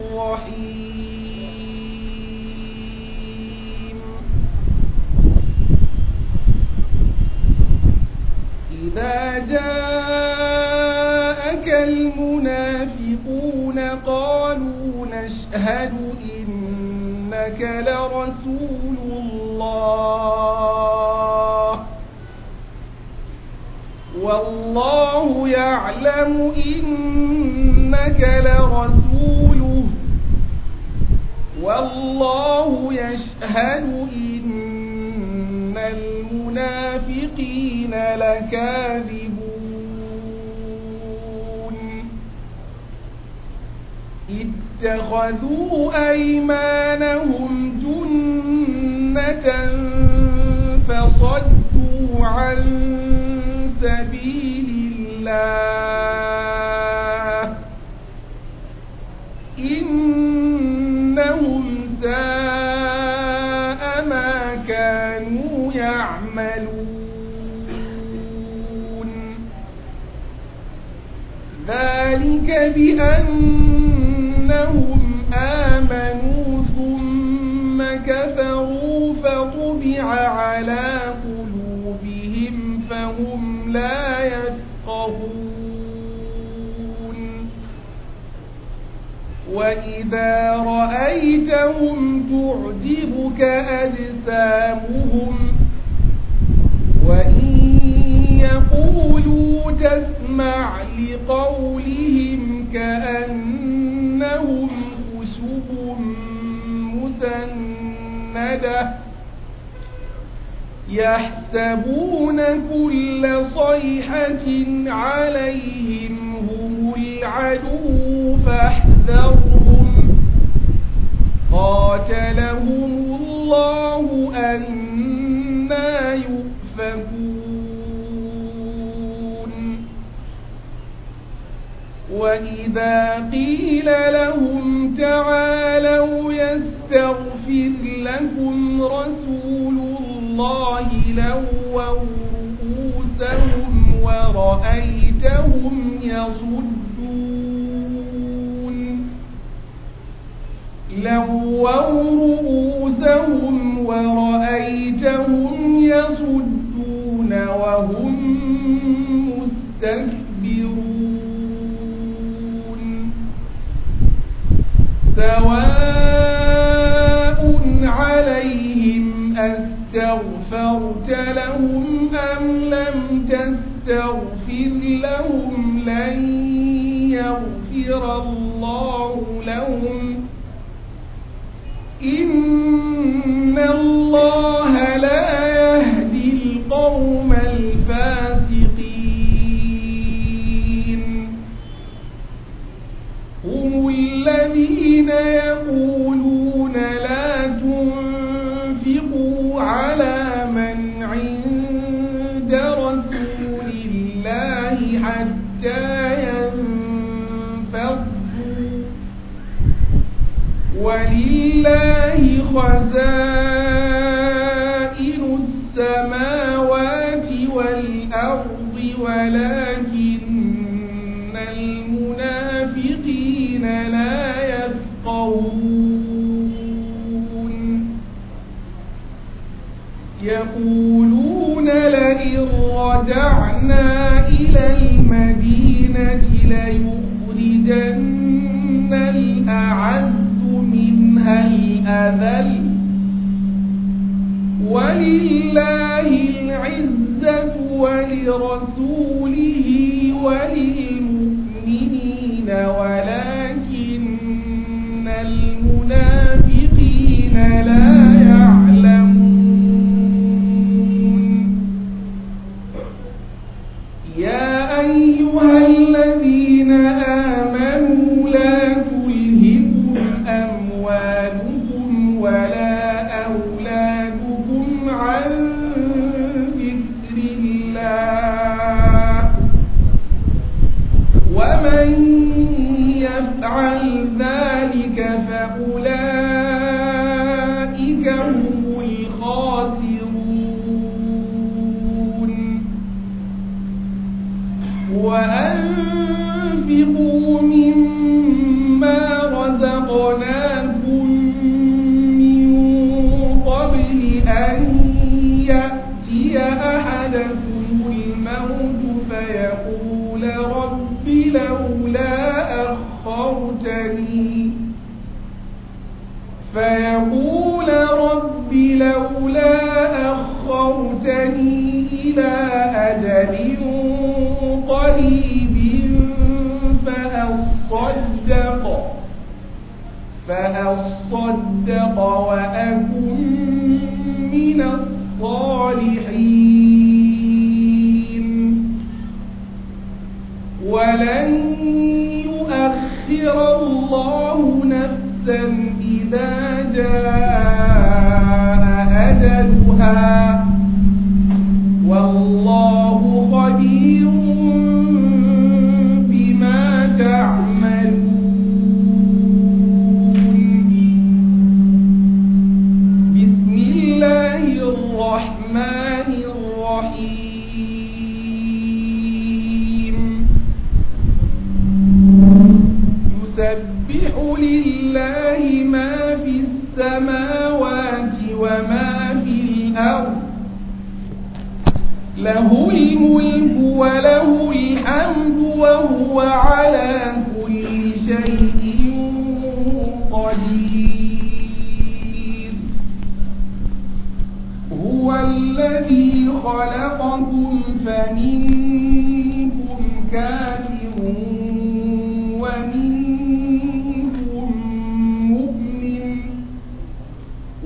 الرحيم إذا جاءك المنافقون قالوا نشهد إنك لرسول الله والله يعلم إنك لرسول والله يشهد إن المنافقين لكاذبون اتخذوا أيمانهم جنة فصدوا عن سبيل الله ذلك بأنهم آمنوا ثم كفروا فطبع على قلوبهم فهم لا يفقهون وإذا رأيتهم تعجبك أجسامهم وإن يقولوا تسمع لِقَوْلِهِمْ كأنهم خشب مسندة يحسبون كل صيحة عليهم هم العدو فاحذرهم قاتلهم الله أن وإذا قيل لهم تعالوا يستغفر لكم رسول الله لو رؤوسهم ورأيتهم يصدون لووا رؤوسهم ورأيتهم يصدون وهم مستكبرون سواء عليهم أستغفرت لهم أم لم تستغفر لهم لن يغفر الله لهم إن الله لا الذين يقولون لا تنفقوا على من عند رسول الله حتى ينفضوا ولله خزائن رجعنا إلى المدينة ليخرجن الأعز منها الأذل ولله العزة ولرسوله ولله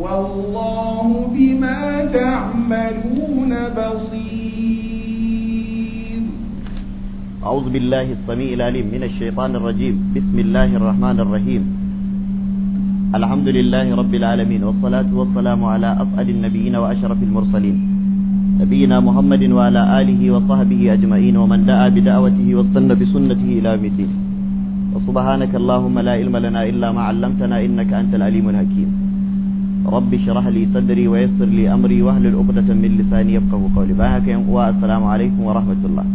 والله بما تعملون بصير أعوذ بالله السميع العليم من الشيطان الرجيم بسم الله الرحمن الرحيم الحمد لله رب العالمين والصلاة والسلام على أفعل النبيين وأشرف المرسلين نبينا محمد وعلى آله وصحبه أجمعين ومن دعا بدعوته واستنى بسنته إلى يوم وسبحانك اللهم لا علم لنا إلا ما علمتنا إنك أنت العليم الحكيم رب اشرح لي صدري ويسر لي أمري واهلل عقدة من لساني يفقه قولي باهك السلام عليكم ورحمة الله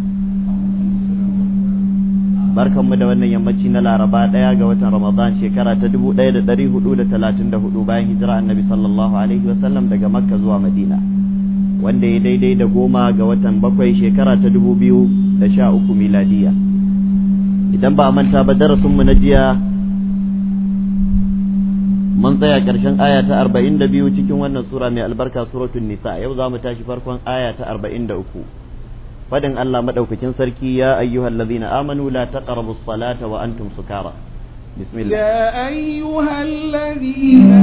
barkan mu da wannan yammaci na laraba daya ga watan ramadan shekara ta dubu da dari hudu talatin da hudu bayan hijira annabi sallallahu alaihi sallam, daga makka zuwa madina wanda ya daidai da goma ga watan bakwai shekara ta dubu biyu da sha uku miladiya idan ba manta ba mu na jiya mun tsaya ƙarshen aya ta biyu cikin wannan sura mai albarka suratul nisa yau za mu tashi farkon aya ta da uku faɗin Allah madaukakin sarki ya ayyuhal ladzina amanu la taqrabus salata wa antum sukara bismillah ya ayyuhal ladzina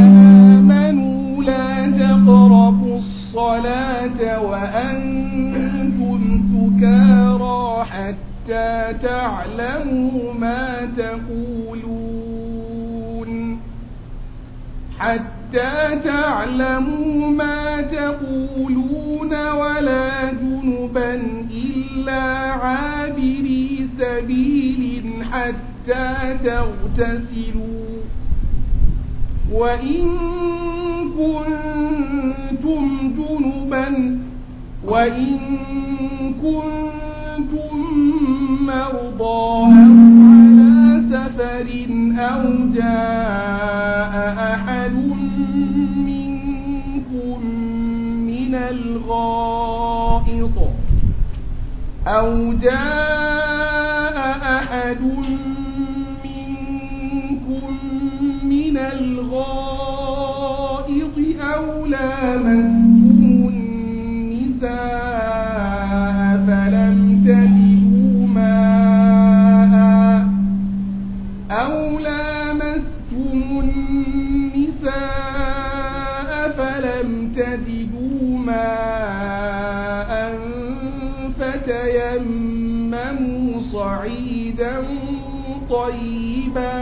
amanu la taqrabus salata wa antum sukara hatta ta'lamu ma taqulun حتى تعلموا ما تقولون ولا جنبا إلا عابري سبيل حتى تغتسلوا وإن كنتم جنبا وإن كنتم مرضى على سفر أو جاء أحد منكم من الغائط أو جاء أحد منكم من الغائط أو لامستم النساء بيتا طيبا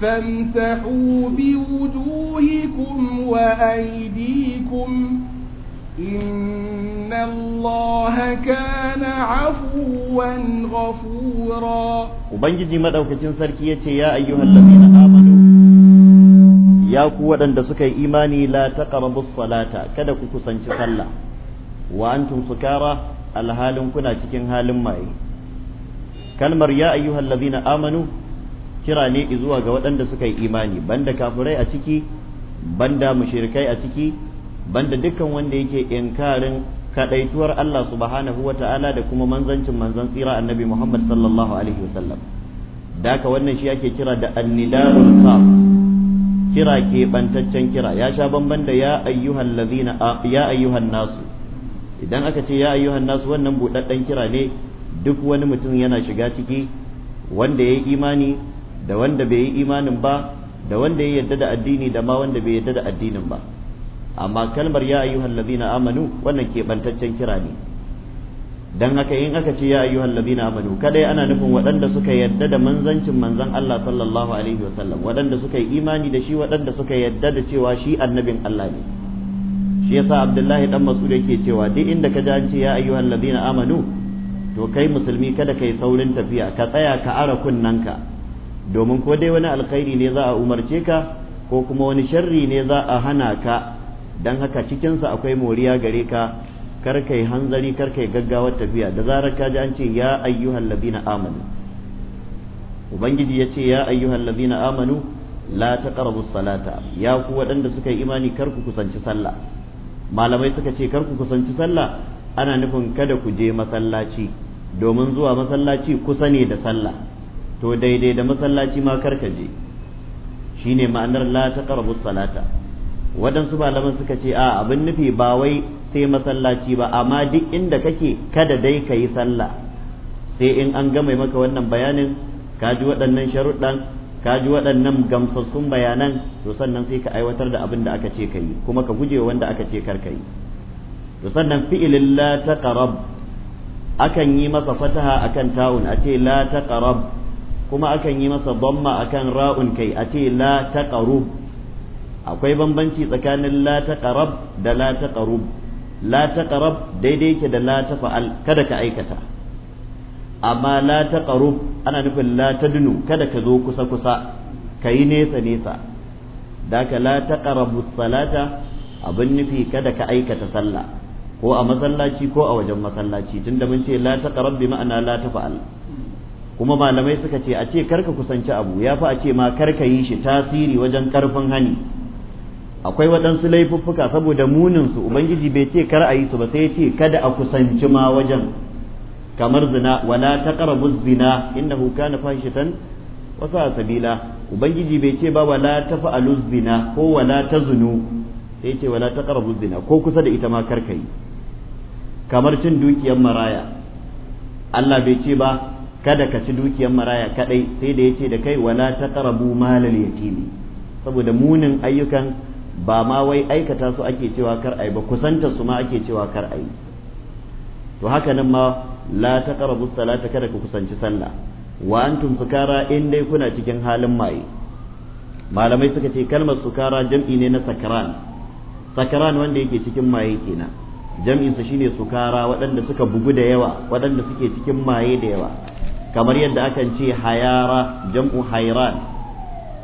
فامسحوا بوجوهكم وأيديكم إن الله كان عفوا غفورا وبنجي مدوكتين سركية يا أيها الذين آمنوا ya ku waɗanda suka yi imani la taqrabu salata kada ku kusanci sallah wa sukara alhalin kuna cikin halin maye kalmar ya ayyuhal ladina amanu kira ne zuwa ga waɗanda suka yi imani banda kafirai a ciki banda mushrikai a ciki banda dukkan wanda yake inkarin kadaituwar Allah subhanahu wata'ala da kuma manzancin manzan tsira annabi Muhammad sallallahu alaihi wasallam daka wannan shi ake kira da annidaul sa kira ke bantaccen kira ya sha bamban da ya ayyuhal ladina ya ayyuhan nasu idan aka ce ya ayyuhan nasu wannan budaddan kira ne duk wani mutum yana shiga ciki wanda ya yi imani da wanda bai yi imanin ba da wanda ya yadda da addini da ma wanda bai yadda da addinin ba amma kalmar ya ayyuhal ladina amanu wannan bantaccen kira ne dan haka in aka ce ya ayyuhal amanu kadai ana nufin waɗanda suka yadda da manzancin manzon Allah sallallahu alaihi wasallam waɗanda suka yi imani da shi waɗanda suka yadda da cewa shi annabin Allah ne shi yasa Abdullahi dan Mas'ud yake cewa duk inda ka ji an ce ya ayyuhal amanu to kai musulmi kada kai saurin tafiya ka tsaya ka ara kunnanka domin ko dai wani alkhairi ne za a umarce ka ko kuma wani sharri ne za a hana ka don haka cikinsa akwai moriya gare ka kar kai hanzari kar kai gaggawar tafiya da zarar ka ji an ce ya ayyuhal ladina amanu ubangiji ya ce ya ayyuhal ladina amanu la taqrabu salata ya ku waɗanda suka yi imani kar ku kusanci sallah malamai suka ce kar ku kusanci sallah ana nufin kada ku je masallaci domin zuwa masallaci kusa ne da sallah to daidai da masallaci ma karka je shine ma'anar la taqrabu salata wadansu malaman suka ce a abin nufi ba wai sai masallaci ba amma duk inda kake kada dai kayi sallah sai in an gama maka wannan bayanin ka ji waɗannan sharuɗan kaji ji waɗannan gamsassun bayanan to sannan sai ka aiwatar da abin da aka ce ka yi kuma ka guje wanda aka ce kar yi to sannan fi'ilin la taqrab akan yi masa fataha akan ta'un a ce la taqarab kuma akan yi masa dhamma akan ra'un kai a ce la taqarub akwai bambanci tsakanin la taqarab da la taqarub la taqarab daidai yake da la tafa'al kada ka aikata amma la taqarub ana nufin la tadnu kada ka zo kusa kusa kai nesa nesa daka la taqrabu salata abin nufi kada ka aikata sallah ko a masallaci ko a wajen masallaci tunda mun ce la ta bi ma'ana la fa'al kuma malamai suka ce a ce karka kusanci abu ya fi a ce ma karka yi shi tasiri wajen karfin hani akwai waɗansu laifuffuka saboda muninsu ubangiji bai ce kar a yi su ba sai ya ce kada a kusanci ma wajen kamar zina wala taqrabu zina innahu kana fahishatan wa sa'a sabila ubangiji bai ce ba wala fa'alu zina ko wala ta zunu sai ce wala taqrabu zina ko kusa da ita ma karka yi kamar cin dukiyar maraya Allah bai ce ba kada ka ci dukiyar maraya kadai sai da yace da kai wala taqrabu malal yatimi saboda munin ayyukan ba ma wai aikata su ake cewa kar ai ba kusanta su ma ake cewa kar ai to haka nan ma la taqrabu salata kada ku kusanci sallah wa antum sukara in dai kuna cikin halin maye malamai suka ce kalmar sukara jam'i ne na sakaran sakaran wanda yake cikin maye kenan jam'insa shine sukara waɗanda suka bugu da yawa waɗanda suke cikin maye da yawa kamar yadda akan ce hayara jam'u hayran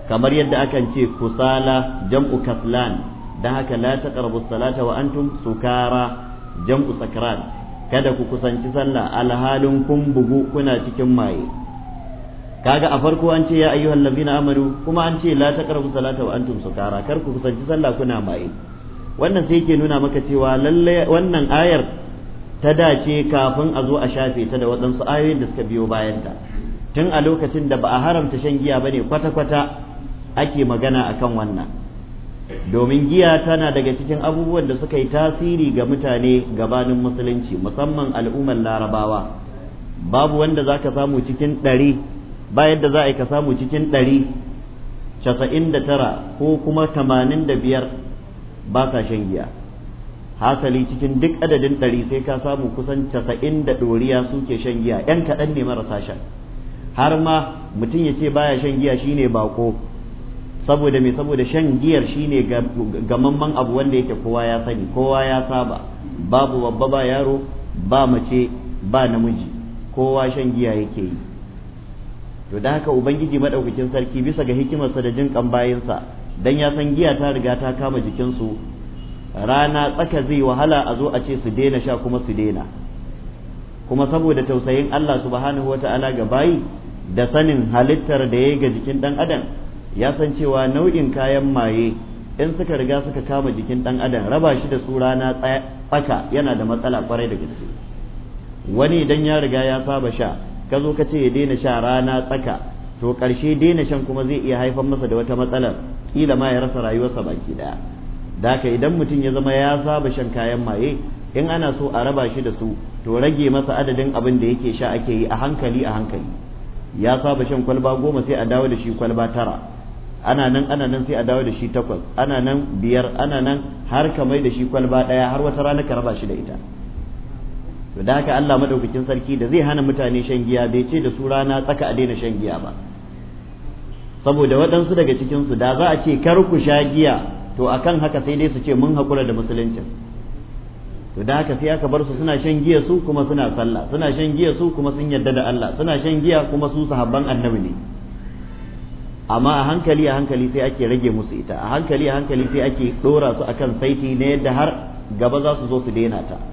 kamar yadda akan ce kusala jam'u kaslan da haka la taqrabu salata wa antum sukara jam'u sakran kada ku kusanci sallah alhalin kun bugu kuna cikin maye kaga a farko an ce ya ladina amanu kuma an ce la taqrabu salata wa antum sukara kar ku kusanci sallah kuna maye wannan sai ke nuna maka cewa lalle wannan ayar ta dace kafin a zo a shafe ta da waɗansu ayoyin da suka biyo bayanta tun a lokacin da ba a haramta shan giya ba ne kwata-kwata ake magana a kan wannan domin giya tana daga cikin abubuwan da suka yi tasiri ga mutane gabanin musulunci musamman al'ummar larabawa babu wanda za ka samu cikin ɗari ba yadda za a yi ka samu cikin ɗari casa'in da tara ko kuma tamanin da biyar ba sa shan giya hasali cikin duk adadin ɗari sai ka samu kusan casa'in da ɗoriya suke shan giya ‘yan kaɗan ne marasa shan har ma mutum ya ce baya shan giya shine bako saboda me saboda shan giyar shine mamman abu wanda yake kowa ya sani kowa ya saba babu babba ba yaro ba mace ba namiji kowa shan giya yake yi to da haka ubangiji madaukakin sarki bisa ga hikimarsa da jin kan bayinsa dan ya san giya ta riga ta kama jikin su rana tsaka zai wahala a zo a ce su daina sha kuma su daina kuma saboda tausayin Allah subhanahu wata'ala ga bayi da sanin halittar da ya ga jikin dan adam ya san cewa nau'in kayan maye in suka riga suka kama jikin dan adam raba shi da su rana tsaka yana da matsala kwarai da gaske wani idan ya riga ya saba sha kazo zo ka ce ya daina sha rana tsaka to ƙarshe daina shan kuma zai iya haifar masa da wata matsalar kila ma ya rasa rayuwarsa baki ɗaya. da haka idan mutum ya zama ya saba shan kayan maye in ana so a raba shi da su to rage masa adadin abin da yake sha ake yi a hankali a hankali ya saba shan kwalba goma sai a dawo da shi kwalba tara ana nan ana nan sai a dawo da shi takwas ana nan biyar ana nan har ka mai da shi kwalba ɗaya har wata rana ka raba shi da ita to da haka Allah madaukakin sarki da zai hana mutane shan giya bai ce da su rana tsaka a daina shan giya ba saboda waɗansu daga cikin su da za a ce kar ku sha giya to akan haka sai dai su ce mun hakura da musuluncin to da haka sai aka bar su suna shan giya su kuma suna sallah suna shan giya su kuma sun yarda da Allah suna shan giya kuma su sahabban annabi ne amma a hankali a hankali sai ake rage musu ita a hankali a hankali sai ake dora su akan saiti na yadda har gaba za su zo su daina ta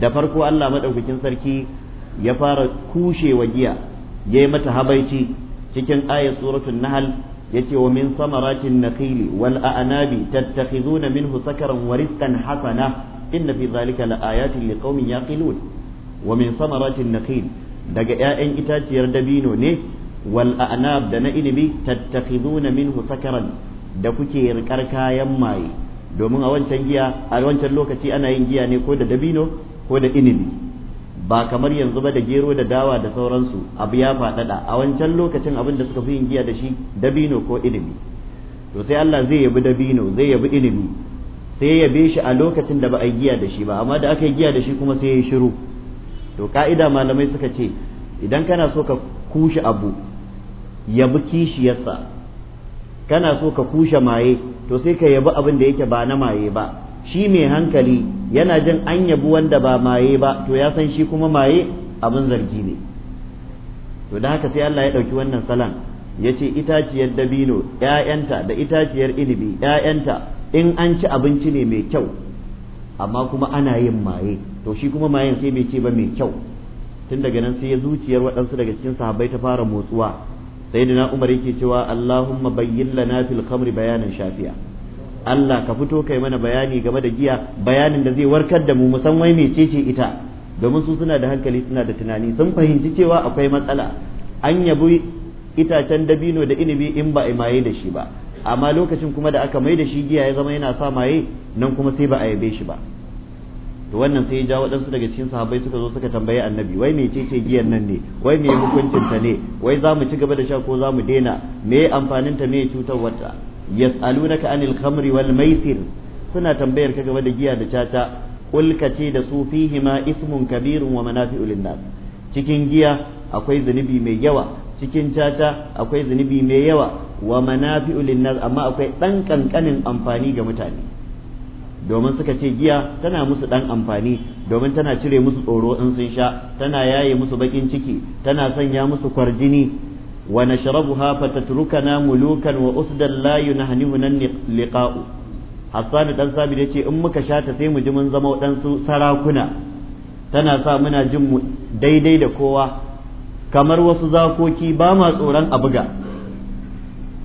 da farko Allah maɗaukakin sarki ya fara kushewa giya ya yi mata habaici cikin ayat suratul nahl yace wa min samaratin nakhili wal a'nabi tattakhizuna minhu sakaran wa rizqan hasana inna fi dhalika laayatin liqaumin yaqilun wa min samaratin nakhil daga 'ya'yan itaciyar dabino ne wal a'nab da na inibi tattakhizuna minhu sakaran da kuke rikar kayan maye domin a wancan giya a wancan lokaci ana yin giya ne ko da dabino ko da inibi ba kamar yanzu ba da gero da dawa da sauransu abu ya faɗaɗa a wancan lokacin abin da suka fi yin giya da shi dabino ko inibi to sai Allah zai yabi dabino zai yabi inibi sai ya yabe shi a lokacin da ba a yi giya da shi ba amma da aka yi giya da shi kuma sai ya yi shiru to ka'ida malamai suka ce idan kana so ka kushe abu yabi kishiyarsa kana so ka kushe maye to sai ka yabi abin da yake ba na maye ba shi mai hankali yana jin an yabi wanda ba maye ba to ya san shi kuma maye abin zargi ne to da haka sai Allah ya ɗauki wannan salan ya ce itaciyar dabino ‘ya'yanta da itaciyar inibi ‘ya'yanta in an ci abinci ne mai kyau amma kuma ana yin maye to shi kuma mayen sai bai ce ba mai kyau tun daga nan sai ya zuciyar waɗansu daga cikin sahabbai ta fara motsuwa sayyidina umar yake cewa allahumma bayyin lana fil khamr bayanan shafiya Allah ka fito kai mana bayani game da giya bayanin da zai warkar da mu musan wai mecece ita domin su suna da hankali suna da tunani sun fahimci cewa akwai matsala an yabi itacen dabino da inibi in ba a maye da shi ba amma lokacin kuma da aka mai da shi giya ya zama yana sa maye nan kuma sai ba a yabe shi ba to wannan sai ya ja waɗansu daga cikin sahabbai suka zo suka tambayi annabi wai me ce giyan nan ne wai me hukuncin ta ne wai za mu ci gaba da sha ko za mu daina me amfanin ta me cutar wata yas'alunaka anil khamri wal maisir suna tambayar ka game da giya da caca kul ka ce da su fihima ismun kabirun wa manafi'u linnas cikin giya akwai zunubi mai yawa cikin caca akwai zunubi mai yawa wa manafi'u linnas amma akwai dan kankanin amfani ga mutane domin suka ce giya tana musu dan amfani domin tana cire musu tsoro in sun sha tana yaye musu bakin ciki tana sanya musu kwarjini wa nashrabuha fatatrukana mulukan wa usdan la nan liqa'u Hassan dan da ce in muka sha ta sai mu ji mun zama waɗansu sarakuna tana sa muna jin mu daidai da kowa kamar wasu zakoki ba ma tsoron a buga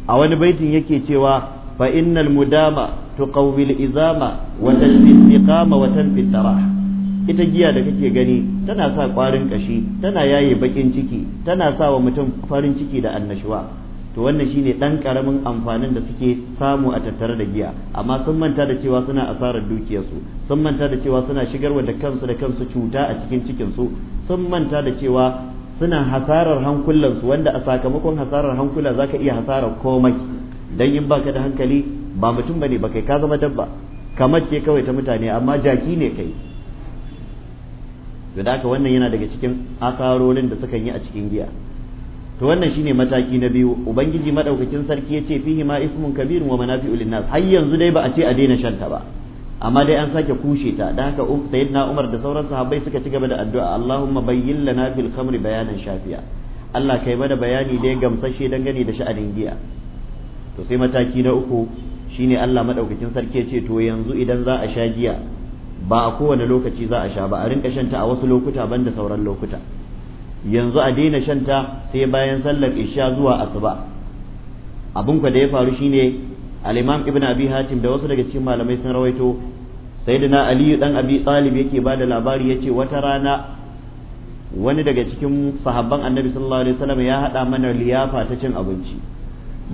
a wani baitin yake cewa fa innal mudama tuqawwi al-izama wa tashfi iqama wa ita giya da kake gani tana sa kwarin kashi tana yaye bakin ciki tana sa wa mutum farin ciki da annashuwa to wannan shine dan karamin amfanin da suke samu a tattare da giya amma sun manta da cewa suna asarar dukiyarsu sun manta da cewa suna shigar da kansu da kansu cuta a cikin cikinsu sun manta da cewa suna hasarar hankulansu wanda a sakamakon hasarar hankula zaka iya hasarar komai dan in baka da hankali ba mutum bane ba kai ka zama dabba kamar ce kawai ta mutane amma jaki ne kai to da haka wannan yana daga cikin asarorin da sukan yi a cikin giya to wannan shine mataki na biyu ubangiji madaukakin sarki yace fihi ma ismun kabirun wa manafi'u linnas har yanzu dai ba a ce a daina shan ta ba amma dai an sake kushe ta dan haka um, sayyidina Umar da sauran sahabbai suka ci gaba da addu'a Allahumma bayyin lana fil khamri bayanan shafiya Allah kai mana bayani dai gamsashe dangane da sha'anin giya to sai mataki na uku shi ne Allah maɗaukacin sarki ya ce to yanzu idan za a sha giya ba a kowane lokaci za a sha ba a rinka shanta a wasu lokuta ban da sauran lokuta yanzu a daina shanta sai bayan sallar isha zuwa asuba abin da ya faru shine al-Imam Ibn Abi Hatim da wasu daga cikin malamai sun rawaito sai da na Aliyu dan Abi Talib yake bada labari ce wata rana wani daga cikin sahabban annabi sallallahu alaihi wasallam ya haɗa mana liyafa ta cin abinci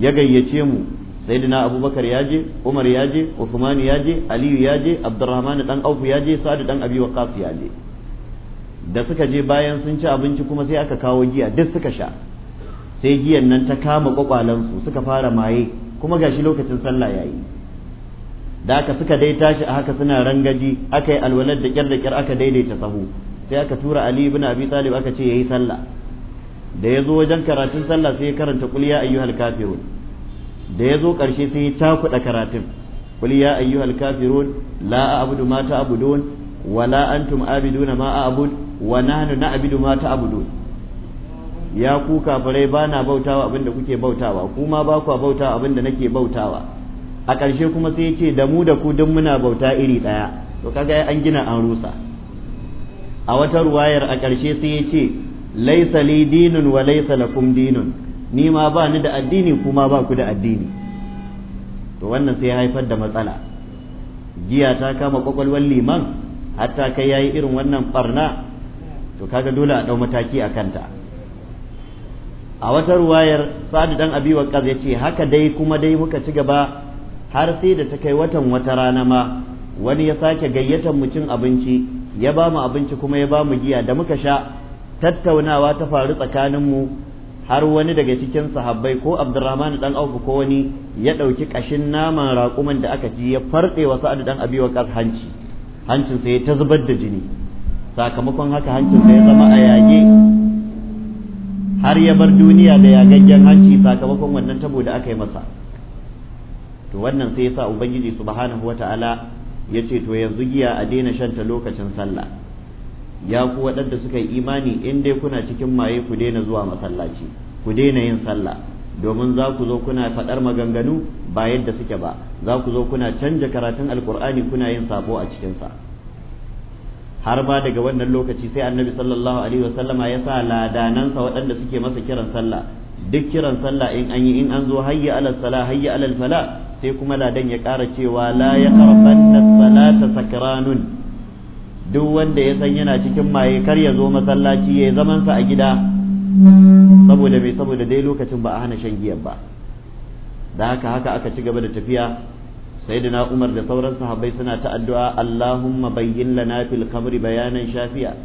ya gayyace mu sayyidina abubakar ya je umar ya je usman ya je aliyu ya je abdurrahman dan auf ya je sa'ad dan abi ya je da suka je bayan sun ci abinci kuma sai aka kawo giya duk suka sha sai giyan nan ta kama kwakwalansu suka fara maye kuma gashi lokacin sallah yayi da aka suka dai tashi a haka suna rangaji aka yi alwalad da kyar da kyar aka daidaita sahu sai aka tura ali ibn abi talib aka ce yayi sallah da ya zo wajen karatun sallah sai ya karanta qul ya ayyuhal kafirun da ya zo ƙarshe sai ya cakuɗa karatun kul ya ayyuhal kafirun la a'budu ma ta'budun wa la antum abiduna ma a'bud wa nahnu na'budu ma ta'budun ya ku kafirai ba na bautawa abinda kuke bautawa kuma ba ku bautawa abinda nake bautawa a ƙarshe kuma sai ya ce da mu da ku duk muna bauta iri ɗaya to kaga an gina an rusa a wata ruwayar a ƙarshe sai ya ce laisa li dinun wa laisa lakum dinun ni ma ba ni da addini kuma ba ku da addini to wannan sai ya haifar da matsala giya ta kama kwakwalwar liman hatta kai yayi irin wannan barna to kaga dole a ɗau mataki a kanta a wata ruwayar sadu dan abi waqaz yace haka dai kuma dai muka ci gaba har sai da ta kai watan wata rana ma wani ya sake gayyatar mu cin abinci ya ba mu abinci kuma ya ba mu giya da muka sha tattaunawa ta faru tsakaninmu har wani daga cikin sahabbai ko abdurrahman dan aufu ko wani ya ɗauki ƙashin naman raƙuman da aka ji ya farɗe wa sa'ad dan abi waqas hanci hancin sa ya ta zubar da jini sakamakon haka hancin sa ya zama a yage har ya bar duniya da yagaggen hanci sakamakon wannan tabo da aka yi masa to wannan sai ya sa ubangiji subhanahu wata'ala ya ce to yanzu giya a daina shanta lokacin sallah ya ku waɗanda suka yi imani in dai kuna cikin maye ku daina zuwa masallaci ku daina yin sallah domin za ku zo kuna faɗar maganganu ba yadda suke ba za ku zo kuna canja karatun alkur'ani kuna yin sabo a cikinsa har ba daga wannan lokaci sai annabi sallallahu alaihi wasallama ya sa ladanansa waɗanda suke masa kiran sallah duk kiran sallah in an yi in an zo hayya alal sala hayya alal fala sai kuma ladan ya ƙara cewa la ya qarfanna salata sakranun duk wanda ya san yana cikin maye kar ya zo masallaci ya zaman sa a gida saboda mai saboda dai lokacin ba a hana shan giyar ba da haka haka aka ci gaba da tafiya sai da Umar da sauran sahabbai suna ta addu'a Allahumma bayyin lana fil khamri bayanan shafiya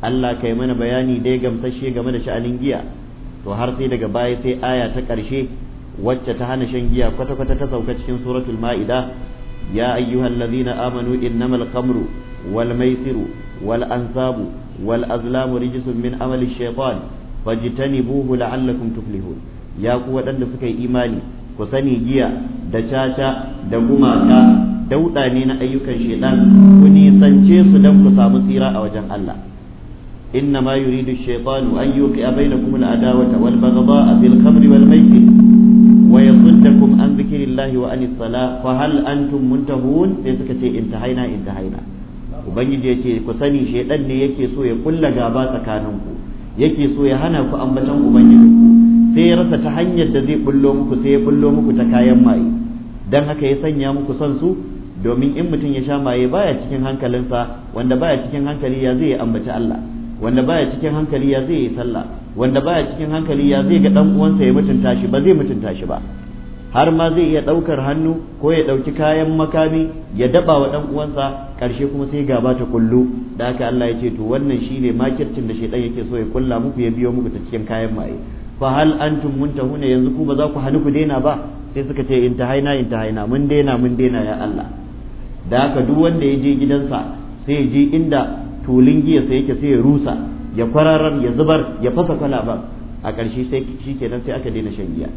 Allah kai mana bayani dai gamsashe game da sha'anin giya to har sai daga baya sai aya ta karshe wacce ta hana shan giya kwata-kwata ta sauka cikin suratul ma'ida ya ayyuhal amanu innamal khamru walmaisiru wal ansabu wal azlamu rijsun min amali shaytan fajtanibuhu la'allakum tuflihun ya ku waɗanda suka yi imani ku sani giya da caca da gumaka dauɗa na ayyukan shaitan ku nisance su don ku samu tsira a wajen Allah inna ma yuridu shaytanu an yuqi'a bainakum al-adawata wal baghdha'a bil khamri wal maisir wa yasuddakum an dhikrillahi wa anis salah fa hal antum muntahun sai suka ce intahaina intahaina ubangiji yake ku sani shedan ne yake so ya kulla gaba tsakanin ku yake so ya hana ku ambatan ubangiji sai ya rasa ta hanyar da zai bullo muku sai ya bullo muku ta kayan maye dan haka ya sanya muku son su domin in mutum ya sha maye baya cikin hankalinsa wanda baya cikin hankali ya zai ambaci Allah wanda baya cikin hankali ya zai yi sallah wanda baya cikin hankali ya zai ga dan uwansa ya mutunta shi ba zai mutunta shi ba har ma zai iya ɗaukar hannu ko ya ɗauki kayan makami ya daɓa wa ɗan uwansa ƙarshe kuma sai gaba ta kullu da haka Allah ya ce to wannan shine makircin da shaidan yake so ya kulla muku ya biyo muku ta cikin kayan maye fa hal antum muntahuna yanzu ku ba za ku hannu ku daina ba sai suka ce intahaina intahaina mun daina mun daina ya Allah da haka duk wanda ya je gidansa sai ya je inda tulin giyarsa yake sai ya rusa ya kwararar ya zubar ya fasa kwalaban a ƙarshe sai shi kenan sai aka daina shan giya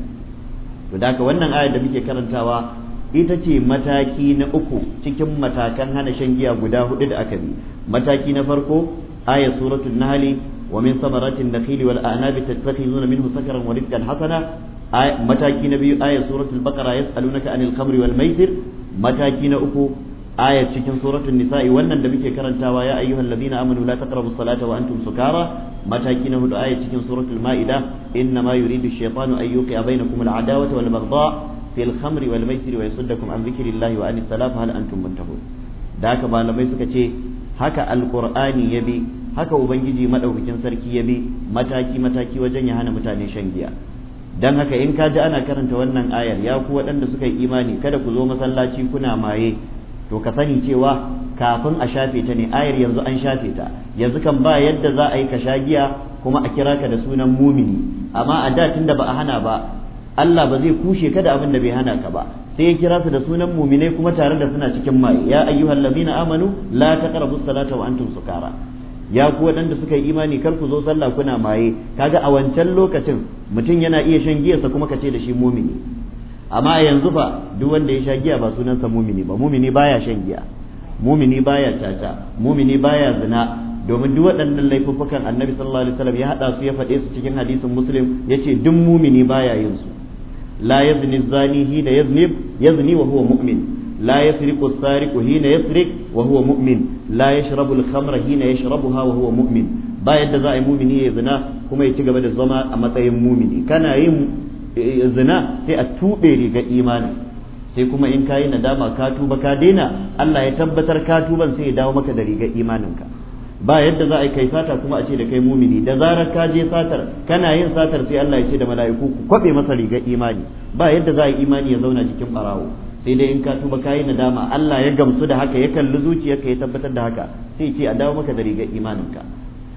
to da haka wannan ayar da muke karantawa ita ce mataki na uku cikin matakan hana shan giya guda hudu da aka bi mataki na farko aya suratul nahli wa min samaratin nakhili wal a'nab tattakhizuna minhu sakaran wa rizqan hasana mataki na biyu aya suratul baqara yas'alunaka anil khamri wal maisir mataki na uku ayat cikin suratun nisa'i wannan da muke karantawa ya ayyuhal ladina amanu la taqrabu salata wa antum sukara mataki na hudu ayat cikin suratul ma'ida inna ma yuridu shaytanu an yuqi'a bainakum al'adawata wal baghdha fil khamri wal maisiri wa yasuddakum an dhikrillahi wa anis salaf hal antum muntahun da haka malamai suka ce haka alkur'ani ya bi haka ubangiji madaukakin sarki ya bi mataki mataki wajen ya hana mutane shan giya dan haka in ka ji ana karanta wannan ayar ya ku waɗanda suka yi imani kada ku zo masallaci kuna maye to ka sani cewa kafin a shafe ta ne ayar yanzu an shafe ta yanzu kan ba yadda za a yi ka sha giya kuma a kira ka da sunan mumini amma a da tunda ba a hana ba Allah ba zai kushe ka da abin da bai hana ka ba sai ya kira su da sunan muminai kuma tare da suna cikin mai ya ayyuhal ladina amanu la taqrabu salata wa antum sukara ya ku waɗanda suka yi imani kar ku zo sallah kuna maye kaga a wancan lokacin mutum yana iya shan giyarsa kuma ka ce da shi mumini amma yanzu fa duk wanda ya sha giya ba sunansa mumini ba mumini baya shan giya mumini baya caca mumini baya zina domin duk waɗannan laifuffukan annabi sallallahu alaihi wasallam ya hada su ya faɗe su cikin hadisin muslim yace duk mumini baya yin su la yazni zani hina yazni yazni wa huwa mu'min la yasriqu as-sariqu hina yasriq wa huwa mu'min la yashrabu al-khamra hina yashrabuha wa huwa mu'min ba yadda za a yi mumini ya zina kuma ya ci gaba da zama a matsayin mumini kana yin Eh, zina sai a tuɓe rigar imani sai kuma in kayi nadama ka tuba ka daina Allah ya tabbatar ka tuban sai ya dawo maka da rigar imaninka ba yadda za a kai sata kuma a ce da kai mumini da zarar ka je satar kana yin satar sai Allah ya ce da mala'iku ku kwabe masa rigar imani ba yadda za a yi imani ya zauna cikin barawo sai dai in ka tuba ka yi nadama Allah ya gamsu da haka ya kalli zuciyarka ya tabbatar da haka sai ce a dawo maka da rigar ka.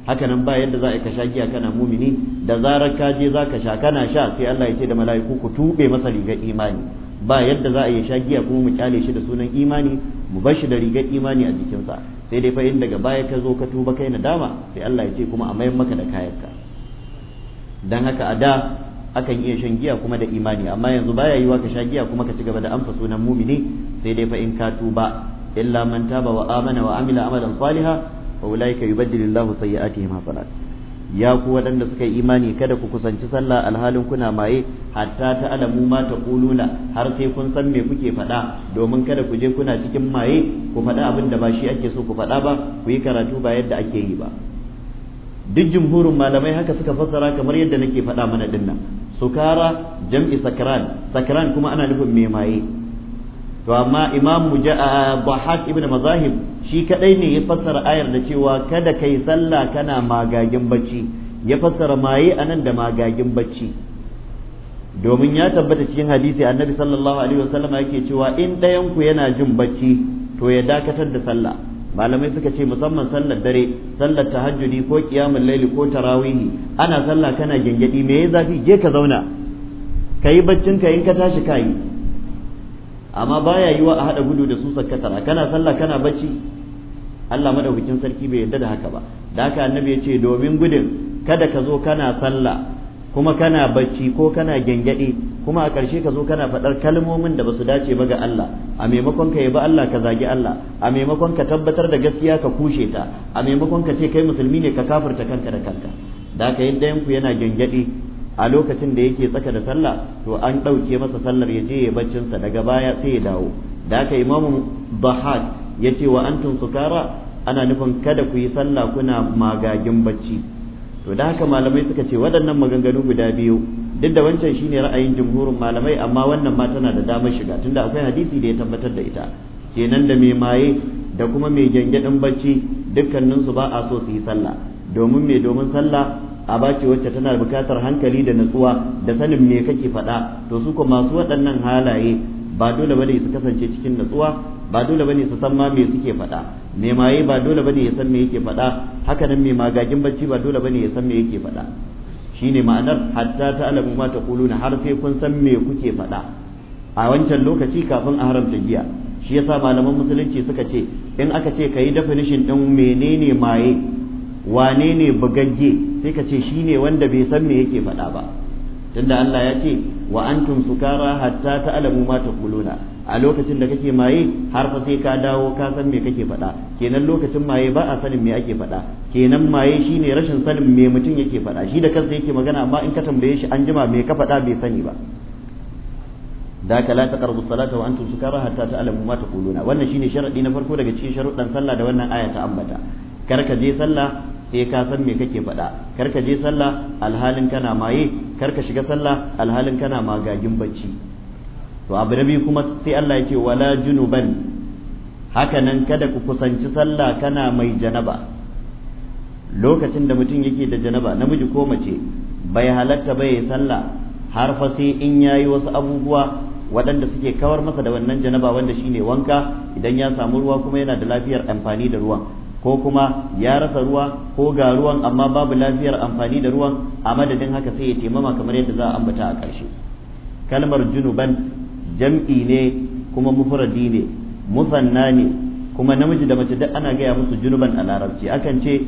haka nan ba yadda za a ka sha giya kana mumini da zarar ka je za ka sha kana sha sai Allah ya ce da mala'iku ku tube masa rigar imani ba yadda za a yi sha giya kuma mu kyale shi da sunan imani mu bar shi da rigar imani a jikinsa sai dai fa in daga baya ka zo ka tuba kai nadama sai Allah ya ce kuma a mayar maka da kayanka dan haka a da akan iya shan giya kuma da imani amma yanzu baya yi yiwa ka sha giya kuma ka ci gaba da amsa sunan mumini sai dai fa in ka tuba illa man taba wa amana wa amila amalan salihah fa ulaika yubaddilillahu sayyi'atihim hasanat ya ku waɗanda suka yi imani kada ku kusanci sallah alhalin kuna maye hatta ta alamu ma ta kuluna har sai kun san me kuke faɗa domin kada ku je kuna cikin maye ku faɗa abin da ba shi ake so ku faɗa ba ku yi karatu ba yadda ake yi ba duk jumhurin malamai haka suka fassara kamar yadda nake faɗa mana dinnan sukara jam'i sakran sakran kuma ana nufin me maye to amma imam bahat ibn mazahib shi kadai ne ya fassara ayar da cewa kada kai sallah kana magagin bacci ya fassara maye anan da magagin bacci domin ya tabbata cikin hadisi annabi sallallahu alaihi wasallam yake cewa in ɗayan ku yana jin bacci to ya dakatar da sallah malamai suka ce musamman sallar dare sallar tahajjudi ko qiyamul laili ko tarawihi ana sallah kana gengedi me ya zafi je ka zauna kayi baccin ka in ka tashi kayi amma baya yiwa a hada gudu da su sakkatara kana sallah kana bacci Allah madaukakin sarki bai yarda da haka ba da haka annabi ya ce domin gudun kada ka zo kana sallah kuma kana bacci ko kana gyangyaɗe kuma a ƙarshe ka zo kana faɗar kalmomin da basu dace ba ga Allah a maimakon ka yabi Allah ka zagi Allah a maimakon ka tabbatar da gaskiya ka kushe ta a maimakon ka ce kai musulmi ne ka kafirta kanka da kanka da haka yadda yanku yana gyangyaɗe a lokacin da yake tsaka da sallah to an ɗauke masa sallar ya je ya sa daga baya sai ya dawo da haka imamu bahad ya ce wa antum sukara ana nufin kada ku yi sallah kuna magagin bacci to da haka malamai suka ce waɗannan maganganu guda biyu duk da wancan shine ra'ayin jumhurin malamai amma wannan ma tana da damar shiga tunda akwai hadisi da ya tabbatar da ita kenan da mai maye da kuma mai gyangyaɗin bacci dukkaninsu ba a so su yi sallah domin mai domin sallah a baki wacce tana bukatar hankali da natsuwa da sanin me kake faɗa to su ko masu waɗannan halaye ba dole bane su kasance cikin natsuwa ba dole bane su san ma me suke faɗa me maye ba dole bane ya san me yake faɗa haka nan me magagin bacci ba dole bane ya san me yake faɗa shine ma'anar hatta ta alamu ma taquluna har sai kun san me kuke faɗa a wancan lokaci kafin a haramta giya shi yasa malaman musulunci suka ce in aka ce kayi definition din menene maye wane ne bugagge sai ka ce shi ne wanda bai san me yake faɗa ba tunda Allah ya ce wa antum sukara hatta ta'lamu ma taquluna a lokacin da kake maye har fa sai ka dawo ka san me kake faɗa kenan lokacin maye ba a sanin me ake faɗa kenan maye shine rashin sanin me mutum yake faɗa shi da kansa yake magana amma in ka tambaye shi an jima me ka faɗa bai sani ba da ka la taqrabu salata wa antum sukara hatta ta'lamu ma taquluna wannan shine sharadi na farko daga cikin sharuɗan sallah da wannan aya ta ambata kar ka je sallah sai eh, ka san me kake faɗa kar ka je sallah alhalin kana maye kar ka shiga sallah alhalin kana magagin bacci to abu na biyu kuma sai Allah ya ce wala junuban haka nan kada ku kusanci sallah kana mai janaba lokacin da mutum yake da janaba namiji ko mace bai halatta ba ya sallah har fa sai in yayi wasu abubuwa waɗanda suke kawar masa da wannan janaba wanda shine wanka idan ya samu ruwa kuma yana da lafiyar amfani da ruwan ko kuma ya rasa ruwa ko ga ruwan amma babu lafiyar amfani da ruwan a madadin haka sai ya taimama kamar yadda za a ambata a ƙarshe kalmar junuban jam'i ne kuma mufradi ne musanna ne kuma namiji da mace duk ana gaya musu junuban a larabci akan ce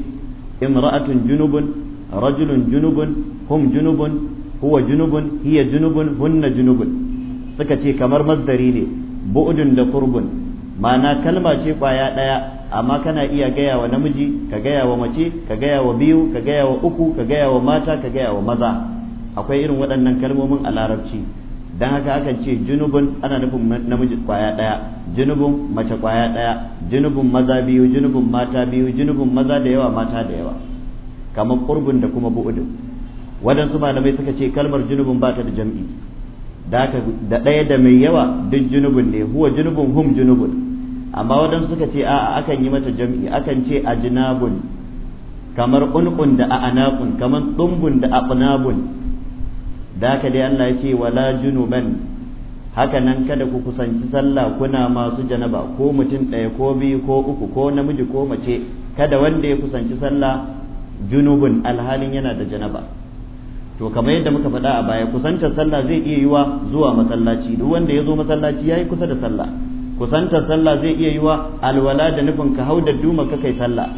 imra'atun junubun rajulun junubun hum junubun huwa junubun hiya junubun hunna junubun suka ce kamar masdari ne bu'udun da qurbun ma'ana kalma ce kwaya daya amma kana iya gaya wa namiji ka gaya wa mace ka gaya wa biyu ka gaya wa uku ka gaya wa mata ka gaya wa maza akwai irin waɗannan kalmomin a larabci dan haka aka ce junubun ana nufin namiji kwaya daya junubun mace kwaya ɗaya junubun maza biyu junubun mata biyu junubun maza da yawa mata da yawa kamar qurbun da kuma bu'udun waɗansu malamai suka ce kalmar junubun ba ta da jam'i da da ɗaya da mai yawa duk junubun ne huwa junubun hum junubun amma wadan suka ce a'a akan yi mata jam'i akan ce ajnabun kamar unqun da a'anaqun kamar dumbun da aqnabun da haka dai Allah ya ce wala junuban haka nan kada ku kusanci sallah kuna masu janaba ko mutum ɗaya ko biyu ko uku ko namiji ko mace kada wanda ya kusanci sallah junubun alhalin yana da janaba to kamar yadda muka faɗa a baya kusantar sallah zai iya yiwa zuwa masallaci duk wanda ya zo masallaci ya yi kusa da sallah kusantar sallah zai iya yiwa alwala da nufin ka hau da duma ka kai sallah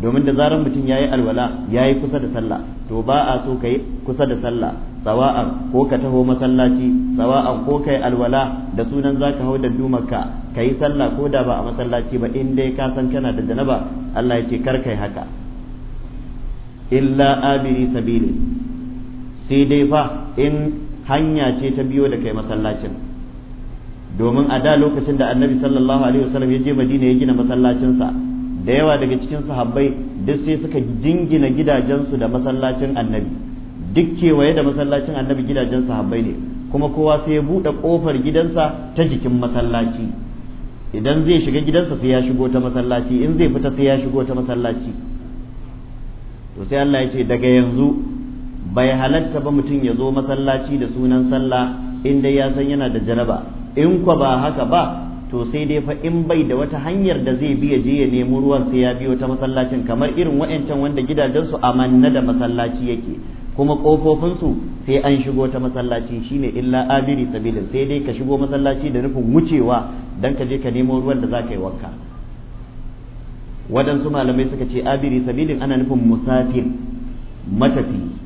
domin da zarar mutum ya yi alwala ya yi kusa da sallah to ba a so yi kusa da sallah sawa'an ko ka taho masallaci sawa'an ko kai alwala da sunan za ka hau da dumarka yi sallah ko da ba a masallaci ba in dai ka san kana da janaba Allah ya ce kar kai haka illa abiri sabili sai dai fa in hanya ce ta biyo da kai masallacin domin a da lokacin da annabi sallallahu alaihi wasallam ya je madina ya gina masallacinsa da yawa daga cikin sahabbai duk sai suka jingina gidajensu da masallacin annabi duk kewaye da masallacin annabi gidajen sahabbai ne kuma kowa sai ya buɗe ƙofar gidansa ta jikin masallaci idan zai shiga gidansa sai ya shigo ta masallaci in zai fita sai ya shigo ta masallaci to sai Allah ya ce daga yanzu bai halatta ba mutum ya zo masallaci da sunan sallah in dai ya san yana da jaraba. in kwa ba haka ba to sai dai fa in bai da wata hanyar da zai biya je ya nemi ruwan sai ya biyo ta masallacin kamar irin wa'ancan wanda gidajensu amanna da masallaci yake kuma kofofinsu sai an shigo ta masallaci shine illa abiri sabilin sai dai ka shigo masallaci da nufin wucewa dan ka je ka nemo ruwan da za ka yi wanka waɗansu malamai suka ce abiri sabilin ana nufin musafir matafi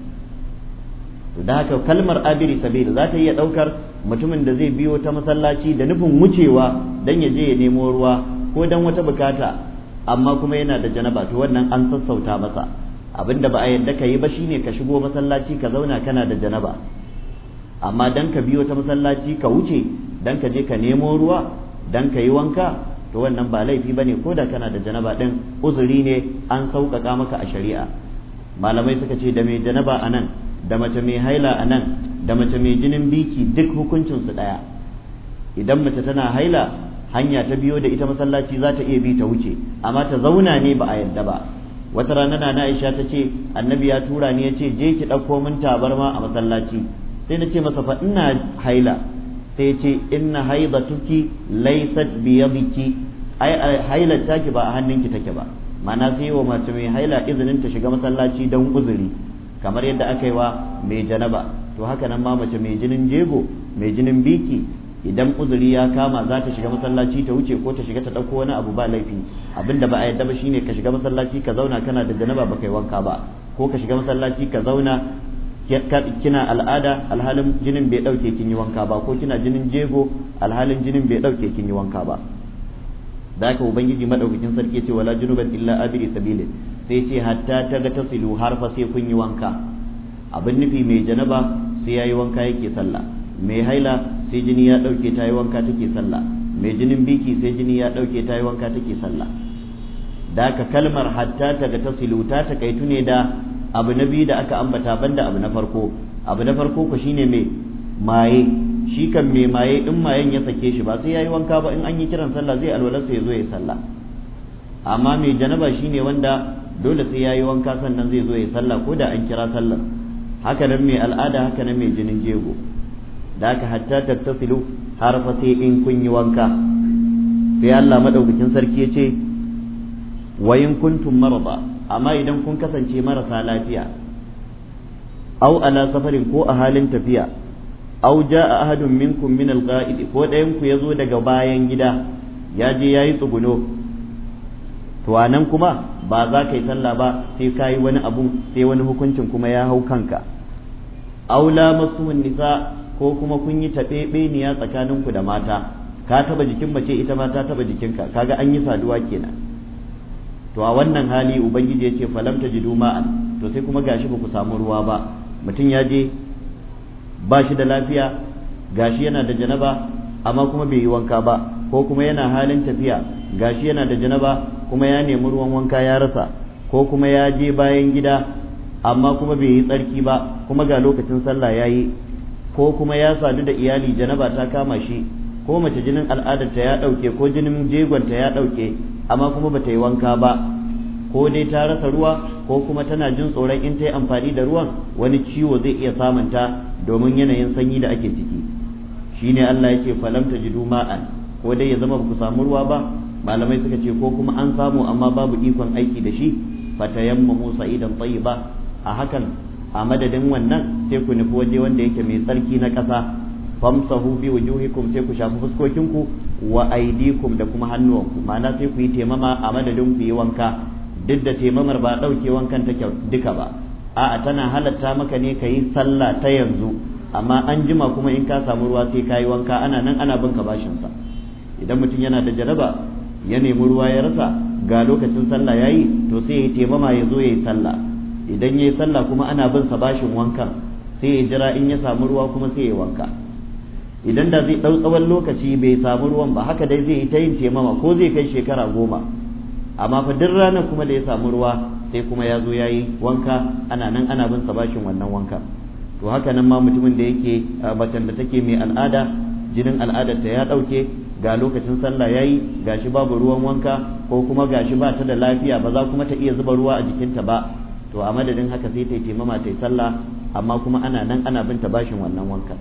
da haka kalmar abiri sabilin za ta iya ɗaukar mutumin da zai biyo ta masallaci da nufin wucewa dan ya je ya nemo ruwa ko dan wata bukata amma kuma yana da janaba to wannan an sassauta masa abinda ba a yadda ka yi ba shine ka shigo masallaci ka zauna kana da janaba amma dan ka biyo ta masallaci ka wuce dan ka je ka nemo ruwa dan ka yi wanka to wannan ba laifi bane ko da kana da janaba din uzuri ne an sauƙaƙa maka a shari'a malamai suka ce da mai janaba a nan. da mace mai haila a nan da mace mai jinin biki duk hukuncinsu ɗaya idan mace tana haila hanya ta biyo da ita masallaci za ta iya bi ta wuce amma ta zauna ne ba a yadda ba wata rana na Aisha ta ce annabi ya tura ni ya ce je ki ɗauko min tabarma a masallaci sai na ce masa fa ina haila sai ce inna tuki laysat bi yadiki ai ta taki ba a hannunki take ba ma'ana sai wa mace mai haila izinin ta shiga masallaci don uzuri kamar yadda aka yi wa mai janaba to haka nan ma mace mai jinin jego mai jinin biki idan uzuri ya kama za ta shiga masallaci ta wuce ko ta shiga ta ɗauko wani abu ba laifi abinda ba a yadda ba shine ka shiga masallaci ka zauna kana da janaba ba kai wanka ba ko ka shiga masallaci ka zauna kina al'ada alhalin jinin bai ɗauke kin yi wanka ba ko kina jinin jego alhalin jinin bai ɗauke kin yi wanka ba da haka ubangiji maɗaukakin sarki ce wala junuban illa abiri sabilin sai ce hatta ta ga ta silu har fa sai kun yi wanka abin nufi mai janaba sai yayi wanka yake sallah mai haila sai jini ya dauke ta yi wanka take sallah mai jinin biki sai jini ya dauke ta yi wanka take sallah da ka kalmar hatta ta ga tasilu ta takaitu ne da abu na biyu da aka ambata banda abu na farko abu na farko ku shine mai maye shi kan mai maye in mayen ya sake shi ba sai yayi wanka ba in an yi kiran sallah zai alwalarsa ya zo ya sallah amma mai janaba shine wanda dole sai yayi wanka sannan zai zo ya salla, ko da an kira sallar haka nan mai al'ada haka nan mai jinin jego da haka hatta tattasilu har fa sai in kun yi wanka sai Allah madaukakin sarki ya ce wa kuntum marba amma idan kun kasance marasa lafiya aw ala safarin ko a halin tafiya aw jaa ahadun minkum min al ko dayan ku yazo daga bayan gida ya je yayi tsuguno to anan kuma ba za ka yi sallah ba sai ka yi wani abu sai wani hukuncin kuma ya hau kanka aula masumun nisa ko kuma kun yi tsakanin ku da mata ka taba jikin mace ita ma ta taba jikinka kaga an yi saduwa kenan to a wannan hali ubangiji ya ce falam tajidu ma'an to sai kuma gashi ba ku samu ruwa ba mutum ya je ba shi da lafiya gashi yana da janaba amma kuma bai yi wanka ba ko kuma yana halin tafiya gashi yana da janaba kuma ya nemi ruwan wanka ya rasa ko kuma ya je bayan gida amma kuma bai yi tsarki ba kuma ga lokacin sallah ya yi ko kuma ya sadu da iyali janaba ta kama shi ko mace jinin al'adarta ya ɗauke ko jinin jegonta ya ɗauke amma kuma bata yi wanka ba ko dai ta rasa ruwa ko kuma tana jin tsoron in ta yi amfani da ruwan wani ciwo zai iya samunta domin yanayin sanyi da ake ciki shine Allah yake falamta jidu ma'an ko dai ya zama ba ku samu ruwa ba malamai suka ce ko kuma an samu amma babu ikon aiki da shi musa idan tsayi ba a hakan a madadin wannan sai ku nufi waje wanda yake mai tsarki na ƙasa famsahu bi wujuhikum sai ku shafi fuskokinku wa aidikum da kuma hannuwanku ma'ana sai ku yi taimama a madadin ku yi wanka duk da taimamar ba ɗauke wankan ta duka ba a'a tana halatta maka ne ka yi sallah ta yanzu amma an jima kuma in ka samu ruwa sai ka yi wanka ana nan ana bin ka bashinsa idan mutum yana da jaraba ya nemi ruwa ya rasa ga lokacin sallah ya yi to sai ya taimama ya zo ya yi sallah idan ya yi sallah kuma ana bin sa bashin wanka sai ya jira in ya samu ruwa kuma sai ya wanka idan da zai ɗau tsawon lokaci bai samu ruwan ba haka dai zai yi ta yin taimama ko zai kai shekara goma amma fa duk ranar kuma da ya samu ruwa sai kuma ya zo ya yi wanka ana nan ana bin sa bashin wannan wanka to haka nan ma mutumin da yake batan da take mai al'ada jinin ta ya ɗauke ga lokacin sallah yayi gashi babu ruwan wanka ko kuma gashi ba ta da lafiya ba za kuma ta iya zuba ruwa a jikinta ba to a madadin haka sai ta yi taimama ta yi sallah amma kuma ana nan ana bin ta bashin wannan wanka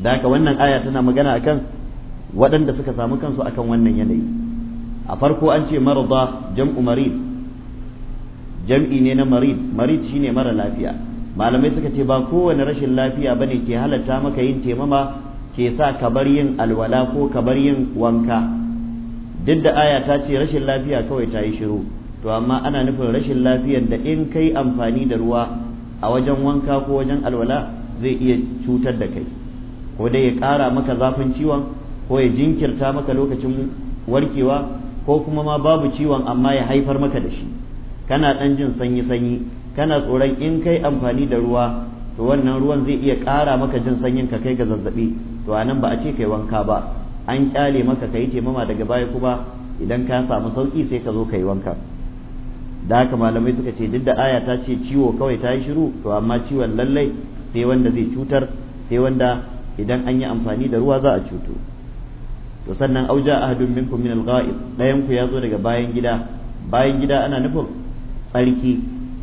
da haka wannan aya tana magana akan waɗanda suka samu kansu akan wannan yanayi a farko an ce marada jam'u marid jam'i ne na marid marid shine mara lafiya malamai suka ce ba kowane rashin lafiya bane ke halatta maka yin taimama ke sa kabar yin alwala ko kabar yin wanka duk da aya ta ce rashin lafiya kawai ta yi shiru to amma ana nufin rashin lafiyar da in kai amfani da ruwa a wajen wanka ko wajen alwala zai iya cutar da kai ko dai ya ƙara maka zafin ciwon ko ya jinkirta maka lokacin warkewa ko kuma ma babu ciwon amma ya haifar maka da shi kana ɗan jin sanyi-sanyi kana tsoron in kai amfani da ruwa to wannan ruwan zai iya ƙara maka jin sanyin ka kai ga zazzaɓi to anan ba a ce kai wanka ba an kyale maka kai taimama daga baya kuma idan ka samu sauki sai ka zo kai wanka da haka malamai suka ce duk da aya ta ce ciwo kawai ta yi shiru to amma ciwon lallai sai wanda zai cutar sai wanda idan an yi amfani da ruwa za a cuto to sannan auja ahadun minkum min al-gha'ib dayan ku yazo daga bayan gida bayan gida ana nufin tsarki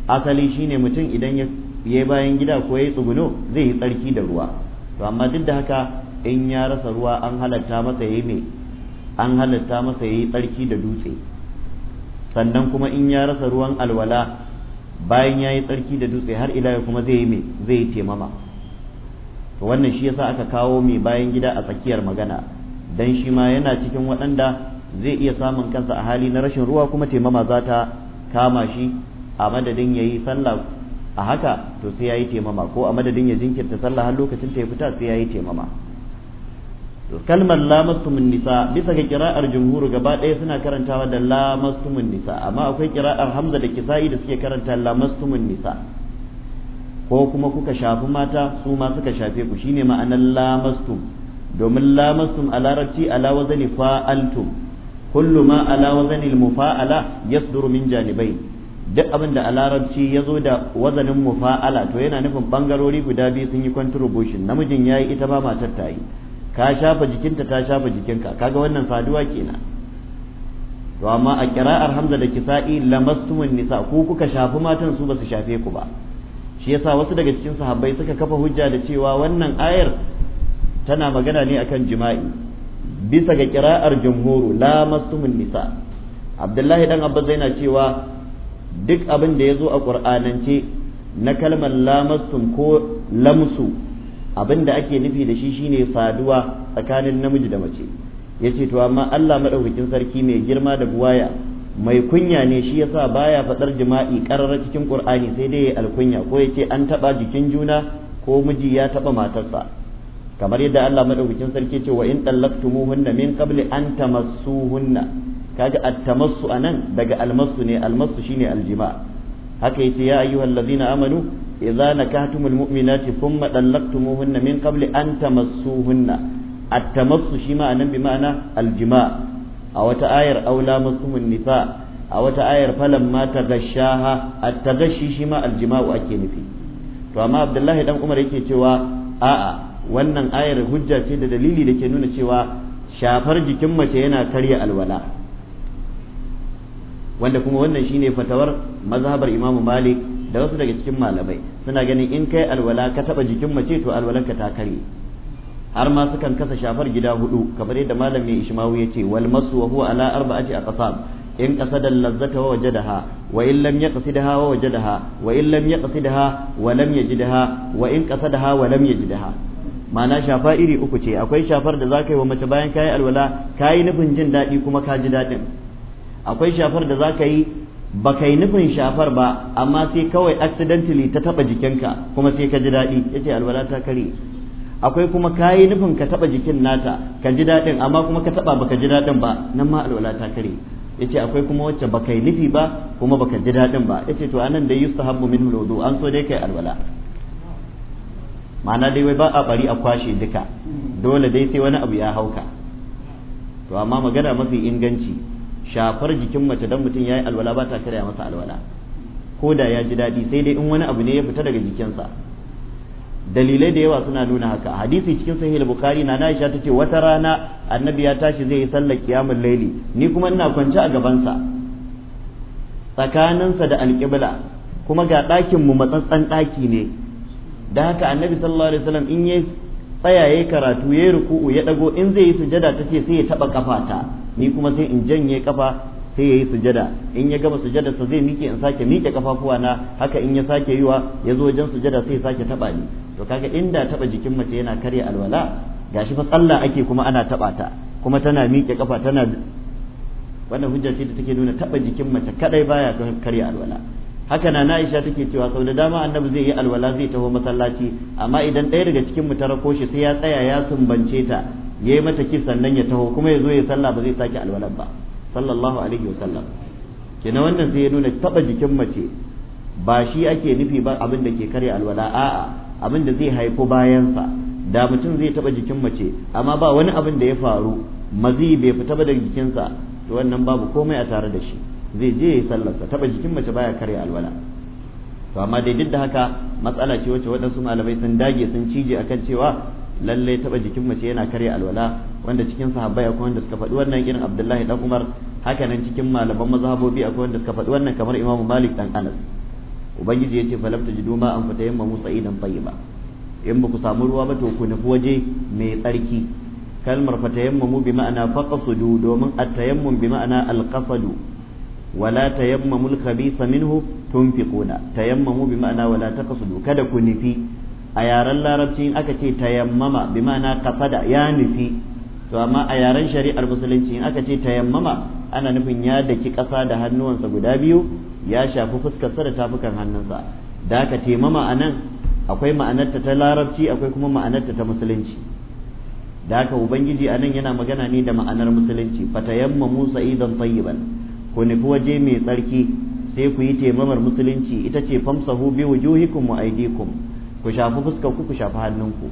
asali shine mutum idan ya yi bayan gida ko ya tsuguno zai yi tsarki da ruwa to amma duk da haka in ya rasa ruwa an halatta masa yayi me an halatta masa yayi tsarki da dutse sannan kuma in ya rasa ruwan alwala bayan ya yi tsarki da dutse har ila ya kuma zai yi me zai taimama to wannan shi yasa aka kawo mai bayan gida a tsakiyar magana dan shi ma yana cikin waɗanda zai iya samun kansa a hali na rashin ruwa kuma taimama za ta kama shi a madadin ya yi sallah a haka to sai ya yi taimama ko a madadin ya jinkirta sallah har lokacin ta ya fita sai ya yi taimama kalmar lamastumun nisa bisa ga kira'ar jumhur gaba ɗaya suna karantawa da lamastumun nisa amma akwai kira'ar hamza da kisa'i da suke karanta lamastumun nisa ko kuma kuka shafi mata su ma suka shafe ku shine ma'anar lamastum domin lamastum a larabci ala wazani fa'altum kullu ma ala wazani mufa'ala yasduru min janibai duk abin da a larabci ya zo da wazanin mufa'ala to yana nufin bangarori guda biyu sun yi contribution namijin ya yi ita ba matar ta yi ka shafa jikinta ta shafa jikinka kaga wannan saduwa kenan to amma a kira'ar hamza da kisa'i lamastumun nisa ku kuka shafi matan su basu shafe ku ba shi yasa wasu daga cikin sahabbai suka kafa hujja da cewa wannan ayar tana magana ne akan jima'i bisa ga kira'ar jumhuru lamastumun nisa abdullahi dan abba zaina cewa duk abin da ya zo a qur'anance na kalmar lamastum ko lamsu abin da ake nufi da shi shine saduwa tsakanin namiji da mace yace to amma Allah madaukakin sarki mai girma da buwaya mai kunya ne shi yasa baya fadar jima'i karara cikin Qur'ani sai dai alkunya ko yace an taba jikin juna ko miji ya taba matarsa kamar yadda Allah madaukakin sarki ce wa in tallaftumuhunna min qabli an tamassuhunna kaga at-tamassu anan daga almasu ne almasu shine aljima haka yace ya ayyuhallazina amanu idza nakahtumul mu'minati thumma dallaqtumuhunna min qabli an tamassuhunna التمص شيما أنا بمعنى الجماع أو تآير أو لامسهم النساء أو تآير فلما تغشاها التغشي شيما الجماع أكين فيه فما عبد الله دم عمر yake cewa a'a wannan ayar hujja ce da dalili da ke nuna cewa shafar jikin mace yana karya alwala wanda kuma wannan shine fatawar mazhabar imamu malik da wasu daga cikin malamai suna ganin in kai alwala ka taba jikin mace to alwalanka ta kare har ma sukan kasa shafar gida hudu kamar yadda malamin ishmawu ya ce wal masu wa huwa ala arba'ati aqsam in qasada lazzata wa wajadaha wa in lam yaqsidha wa wajadaha wa in lam yaqsidha wa lam yajidha wa in qasadaha wa lam yajidha ma'ana shafa iri uku ce akwai shafar da za ka yi wa mace bayan yi alwala kayi nufin jin daɗi kuma ka ji daɗin akwai shafar da za yi ba kai nufin shafar ba amma sai kawai accidentally ta taba jikinka kuma sai ka ji daɗi ya ce alwala ta kare akwai kuma yi nufin ka taba jikin nata ka ji daɗin amma kuma ka taba baka ji daɗin ba nan ma alwala ta kare ya ce akwai kuma wacce ba yi nufi ba kuma baka ji daɗin ba ya ce to anan da yustahabbu min hudu an so dai kai alwala ma'ana dai wai ba a bari a kwashe duka dole dai sai wani abu ya hauka to amma magana mafi inganci shafar jikin mace dan mutum ya yi alwala ba ta karya masa alwala ko da ya ji daɗi sai dai in wani abu ne ya fita daga jikinsa dalilai da yawa suna nuna haka hadisi cikin sahih bukhari na Aisha tace wata rana annabi ya tashi zai yi sallar qiyamul laili ni kuma ina kwance a gaban tsakanin tsakaninsa da alqibla kuma ga ɗakin mu matsatsan ɗaki ne da haka annabi sallallahu alaihi wasallam in ya tsaya yayi karatu yayi ruku'u ya dago in zai yi sujada tace sai ya taba kafata ni kuma sai in janye kafa sai yayi sujada in ya gama sujada sa zai miƙe in sake miƙe kafafuwa na haka in ya sake yiwa ya zo wajen sujada sai sake taba ni to kaga inda taba jikin mace yana karya alwala gashi fa tsalla ake kuma ana taba ta kuma tana miƙe kafa tana wannan hujja ce da take nuna taba jikin mace kadai baya karya alwala haka na Aisha take cewa sau da dama annabi zai yi alwala zai taho masallaci amma idan ɗaya daga cikin mu ta rako shi sai ya tsaya ya sumbance ta ya yi mata kisan nan ya taho kuma ya zo ya sallah ba zai sake alwalan ba sallallahu alaihi wa sallam kina wannan sai ya nuna taba jikin mace ba shi ake nufi ba abin da ke karya alwala a'a abin da zai haifo bayansa da mutum zai taba jikin mace amma ba wani abin da ya faru mazi bai fita ba daga jikinsa to wannan babu komai a tare da shi zai je ya sallarsa taba jikin mace baya karya alwala to amma dai duk da haka matsala ce wacce waɗansu malamai sun dage sun cije akan cewa lalle taba jikin mace yana karya alwala wanda cikin sahabbai akwai wanda suka faɗi wannan irin Abdullahi dan Umar haka nan cikin malaman mazhabobi akwai wanda suka faɗi wannan kamar Imam Malik dan Anas ubangiji yace falam tajidu ma an fatayamma musa idan tayyiba in ba ku samu ruwa ba to ku nufi waje mai tsarki kalmar fatayammamu bi ma'ana faqasudu domin at-tayammum bi ma'ana al-qasadu ولا تيمموا الخبيث منه تنفقون تيمموا بمعنى ولا تقصدوا kada ku nufi a yaren larabci in aka ce tayammama bi ma'ana kasada ya nufi to amma a yaren shari'ar musulunci in aka ce tayammama ana nufin ya daki ƙasa da hannuwansa guda biyu ya shafi fuskarsa da tafukan hannunsa da aka taimama a nan akwai ma'anarta ta larabci akwai kuma ma'anarta ta musulunci da aka ubangiji a nan yana magana ne da ma'anar musulunci fatayamma musa idan tayyiban ku nufi waje mai tsarki sai ku yi taimamar musulunci ita ce famsahu bi wujuhikum wa aydikum ku shafi fuskar ku ku shafi hannunku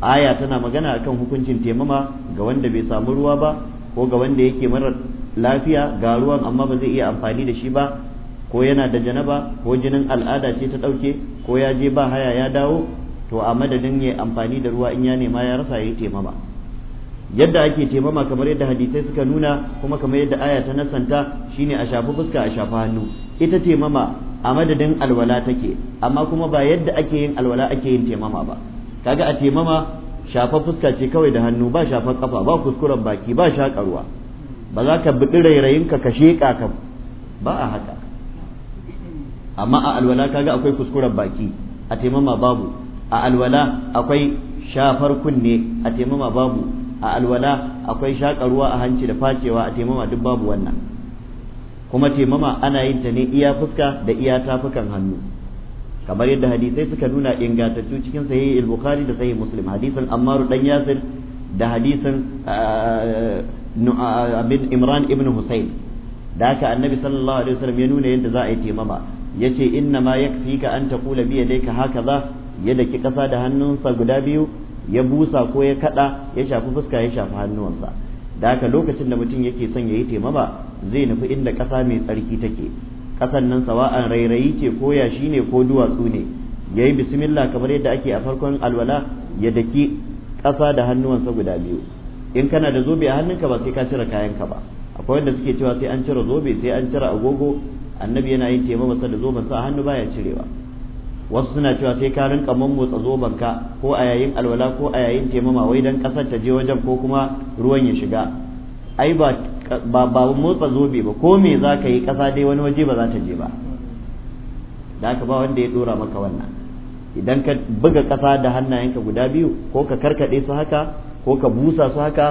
aya tana magana akan hukuncin temama ga wanda bai samu ruwa ba ko ga wanda yake marar lafiya ga ruwan amma ba zai iya amfani da shi ba ko yana da janaba ko jinin al'ada ce ta ɗauke ko ya je ba haya ya dawo to a madadin ya amfani da ruwa in ya nema ya rasa ya yi taimama yadda ake temama kamar yadda hadisai suka nuna kuma kamar yadda aya ta nasanta shine a shafi fuska a shafi hannu ita temama a madadin alwala take amma kuma ba yadda ake yin alwala ake yin temama ba kaga a taimama shafa fuska ce kawai da hannu ba shafa kafa ba kuskuren baki ba shaƙa ba za ka biɗi rairayin ka ka sheƙa ka ba a haka amma a alwala kaga akwai kuskuren baki a taimama babu a alwala akwai shafar kunne a temama babu a alwala akwai shaƙa ruwa a hanci da facewa a temama duk babu wannan kuma taimama ana yin ta ne iya fuska da iya tafukan hannu kamar yadda hadisai suka nuna ingantattu cikin sahih al-bukhari da sahih muslim hadisin ammaru dan yasir da hadisin abin ah, ah, ah, imran ibn husayn da haka annabi sallallahu alaihi wasallam ya nuna yadda za a yi taimama yace inna ma yakfika an taqula bi yadayka hakaza ya daki kasa da hannunsa guda biyu ya busa ko ya kada ya shafi fuska ya shafi hannuwansa da haka lokacin da mutum yake son ya yi ba zai nufi inda ƙasa mai tsarki take ƙasan nan sawa'an rairayi ce ko yashi ne ko duwatsu ne ya yi bismillah kamar yadda ake a farkon alwala ya daki ƙasa da hannuwansa guda biyu in kana da zobe a hannunka ba sai ka cire kayanka ba akwai wanda suke cewa sai an cire zobe sai an cire agogo annabi yana yin tema sa da zoben sa a hannu baya cirewa wasu suna cewa sai ka rinka mammotsa zobanka ko a yayin alwala ko a yayin taimama wai dan kasar ta je wajen ko kuma ruwan ya shiga ai ba ba motsa zobe ba ko me za ka yi kasa dai wani waje ba za ta je ba da haka ba wanda ya dora maka wannan idan ka buga kasa da hannayenka guda biyu ko ka karkade su haka ko ka busa su haka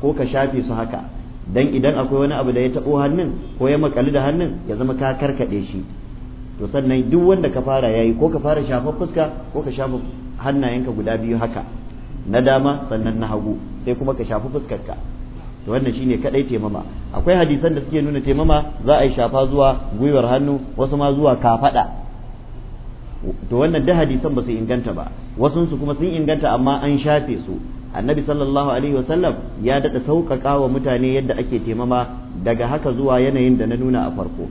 ko ka shafe su haka dan idan akwai wani abu da ya taɓo hannun ko ya makali da hannun ya zama ka karkade shi to sannan duk wanda ka fara yayi ko ka fara shafa fuska ko ka shafa hannayenka guda biyu haka na dama sannan na hagu sai kuma ka shafi fuskarka to wannan shine kadai taimama akwai hadisan da suke nuna taimama za a yi shafa zuwa gwiwar hannu wasu ma zuwa kafada to wannan da hadisan ba su inganta ba wasu su kuma sun inganta amma an shafe su annabi sallallahu alaihi wasallam ya daɗa sauƙaƙa wa mutane yadda ake taimama daga haka zuwa yanayin da na nuna a farko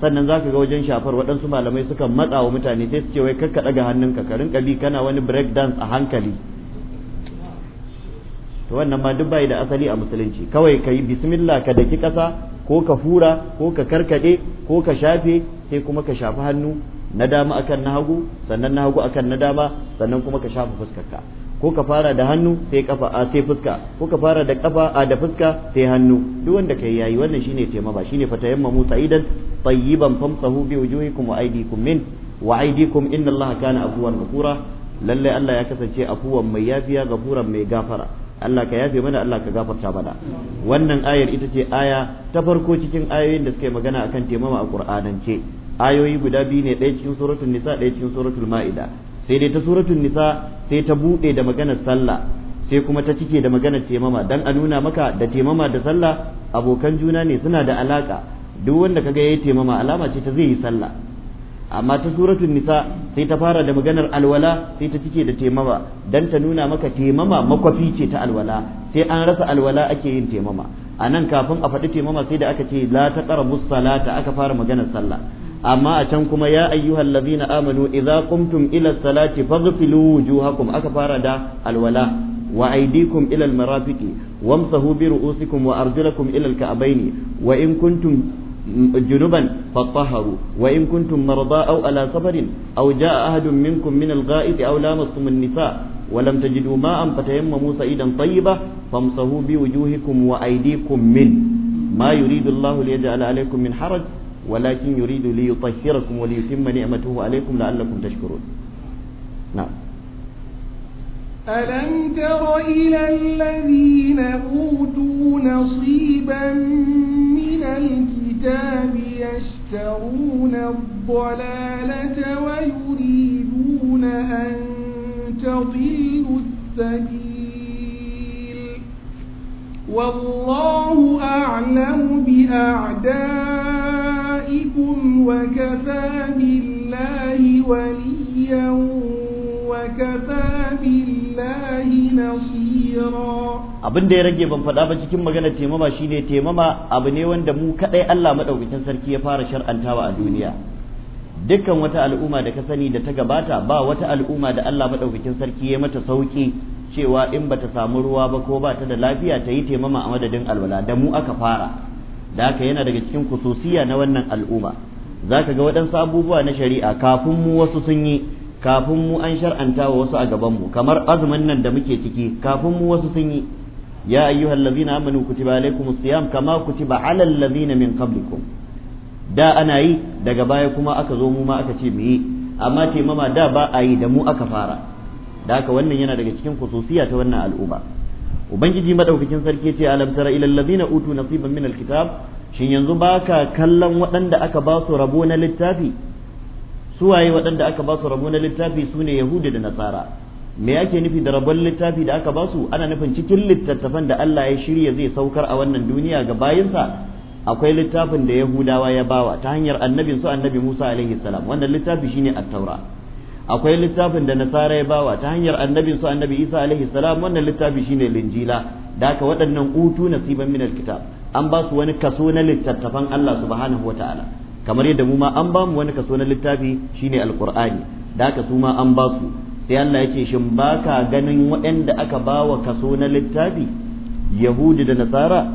sannan za ka ga wajen shafar waɗansu malamai sukan matsa wa mutane sai su ce wai kakka ɗaga hannunka ka rinka bi kana wani break dance a hankali to wannan ma duk bai da asali a musulunci kawai ka yi bismillah ka daki ƙasa ko ka hura ko ka karkaɗe ko ka shafe sai kuma ka shafi hannu na dama akan na hagu sannan na hagu akan na dama sannan kuma ka shafa fuskarka ko ka fara da hannu sai kafa a sai fuska ko ka fara da kafa a da fuska sai hannu duk wanda kai yayi wannan shine taimama shine fatayammamu sa'idan tayyiban famsahu bi wujuhikum wa aydikum min wa aydikum inna Allah kana afuwan ghafura lalle Allah ya kasance afuwan mai yafiya gafuran mai gafara Allah ka yafe mana Allah ka gafarta mana wannan ayar ita ce aya ta farko cikin ayoyin da suka yi magana akan taimama a Qur'anance ayoyi guda biyu ne ɗaya cikin suratul nisa ɗaya cikin suratul ma'ida sai dai ta suratul nisa sai ta bude da maganar sallah sai kuma ta cike da maganar temama dan a nuna maka da temama da sallah abokan juna ne suna da alaka duk wanda kaga yayi temama alama ce ta zai yi sallah amma ta suratul nisa sai ta fara da maganar alwala sai ta cike da temama dan ta nuna maka temama makwafi ce ta alwala sai an rasa alwala ake yin temama a nan kafin a faɗi temama sai da aka ce la ta ƙara salata aka fara maganar sallah amma a can kuma ya ayyuhal ladina amanu idza qumtum ila salati faghsilu wujuhakum aka fara da alwala wa aydikum ila almarafiqi wamsahu bi ru'usikum wa arjulakum ila alka'bayn wa in kuntum جنبا فطهروا وإن كنتم مرضى أو على سفر أو جاء أحد منكم من الغائط أو لامستم النساء ولم تجدوا ماء فتيمموا سعيدا طيبا فامسحوا بوجوهكم وأيديكم من ما يريد الله ليجعل عليكم من حرج ولكن يريد ليطهركم وليتم نعمته عليكم لعلكم تشكرون نعم ألم تر إلى الذين أوتوا نصيبا من الكتاب يشترون الضلالة ويريدون أن تضلوا السبيل والله أعلم بأعدائكم وكفى بالله وليا وكفى بالله نصيرا abin da ya rage ban faɗa ba cikin magana temama shine temama abu ne wanda mu kaɗai Allah maɗaukakin sarki ya fara shar'antawa a duniya dukkan wata al'umma da ka sani da ta gabata ba wata al'umma da Allah maɗaukakin sarki ya mata sauƙi cewa in bata samu ruwa ba ko ba ta da lafiya ta yi taimama a madadin alwala da mu aka fara da haka yana daga cikin kususiya na wannan al'umma za ka ga waɗansu abubuwa na shari'a kafin mu wasu sun yi kafin mu an shar'anta wa wasu a gabanmu kamar azumin nan da muke ciki kafin mu wasu sun yi ya ayyuhal ladzina amanu kutiba alaikumus siyam kama kutiba alal ladzina min qablikum da ana yi daga baya kuma aka zo mu ma aka ce mu yi amma taimama da ba a yi da mu aka fara da haka wannan yana daga cikin khususiya ta wannan al'umma ubangiji madaukakin sarki ce alam tara ilal ladina utu nasiban min alkitab shin yanzu baka kallon waɗanda aka ba su rabo na littafi suwaye waɗanda aka ba su rabo na littafi sune yahudi da nasara me ake nufi da rabon littafi da aka ba su ana nufin cikin littattafan da Allah ya shirya zai saukar a wannan duniya ga bayinsa akwai littafin da yahudawa ya bawa ta hanyar annabin su annabi musa alaihi salam wannan littafi shine at-taura akwai littafin da nasara ya bawa ta hanyar annabin su annabi isa alaihi salam wannan littafi shine linjila da haka waɗannan utu nasiban minal kitab an ba su wani kaso na littattafan Allah subhanahu wataala kamar yadda mu ma an ba mu wani kaso na littafi shine alqur'ani da haka su ma an ba su sai Allah ya ce shin ba ka ganin waɗanda aka ba wa kaso na littafi yahudi da nasara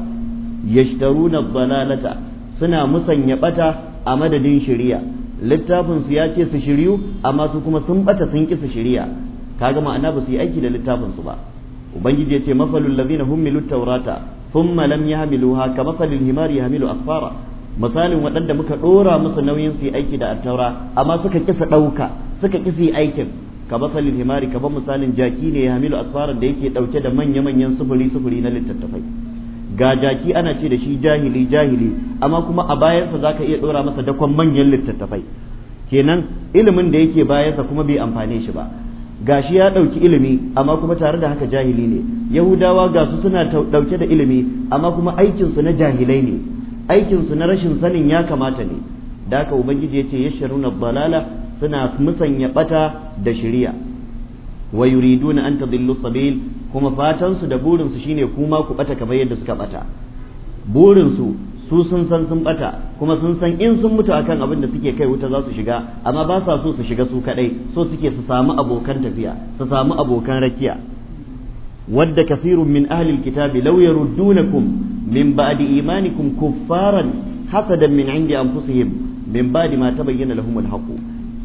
yashtaruna dhalalata suna musanya bata a madadin shari'a littafinsu ya ce su shiryu amma su kuma sun bata sun ki su shiriya kaga ma'ana ba su yi aiki da littafinsu ba ubangiji ya ce masalul ladina humilu tawrata thumma lam yahmiluha ka masalil himari yahmilu asfara misalin waɗanda muka ɗora musu nauyin su yi aiki da attaura amma suka kisa ɗauka suka kisa yi aikin ka masalil himari ka ba misalin jaki ne ya hamilu da yake ɗauke da manya-manyan sufuri sufuri na littattafai ga jaki ana ce da shi jahili jahili amma kuma a bayansa za ka iya ɗora masa dakon manyan littattafai kenan ilimin da yake bayansa kuma bai amfane shi ba ga shi ya ɗauki ilimi amma kuma tare da haka jahili ne yahudawa ga su suna ɗauke da ilimi amma kuma aikinsu na jahilai ne aikinsu na rashin sanin ya kamata ne da haka ubangiji ya ce ya sharuna balala suna musanya bata da shiriya wa na an tadillu sabil kuma fatansu da burinsu shine kuma ku bata kamar yadda suka bata burinsu su sun san sun bata kuma sun san in sun mutu akan abin da suke kai wuta za su shiga amma ba sa so su shiga su kadai so suke su samu abokan tafiya su samu abokan rakiya wadda kasirun min ahli alkitabi law yaruddunakum min ba'di imanikum kuffaran hasadan min indi anfusihim min ba'di ma tabayyana lahum alhaq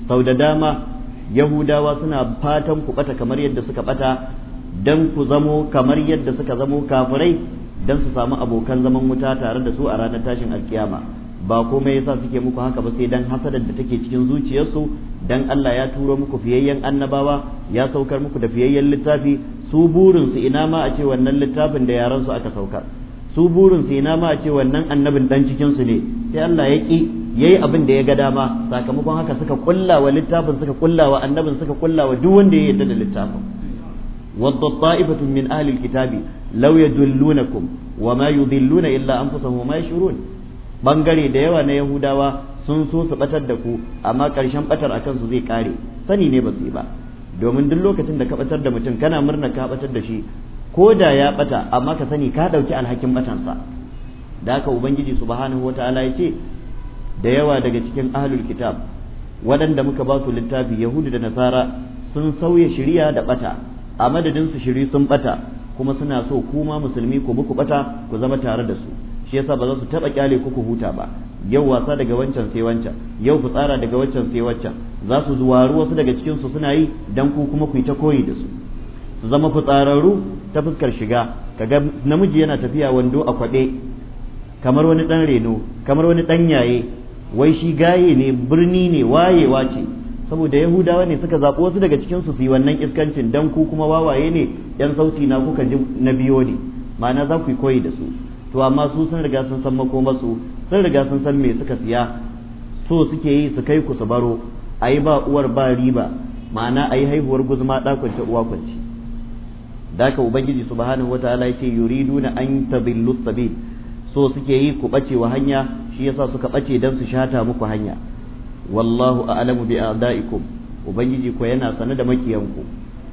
sau da dama yahudawa suna fatan ku bata kamar yadda suka bata dan ku zamo kamar yadda suka zamo kafirai dan su samu abokan zaman wuta tare da su a ranar tashin alkiyama ba komai yasa suke muku haka ba sai dan hasadar da take cikin zuciyarsu dan Allah ya turo muku fiyayyen annabawa ya saukar muku da fiyayyen littafi su burin su ina ma a ce wannan littafin da yaran su aka sauka su burin su ina ma a ce wannan annabin dan cikin su ne sai Allah ya ki yayi abin da ya ga dama sakamakon haka suka kulla littafin suka kulla annabin suka kulla duk wanda ya yarda da littafin wadda ta'ifatun min ahli kitabi law yadullunakum wa ma yudilluna illa anfusahum wa ma yashurun bangare da yawa na yahudawa sun so su batar da ku amma karshen batar a kansu zai kare sani ne ba su yi ba domin duk lokacin da ka batar da mutum kana murna ka batar da shi ko da ya bata amma ka sani ka dauki alhakin batansa da haka ubangiji subhanahu wataala ya ce da yawa daga cikin ahlul kitab waɗanda muka ba su littafi yahudu da nasara sun sauya shiriya da bata a madadin su shiri sun bata kuma suna so kuma musulmi ku muku bata ku zama tare da su shi yasa ba za su taba kyale ku ku huta ba yau wasa daga wancan sai wancan yau fitsara daga wancan sai wancan za su zuwaru wasu daga cikin su suna yi dan ku kuma ku yi ta koyi da su su zama fitsararru ta fuskar shiga kaga namiji yana tafiya wando a kwade kamar wani dan reno kamar wani dan yaye wai shi gaye ne birni ne wayewa ce saboda yahudawa ne suka zaɓi wasu daga cikin su yi wannan iskancin dan ku kuma wawaye ne yan sauti na kuka ji na biyo ne ma'ana za ku yi koyi da su to amma su sun riga sun san masu sun riga sun san me suka siya so suke yi su kai ku su baro a yi ba uwar ba riba ma'ana a yi haihuwar guzuma ɗakwance uwa kwanci da ka ubangiji subhanahu wataala yace na an tabillu sabil so suke yi ku bace wa hanya shi yasa suka bace dan su shata muku hanya wallahu a'lamu bi a'daikum ubangiji ko yana sane da makiyanku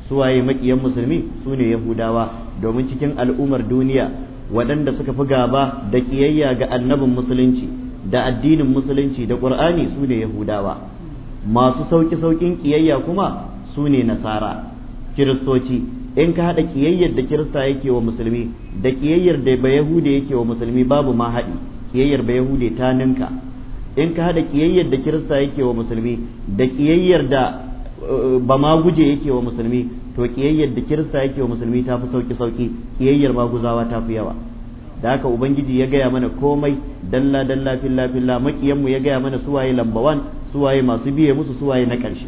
suwaye makiyan musulmi sune yahudawa domin cikin al'ummar duniya waɗanda suka fi gaba da kiyayya ga annabin musulunci da addinin musulunci da qur'ani sune yahudawa masu sauki saukin kiyayya kuma sune nasara kiristoci in ka haɗa kiyayyar da kirista yake wa musulmi da kiyayyar da ba yake wa musulmi babu ma haɗi kiyayyar bayahude ta ninka in ka haɗa kiyayyar da kirista yake wa musulmi da kiyayyar da eh, ba ma guje yake wa musulmi to ƙiyayyar da kirista yake wa musulmi ta fi sauki sauki kiyayyar guzawa ta fi yawa da haka ubangiji ya gaya mana komai dalla dalla filla filla maƙiyanmu ya gaya mana suwaye lambawan suwaye masu biye musu suwaye na ƙarshe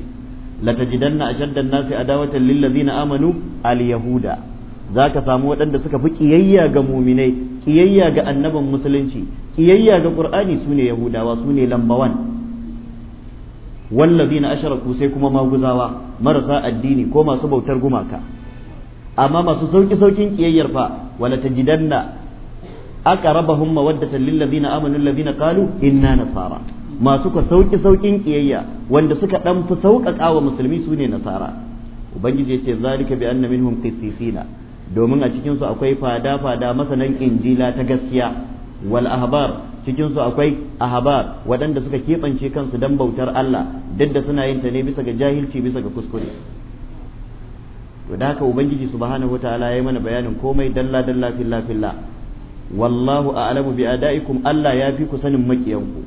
latajidanna ashaddan nasi adawatan lillazina amanu al yahuda za ka samu waɗanda suka fi ƙiyayya ga muminai ƙiyayya ga annaban musulunci ƙiyayya ga ƙur'ani su ne yahudawa su ne lambawan wallazi na asharaku sai kuma maguzawa marasa addini ko masu bautar gumaka amma masu sauƙi sauƙin ƙiyayyar fa wala tajidanna aqrabahum mawaddatan lil ladina amanu alladhina qalu inna nasara masu ka sauƙi sauƙin ƙiyayya wanda suka dan fi sauƙaƙa wa musulmi su ne nasara ubangiji ya ce zalika bi anna minhum qissisina domin a cikinsu akwai fada-fada masanan injila ta gaskiya wal ahbar cikinsu akwai ahbar waɗanda suka keɓance kansu don bautar Allah duk da suna yin ta ne bisa ga jahilci bisa ga kuskure to da haka ubangiji subhanahu wataala ya mana bayanin komai dalla dalla filla filla wallahu a'lamu bi adaikum Allah ya fi ku sanin makiyanku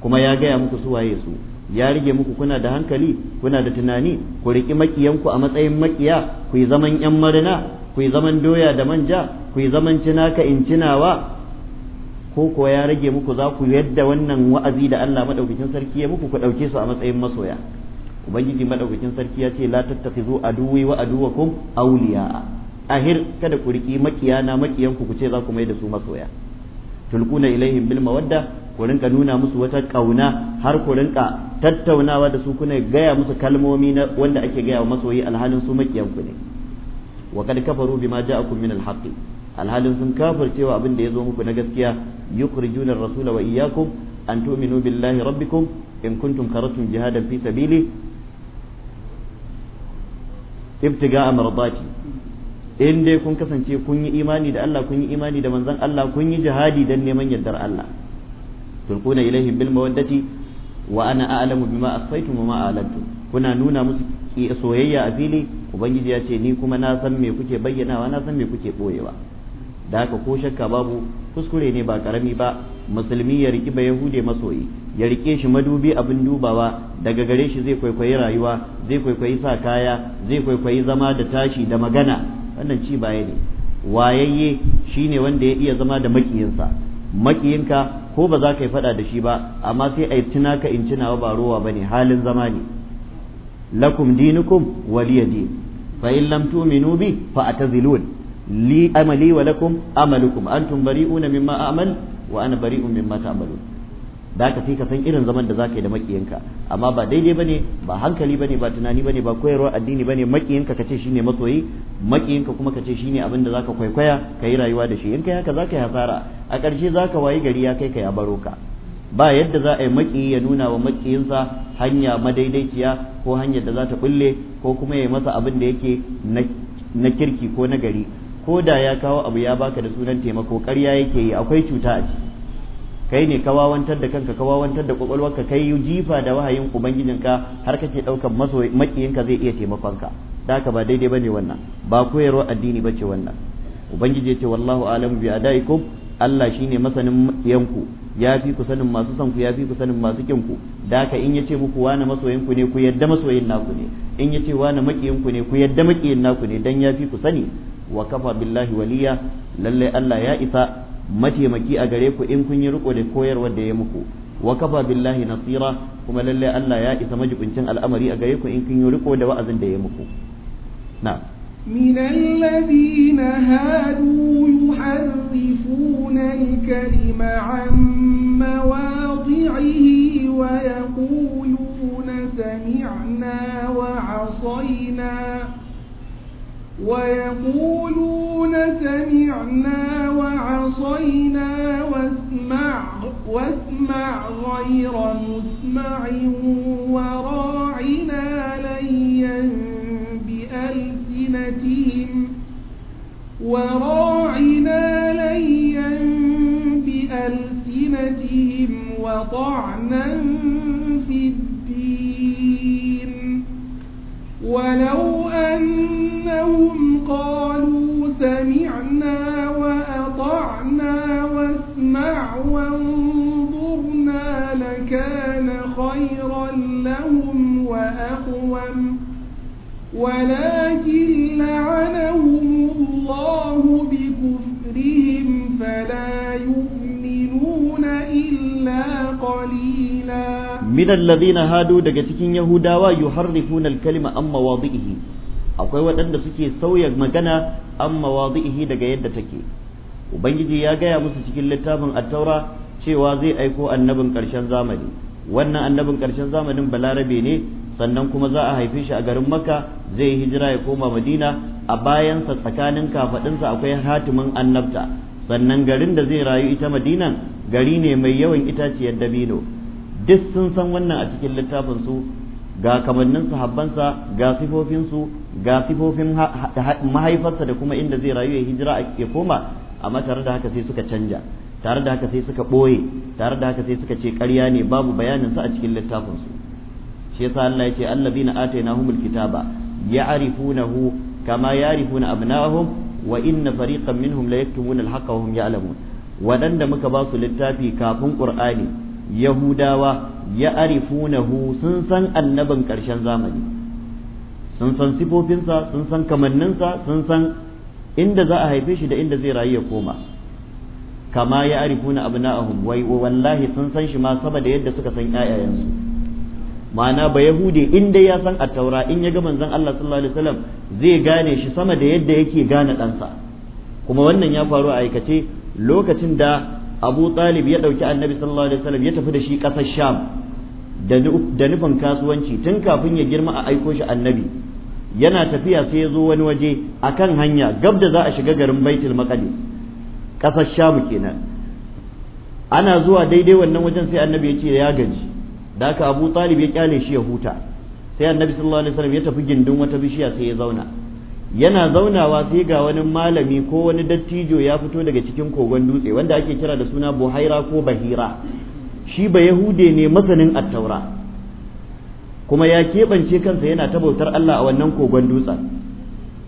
kuma ya gaya muku su waye su ya rige muku kuna da hankali kuna da tunani ku riki makiyanku a matsayin makiya ku yi zaman yan marina ku yi zaman doya da manja ku yi zaman ka in cinawa ko kuwa ya rage muku za ku yadda wannan wa'azi da Allah madaukakin sarki ya muku ku ɗauke su a matsayin masoya ubangiji madaukakin sarki ya ce la tattakhizu aduwi wa aduwakum awliya ahir kada ku riki makiyana makiyan ku ce za ku mai da su masoya tulquna ilaihim bil mawadda ku rinka nuna musu wata kauna har ku rinka tattaunawa da su kuna gaya musu kalmomi na wanda ake gaya wa masoyi alhalin su makiyan ku ne wa kad kafaru bima ja'akum min al-haqq alhalin sun kafircewa abin da zo muku na gaskiya yukhrijuna ar-rasula wa iyyakum an tu'minu billahi rabbikum in kuntum karatum jihadan fi sabili in dai kun kasance kun yi imani da Allah kun yi imani da manzon Allah kun yi jihadi dan neman yardar Allah tulquna ilaihim bil mawaddati wa ana a'lamu bima akhfaytum wa ma a'lantum kuna nuna musu soyayya a fili ubangiji ya ce ni kuma na san me kuke bayyanawa na san me kuke boyewa da haka ko shakka babu kuskure ne ba karami ba musulmi ya riki ba yahude masoyi ya rike shi madubi abin dubawa daga gare shi zai kwaikwayi rayuwa zai kwaikwayi sa kaya zai kwaikwayi zama da tashi da magana wannan ci baya ne wayayye shine wanda ya iya zama da makiyinsa makiyinka ko ba za ka yi fada da shi ba amma sai a yi tunaka in tunawa ba rowa bane halin zama ne lakum dinukum waliya din fa in lam tu'minu bi fa atazilun li amali wa lakum amalukum antum bari'una mimma a'mal wa ana bari'un mimma ta'malun da ka ka san irin zaman da za ka yi da amma ba daidai bane ba hankali bane ba tunani bane ba koyarwar addini bane makiyanka ka kace shine masoyi makiyanka kuma ka ce shine abin da zaka kwaikwaya kayi rayuwa da shi in kai haka zaka yi hasara a ƙarshe zaka wayi gari ya kai ka ya baro ka ba yadda za a yi maki ya nuna wa makiyinsa hanya madaidaiciya ko hanyar da za ta bulle ko kuma ya yi masa abin da yake na kirki ko na gari ko da ya kawo abu ya baka da sunan taimako ƙarya yake yi akwai cuta a ciki kai ne ka da kanka ka da kwakwalwarka kai yi jifa da wahayin ubangijinka har kake ɗaukar maso makiyinka zai iya taimakonka da haka ba daidai ba ne wannan ba koyarwa addini ba ce wannan ubangiji ya ce wallahu alamu bi adaikum Allah shine masanin yanku ya fi ku sanin masu son ku ya fi ku sanin masu kin da haka in yace muku wani masoyin ku ne ku yadda masoyin naku ne in yace wani makiyin ku ne ku yadda makiyin naku ne dan ya fi ku sani wa kafa billahi waliya lalle Allah ya isa mataimaki a gare ku in kun yi riko da koyarwar da ya muku wa kafa billahi nasira kuma lalle Allah ya isa majibincin al'amari a gare ku in kun yi riko da wa'azin da ya muku na'am من الذين هادوا يحرفون الكلم عن مواضعه ويقولون سمعنا وعصينا ويقولون سمعنا وعصينا واسمع واسمع غير مسمع وراعنا ليا بألسنتهم وراعنا ليا بألسنتهم وطعنا في الدين ولو أنهم قالوا سمعنا وأطعنا واسمع وانظرنا لكان خيرا لهم وأقوم ولكن لعنهم الله بكفرهم فلا يؤمنون إلا قليلا من الذين هادوا دقتكين يهودا ويحرفون الكلمة akwai waɗanda suke sauya magana an mawazi'ihi daga yadda take ubangiji ya gaya musu cikin littafin taura, cewa zai aiko annabin ƙarshen zamani wannan annabin ƙarshen zamanin balarabe ne sannan kuma za a haife shi a garin makka zai hijira ya koma madina a bayansa tsakanin kafaɗinsa akwai hatimin annabta sannan garin da zai rayu ita madinan gari ne mai yawan itaciyar dabino duk sun san wannan a cikin littafin su ga kamannin sahabbansa ga su ga sifofin mahaifarsa da kuma inda zai rayu ya hijira ya koma amma tare da haka sai suka canja tare da haka sai suka ɓoye tare da haka sai suka ce ƙarya ne babu bayanin sa a cikin littafin su. shi yasa Allah yace allazina atainahumul kitaba ya'rifunahu kama ya'rifuna abna'ahum wa inna fariqan minhum la yaktumuna al wa hum ya'lamun waɗanda muka ba su littafi kafin qur'ani yahudawa ya'rifunahu sun san annabin ƙarshen zamani sun san sifofinsa sun san kamanninsa sun san inda za a haife shi da inda zai rayu ya koma kama ya arifuna abna'ahum wai wallahi sun san shi ma saboda yadda suka san ƴaƴayensu ma'ana ba yahude in dai ya san taura in ya ga manzon Allah sallallahu alaihi wasallam zai gane shi sama da yadda yake gane ɗansa kuma wannan ya faru a aikace lokacin da Abu Talib ya ɗauki Annabi sallallahu alaihi wasallam ya tafi da shi ƙasar Sham da nufin kasuwanci tun kafin ya girma a aiko shi annabi yana tafiya sai ya zo wani waje a kan hanya gab da za a shiga garin baitul maqdis ƙasar sham kenan ana zuwa daidai wannan wajen sai annabi ya ce ya gaji da aka abu talib ya kyale shi ya huta sai annabi sallallahu alaihi wasallam ya tafi gindin wata bishiya sai ya zauna yana zaunawa sai ga wani malami ko wani dattijo ya fito daga cikin kogon dutse wanda ake kira da suna buhaira ko bahira shi ba yahude ne masanin attaura kuma ya keɓance kansa yana ta bautar Allah a wannan kogon dutsen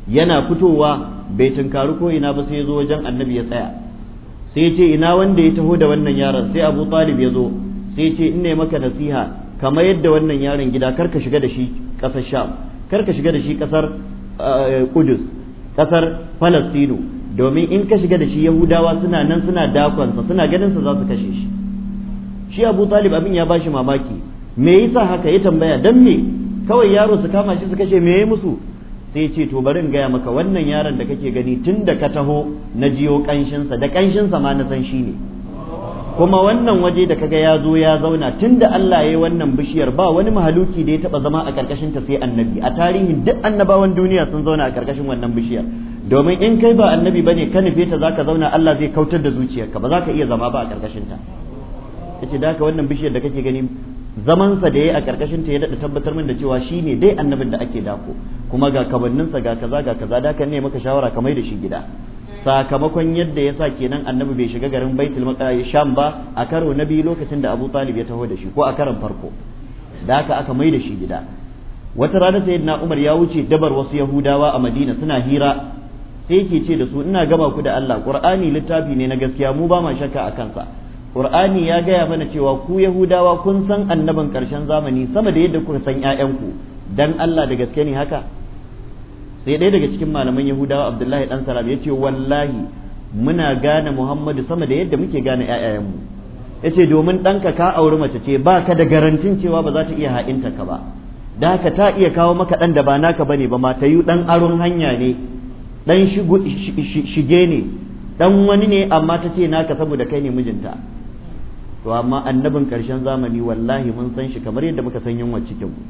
yana fitowa bai tunkari ko ina ba sai ya zo wajen annabi ya tsaya sai ya ce ina wanda ya taho da wannan yaron sai abu talib ya zo sai ce in ne maka nasiha kamar yadda wannan yaron gida kar ka shiga da shi kasar sham kar ka shiga da shi kasar eh, kudus kasar falastinu domin in ka shiga da shi yahudawa suna nan suna dakonsa suna ganin sa za su kashe shi shi abu talib abin ya bashi mamaki me yasa haka ya tambaya dan me kawai yaro su kama shi su kashe me ya musu sai ce to bari in gaya maka wannan yaron da kake gani tun da ka taho na jiyo kanshinsa da kanshinsa ma na san shi ne kuma wannan waje da kaga ya zo ya zauna tunda Allah ya yi wannan bishiyar ba wani mahaluki da ya taba zama a karkashin ta sai annabi a tarihin duk annabawan duniya sun zauna a karkashin wannan bishiyar domin in kai ba annabi bane ka nufe ta zaka zauna Allah zai kautar da zuciyarka ba za ka iya zama ba a karkashin ta yace da haka wannan bishiyar da kake gani zaman sa da yayi a karkashin ta ya dada tabbatar min da cewa shine dai annabin da ake dako kuma ga kabanninsa ga kaza ga kaza da ka ne maka shawara ka mai da shi gida sakamakon yadda ya sa kenan annabi bai shiga garin baitul maqdis sham ba a karo na biyu lokacin da Abu Talib ya taho da shi ko a karon farko da haka aka mai da shi gida wata rana sayyidina Umar ya wuce dabar wasu Yahudawa a Madina suna hira sai yake ce da su ina gaba ku da Allah Qur'ani littafi ne na gaskiya mu ba ma shakka a kansa Qur'ani ya gaya mana cewa ku Yahudawa kun san annaban karshen zamani sama da yadda kuka san ƴaƴanku dan Allah da gaske ne haka sai ɗaya daga cikin malaman yahudawa abdullahi dan salam ya ce wallahi muna gane muhammadu sama da yadda muke gane ƴaƴayenmu ya ce domin ɗanka ka auri mace ce ba ka da garantin cewa ba za ta iya ha'inta ka ba da haka ta iya kawo maka ɗan da ba naka bane ba ma ta yi ɗan aron hanya ne ɗan shige ne ɗan wani ne amma ta ce naka saboda kai ne mijinta to amma annabin ƙarshen zamani wallahi mun san shi kamar yadda muka san yunwa cikin mu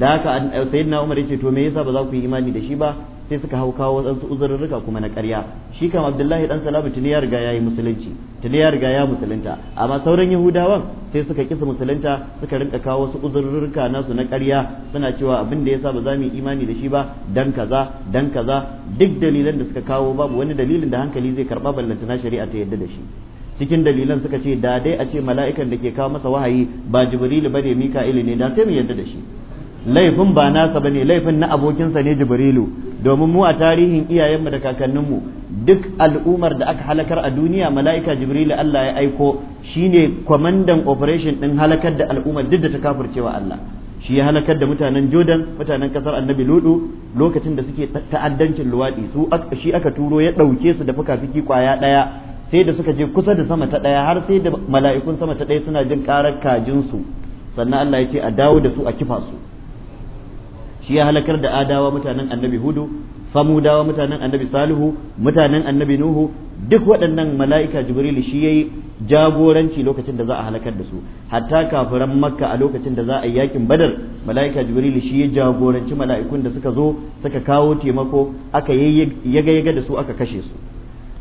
da haka eh, sayyidina Umar yace to me yasa ba za ku yi imani da shi ba sai suka hau kawo wasu uzurruka kuma na ƙarya shi kam Abdullahi dan salabu tuni ya riga yayi musulunci tuni ya riga ya musulunta amma sauran Yahudawan sai suka kisa musulunta suka rinka kawo wasu uzurruka nasu na ƙarya suna cewa abin da yasa ba za mu yi imani da shi ba dan kaza dan kaza duk dalilan da suka kawo babu wani dalilin da hankali zai karba ballantana shari'a ta yadda da shi cikin dalilan suka ce da dai a ce mala'ikan da ke kawo masa wahayi ba jibrilu bane mika'ilu ne da sai mu yadda da shi laifin ba nasa bane laifin na abokinsa ne jibrilu domin mu a tarihin iyayenmu da kakanninmu duk al'umar da aka halakar a duniya mala'ika jibrilu Allah ya aiko shine kwamandan operation din halakar da al'umar duk da ta kafircewa Allah shi ya halakar da mutanen jodan mutanen kasar Annabi Ludu lokacin da suke ta'addancin luwadi su shi aka turo ya dauke su da fuka-fiki kwaya daya sai da suka je kusa da sama ta daya har sai da mala'ikun sama ta daya suna jin karar kajin su sannan Allah ya ce a dawo da su a kifa su shi ya halakar da adawa mutanen annabi hudu samudawa mutanen annabi salihu mutanen annabi nuhu duk waɗannan mala'ika jibrilu shi yayi jagoranci lokacin da za a halakar da su hatta kafiran makka a lokacin da za a yi yakin badar mala'ika jibrilu shi ya jagoranci mala'ikun da suka zo suka kawo taimako aka yaga yaga da su aka kashe su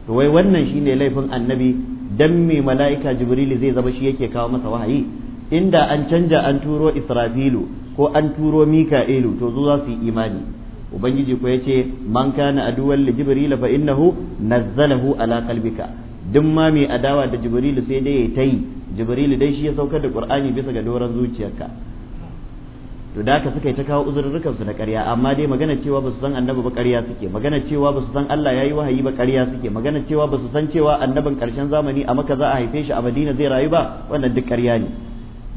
to wai wannan shine laifin annabi dan me mala'ika jibrilu zai zama shi yake kawo masa wahayi inda an canja an turo israfilu ko an turo mika'ilu to zo za su yi imani ubangiji ko yace man kana aduwwan li jibril fa innahu nazzalahu ala qalbika duk ma mai adawa da jibril sai dai ta yi jibril dai shi ya saukar da qur'ani bisa ga doran zuciyarka to da ka suka yi ta kawo uzurrukan su na ƙarya amma dai magana cewa ba su san annabi ba ƙarya suke magana cewa ba su san Allah yayi wahayi ba ƙarya suke magana cewa ba su san cewa annabin ƙarshen zamani a maka za a haife shi a Madina zai rayu ba wannan duk ƙarya ne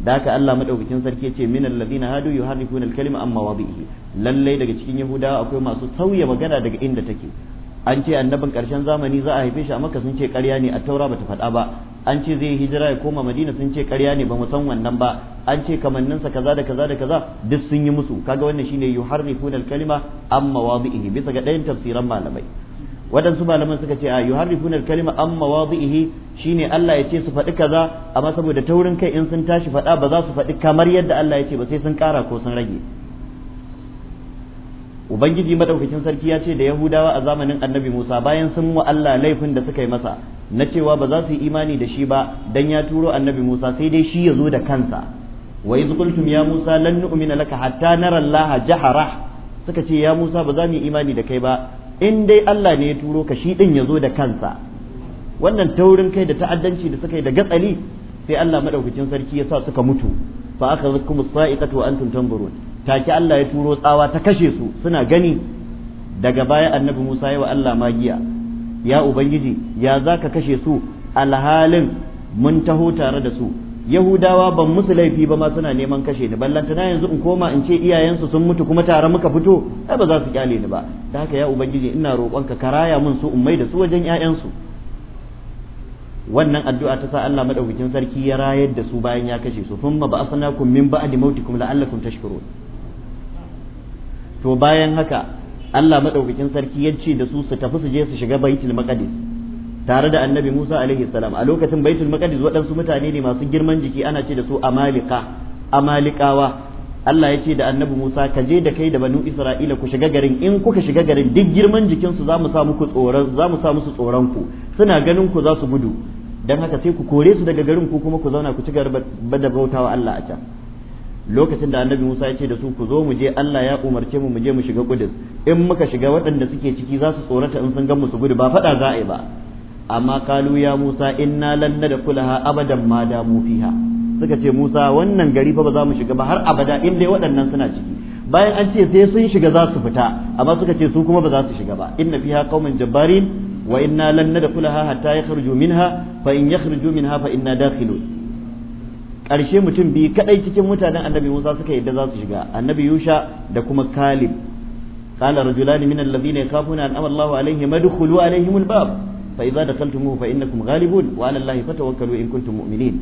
da haka Allah madaukakin sarki ce min alladhina hadu yuharrifuna al-kalima amma wadihi lallai daga cikin yahudawa akwai masu sauya magana daga inda take an ce annabin karshen zamani za a haife shi a maka sun ce ƙarya ne a taura bata faɗa ba an ce zai hijira ya koma madina sun ce ƙarya ne ba mu san wannan ba an ce kamanninsa kaza da kaza da kaza duk sun yi musu kaga wannan shine yuharrifuna al-kalima amma wadihi bisa ga ɗayan tafsiran malamai waɗansu malaman suka ce a yuharrifuna al-kalima an mawadihi shine Allah ya ce su faɗi kaza amma saboda taurin kai in sun tashi faɗa ba za su faɗi kamar yadda Allah ya ce ba sai sun ƙara ko sun rage ubangiji madaukakin sarki ya ce da yahudawa a zamanin annabi musa bayan sun wa Allah laifin da suka yi masa na cewa ba za su yi imani da shi ba dan ya turo annabi musa sai dai shi ya zo da kansa wa iz qultum ya musa lan nu'mina laka hatta nara allaha jahara suka ce ya musa ba za mu yi imani da kai ba in dai Allah ne ya turo ka shi din ya zo da kansa wannan taurin kai da ta'addanci da suka yi da gatsali sai Allah madaukakin sarki ya sa suka mutu fa aka as-sa'iqatu wa antum tanzurun take Allah ya turo tsawa ta kashe su suna gani daga baya annabi Musa ya wa Allah magiya ya ubangiji ya zaka kashe su alhalin mun taho tare da su yahudawa ban musu laifi ba ma suna neman kashe ni ballanta na yanzu in koma in ce iyayensu sun mutu kuma tare muka fito ai ba za su kyale ni ba da haka ya ubangiji ina roƙonka ka mun su ummai da su wajen iyayensu wannan addu'a ta sa Allah madaukakin sarki ya rayar da su bayan ya kashe su thumma ba'athnakum min ba'di mautikum la'allakum tashkurun to bayan haka Allah madaukakin sarki ya ce da su su tafi su je su shiga baitul maqdis tare da annabi Musa alaihi salam a lokacin baitul maqdis waɗansu mutane ne masu girman jiki ana ce da su amalika amalikawa Allah ya ce da annabi Musa ka je da kai da banu Isra'ila ku shiga garin in kuka shiga garin duk girman jikin su zamu sa muku tsoron zamu sa musu tsoron ku suna ganin ku za su gudu dan haka sai ku kore su daga garin ku kuma ku zauna ku ci gaba da bautawa Allah a can lokacin da annabi Musa ya ce da su ku zo mu je Allah ya umarce mu mu je mu shiga Qudus in muka shiga waɗanda suke ciki za su tsorata in sun gan mu su gudu ba faɗa za a ba amma kalu ya Musa inna lan nadkhulaha abadan ma damu fiha suka ce Musa wannan gari fa ba za mu shiga ba har abada in dai waɗannan suna ciki bayan an ce sai sun shiga za su fita amma suka ce su kuma ba za su shiga ba inna fiha qauman jabbarin wa inna lan nadkhulaha hatta yakhruju minha fa in yakhruju minha fa inna dakhilun ƙarshe mutum biyu kadai cikin mutanen annabi Musa suka yadda za su shiga annabi Yusha da kuma Kalib قال رجلان من الذين يخافون أن أمر الله عليهم ادخلوا عليهم الباب fa idza dakaltumuhu fa innakum ghalibun wa ala allahi fatawakkalu in kuntum mu'minin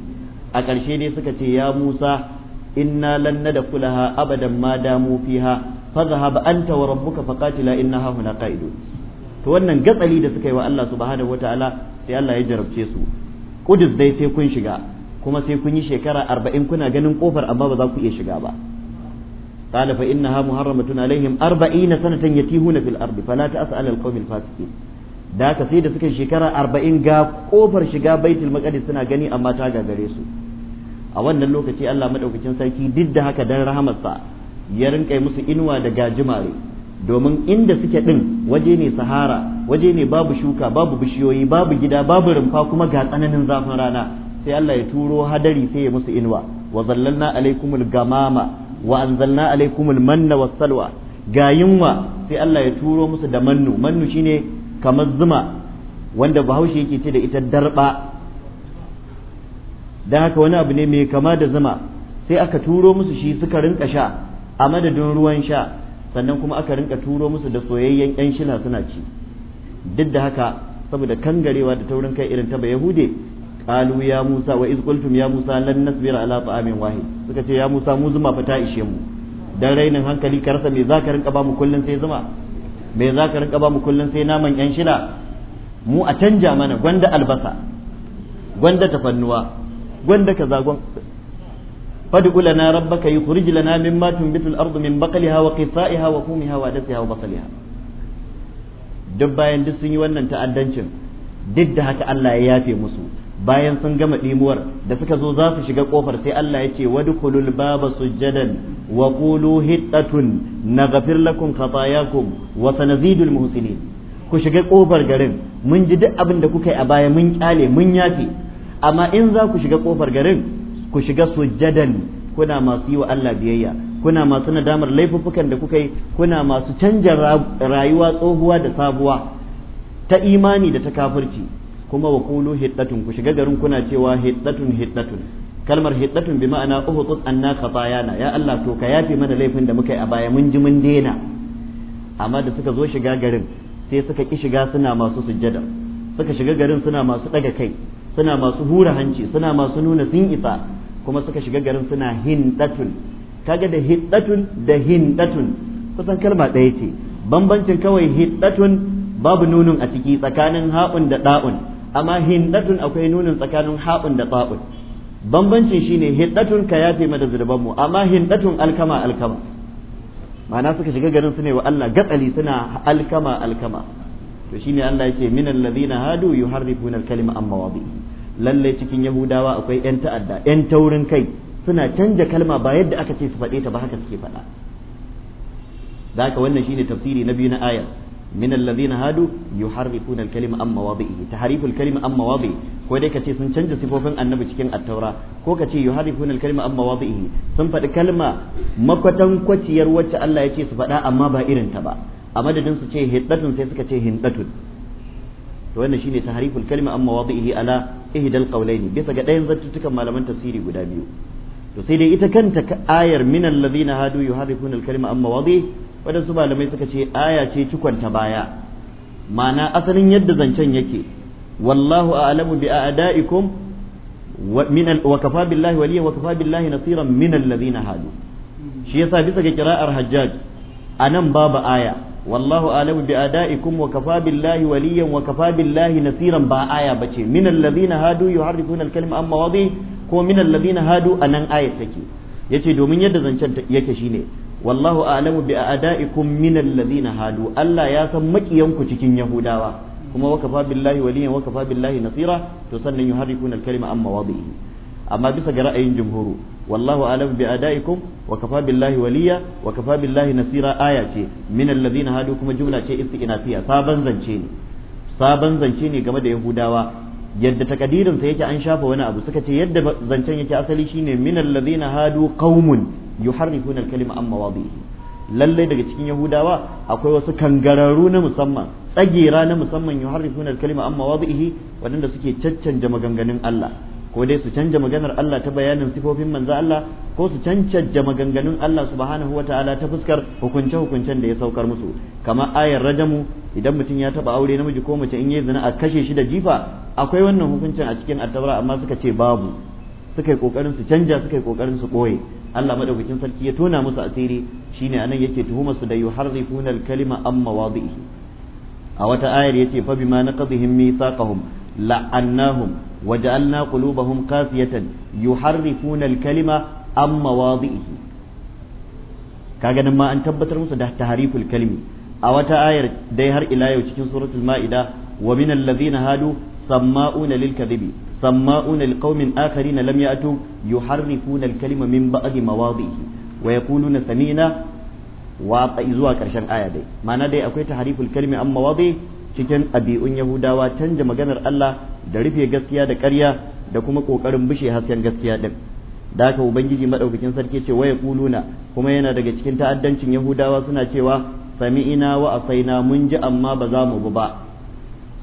a ƙarshe dai suka ce ya Musa inna lan nadkhulaha abadan ma damu fiha fadhhab anta wa in na innaha huna qa'idun to wannan gatsali da suka yi wa Allah subhanahu wataala sai Allah ya jarabce su Kudus dai sai kun shiga kuma sai kun yi shekara arba'in kuna ganin kofar amma ba za ku iya shiga ba قال فإنها محرمة عليهم أربعين سنة يتيهون في الأرض فلا تأس على القوم الفاسقين da aka sai da suka shekara arba'in ga kofar shiga baitul maqdis suna gani amma ta gagare su a wannan lokaci Allah madaukakin sarki duk da haka dan rahamarsa ya rinka musu inuwa da gajimare domin inda suke din waje ne sahara waje ne babu shuka babu bishiyoyi babu gida babu rumfa kuma ga tsananin zafin rana sai Allah ya turo hadari sai ya musu inuwa wa zallalna alaikumul gamama wa anzalna alaikumul manna was salwa ga yunwa sai Allah ya turo musu da mannu mannu shine kamar zuma wanda bahaushe yake ce da ita darba don haka wani abu ne mai kama da zuma sai aka turo musu shi suka rinka sha a madadin ruwan sha sannan kuma aka rinka turo musu da soyayyen yan shila suna ci duk da haka saboda kangarewa da taurin kai irin ta ba yahude qalu ya musa wa iz ya musa lan nasbira ala ta'amin wahid suka ce ya musa mu zuma fa ta ishe mu dan rainin hankali ka rasa me zaka rinka ba mu kullun sai zuma me za ka rinka ba mu kullum sai naman yan shina mu a canja mana gwanda albasa gwanda tafannuwa gwanda kaza fad'u na rabbaka yukhrij lana mimma tunbitu al-ardu min baqliha wa qithaiha wa qumiha wa dasiha wa basaliha duk bayan duk sun yi wannan ta'addancin duk da haka Allah ya yafe musu bayan sun gama ɗimuwar da suka zo za su shiga ƙofar sai Allah ya ce kulul baba sujjadan wa qulu hittatun naghfir lakum khatayakum wa sanazidul muhsinin ku shiga ƙofar garin mun ji duk abin da kuka yi a baya mun kyale mun yafe amma in za ku shiga kofar garin ku shiga sujjadan kuna masu yi wa Allah biyayya kuna masu nadamar laifuffukan da kuka yi kuna masu canja rayuwa tsohuwa da sabuwa ta imani da ta kafirci kuma wa kulu hiddatun ku shiga garin kuna cewa hiddatun hiddatun kalmar hiddatun bi ma'ana uhutut anna khatayana ya Allah to ka yafi mana laifin da muka yi a baya mun ji mun daina amma da suka zo shiga garin sai suka ki shiga suna masu sujjada suka shiga garin suna masu daga kai suna masu hura hanci suna masu nuna sun isa kuma suka shiga garin suna hindatun kaga da hiddatun da hindatun kusan kalma ɗaya ce bambancin kawai hiddatun babu nunun a ciki tsakanin ha'un da ɗa'un. amma hindatun akwai nunin tsakanin haɓun da ta'un bambancin shine hindatun ka yafe mada zurban mu amma hindatun alkama alkama ma'ana suka shiga garin su ne wa Allah gatsali suna alkama alkama to shine Allah yake minal ladina hadu yuharrifuna alkalima amma wabi lalle cikin yahudawa akwai yan ta'adda yan taurin kai suna canja kalma ba yadda aka ce su faɗe ta ba haka suke faɗa da haka wannan shine tafsiri na biyu na ayar min alladhina hadu yuharrifuna al-kalima an mawadi'i tahrifu kalima an mawadi'i ko dai kace sun canza sifofin annabi cikin at-taura ko kace yuharrifuna al-kalima an mawadi'i sun faɗi kalma makwatan wacce Allah ya ce su faɗa amma ba irin ta ba a madadin su ce hiddatun sai suka ce hindatun to wannan shine tahriful kalima amma wadihi ala ihdal qawlayn bisa ga ɗayan zattutukan malaman tafsiri guda biyu to dai ita kanta ayar min alladhina amma waɗansu malamai suka ce aya ce cikonta baya ma'ana asalin yadda zancen yake wallahu a'lamu bi a'da'ikum wa min al wa kafa billahi waliyan wa kafa billahi nasiran min alladhina hadu shi yasa bisa ga qira'ar hajjaj anan babu aya wallahu a'lamu bi a'da'ikum wa kafa billahi waliyan wa billahi nasiran ba aya bace min alladhina hadu yuharrifuna al-kalima amma wadi ko min alladhina hadu anan aya take yace domin yadda zancen yake shine wallahu a'lamu bi a'da'ikum min alladhina hadu Allah ya san makiyanku cikin yahudawa kuma wakafa billahi waliyan wakafa billahi nasira to sannan yuharrikuna al-kalima amma wadihi amma bisa ga ra'ayin jumhuru wallahu alam bi adaikum wa kafa billahi waliya wa kafa billahi nasira aya ce min alladhina hadu kuma jumla ce istinafiya saban zance ne saban zance ne game da yahudawa yadda takadirin sa yake an shafa wani abu suka ce yadda zancen yake asali shine min allazina hadu qaumun yuharrifuna al-kalima amma mawadihi lallai daga cikin yahudawa akwai wasu kangararru na musamman tsagera na musamman yuharrifuna al-kalima amma wadihi wadanda suke caccanja maganganun Allah ko dai su canja maganar Allah ta bayanin sifofin manzo Allah ko su cancanta maganganun Allah subhanahu wataala ta fuskar hukunce hukuncen da ya saukar musu kamar ayar rajamu idan mutum ya taba aure namiji ko mace in yi zina a kashe shi da jifa akwai wannan hukuncin a cikin attabara amma suka ce babu suka yi kokarin su canja suka yi kokarin su koye Allah madaukakin sarki ya tona musu asiri shine anan yake tuhumar su da yuharrifuna al-kalima amma wadihi a wata ayar yace fa bima naqadhihim mithaqahum la'annahum وجعلنا قلوبهم قاسية يحرفون الكلمة عن مواضعه كاغا ما أن تبتر موسى ده تحريف الكلمة أو تآير ديهر إلى يوشكين سورة المائدة ومن الذين هادوا سماؤون للكذب سماؤون لقوم آخرين لم يأتوا يحرفون الكلمة من بعد مواضعه ويقولون سمينا وأطئزوا كرشان آية دي معنى دي أكوية تحريف الكلمة عن مواضعه cikin abi'un yahudawa canja maganar Allah da rufe gaskiya da ƙarya da kuma ƙoƙarin bushe hasken gaskiya ɗin da haka ubangiji madaukakin sarki ce waya kuluna kuma yana daga cikin ta'addancin yahudawa suna cewa sami'ina wa asaina mun ji amma ba za mu bi ba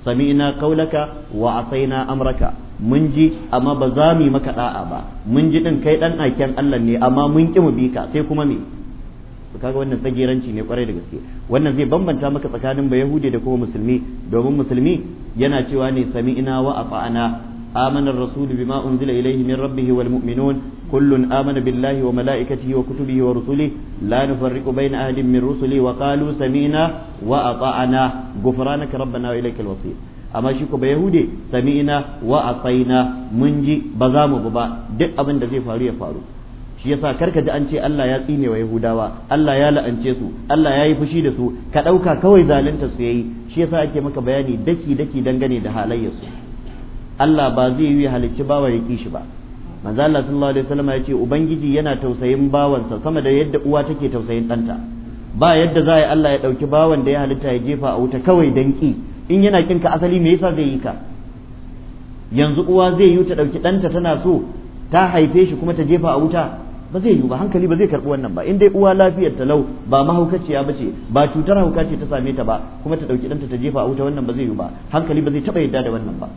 sami'ina kaulaka wa asaina amraka mun ji amma ba za mu yi maka da'a ba mun ji ɗin kai dan aiken Allah ne amma mun ki mu bi ka sai kuma me to kaga wannan tsagiranci ne kwarai da gaske wannan zai bambanta maka tsakanin ba yahudi da kuma musulmi domin musulmi yana cewa ne sami'ina wa ata'ana آمن الرسول بما أنزل إليه من ربه والمؤمنون كل آمن بالله وملائكته وكتبه ورسله لا نفرق بين أحد من رسله وقالوا سمعنا وأطعنا غفرانك ربنا وإليك المصير amma shi ko ba yahudi sami'ina wa asaina mun ji ba za mu ba duk abin da zai faru ya faru shi yasa karka ji an ce Allah ya tsine wa Yahudawa Allah ya la'ance su Allah ya yi fushi da su ka ɗauka kawai zalunta su yayi shi yasa ake maka bayani daki daki dangane da halayyar su Allah ba zai yi halicci bawa ya kishi ba manzo Allah sallallahu alaihi wasallam ya ce ubangiji yana tausayin bawansa sama da yadda uwa take tausayin ɗanta ba yadda za a Allah ya ɗauki bawan da ya halitta ya jefa a wuta kawai dan ki in yana ƙinka asali me yasa zai yi ka yanzu uwa zai yi ta ɗauki ɗanta tana so ta haife shi kuma ta jefa a wuta ba zai yiwu ba hankali ba zai karɓi wannan ba in dai uwa lafiyar ta lau ba mahaukaciya ba ce ba cutar hauka ce ta same ta ba kuma ta ɗauki ɗanta ta jefa a wuta wannan ba zai yiwu ba hankali ba zai taɓa yadda da wannan ba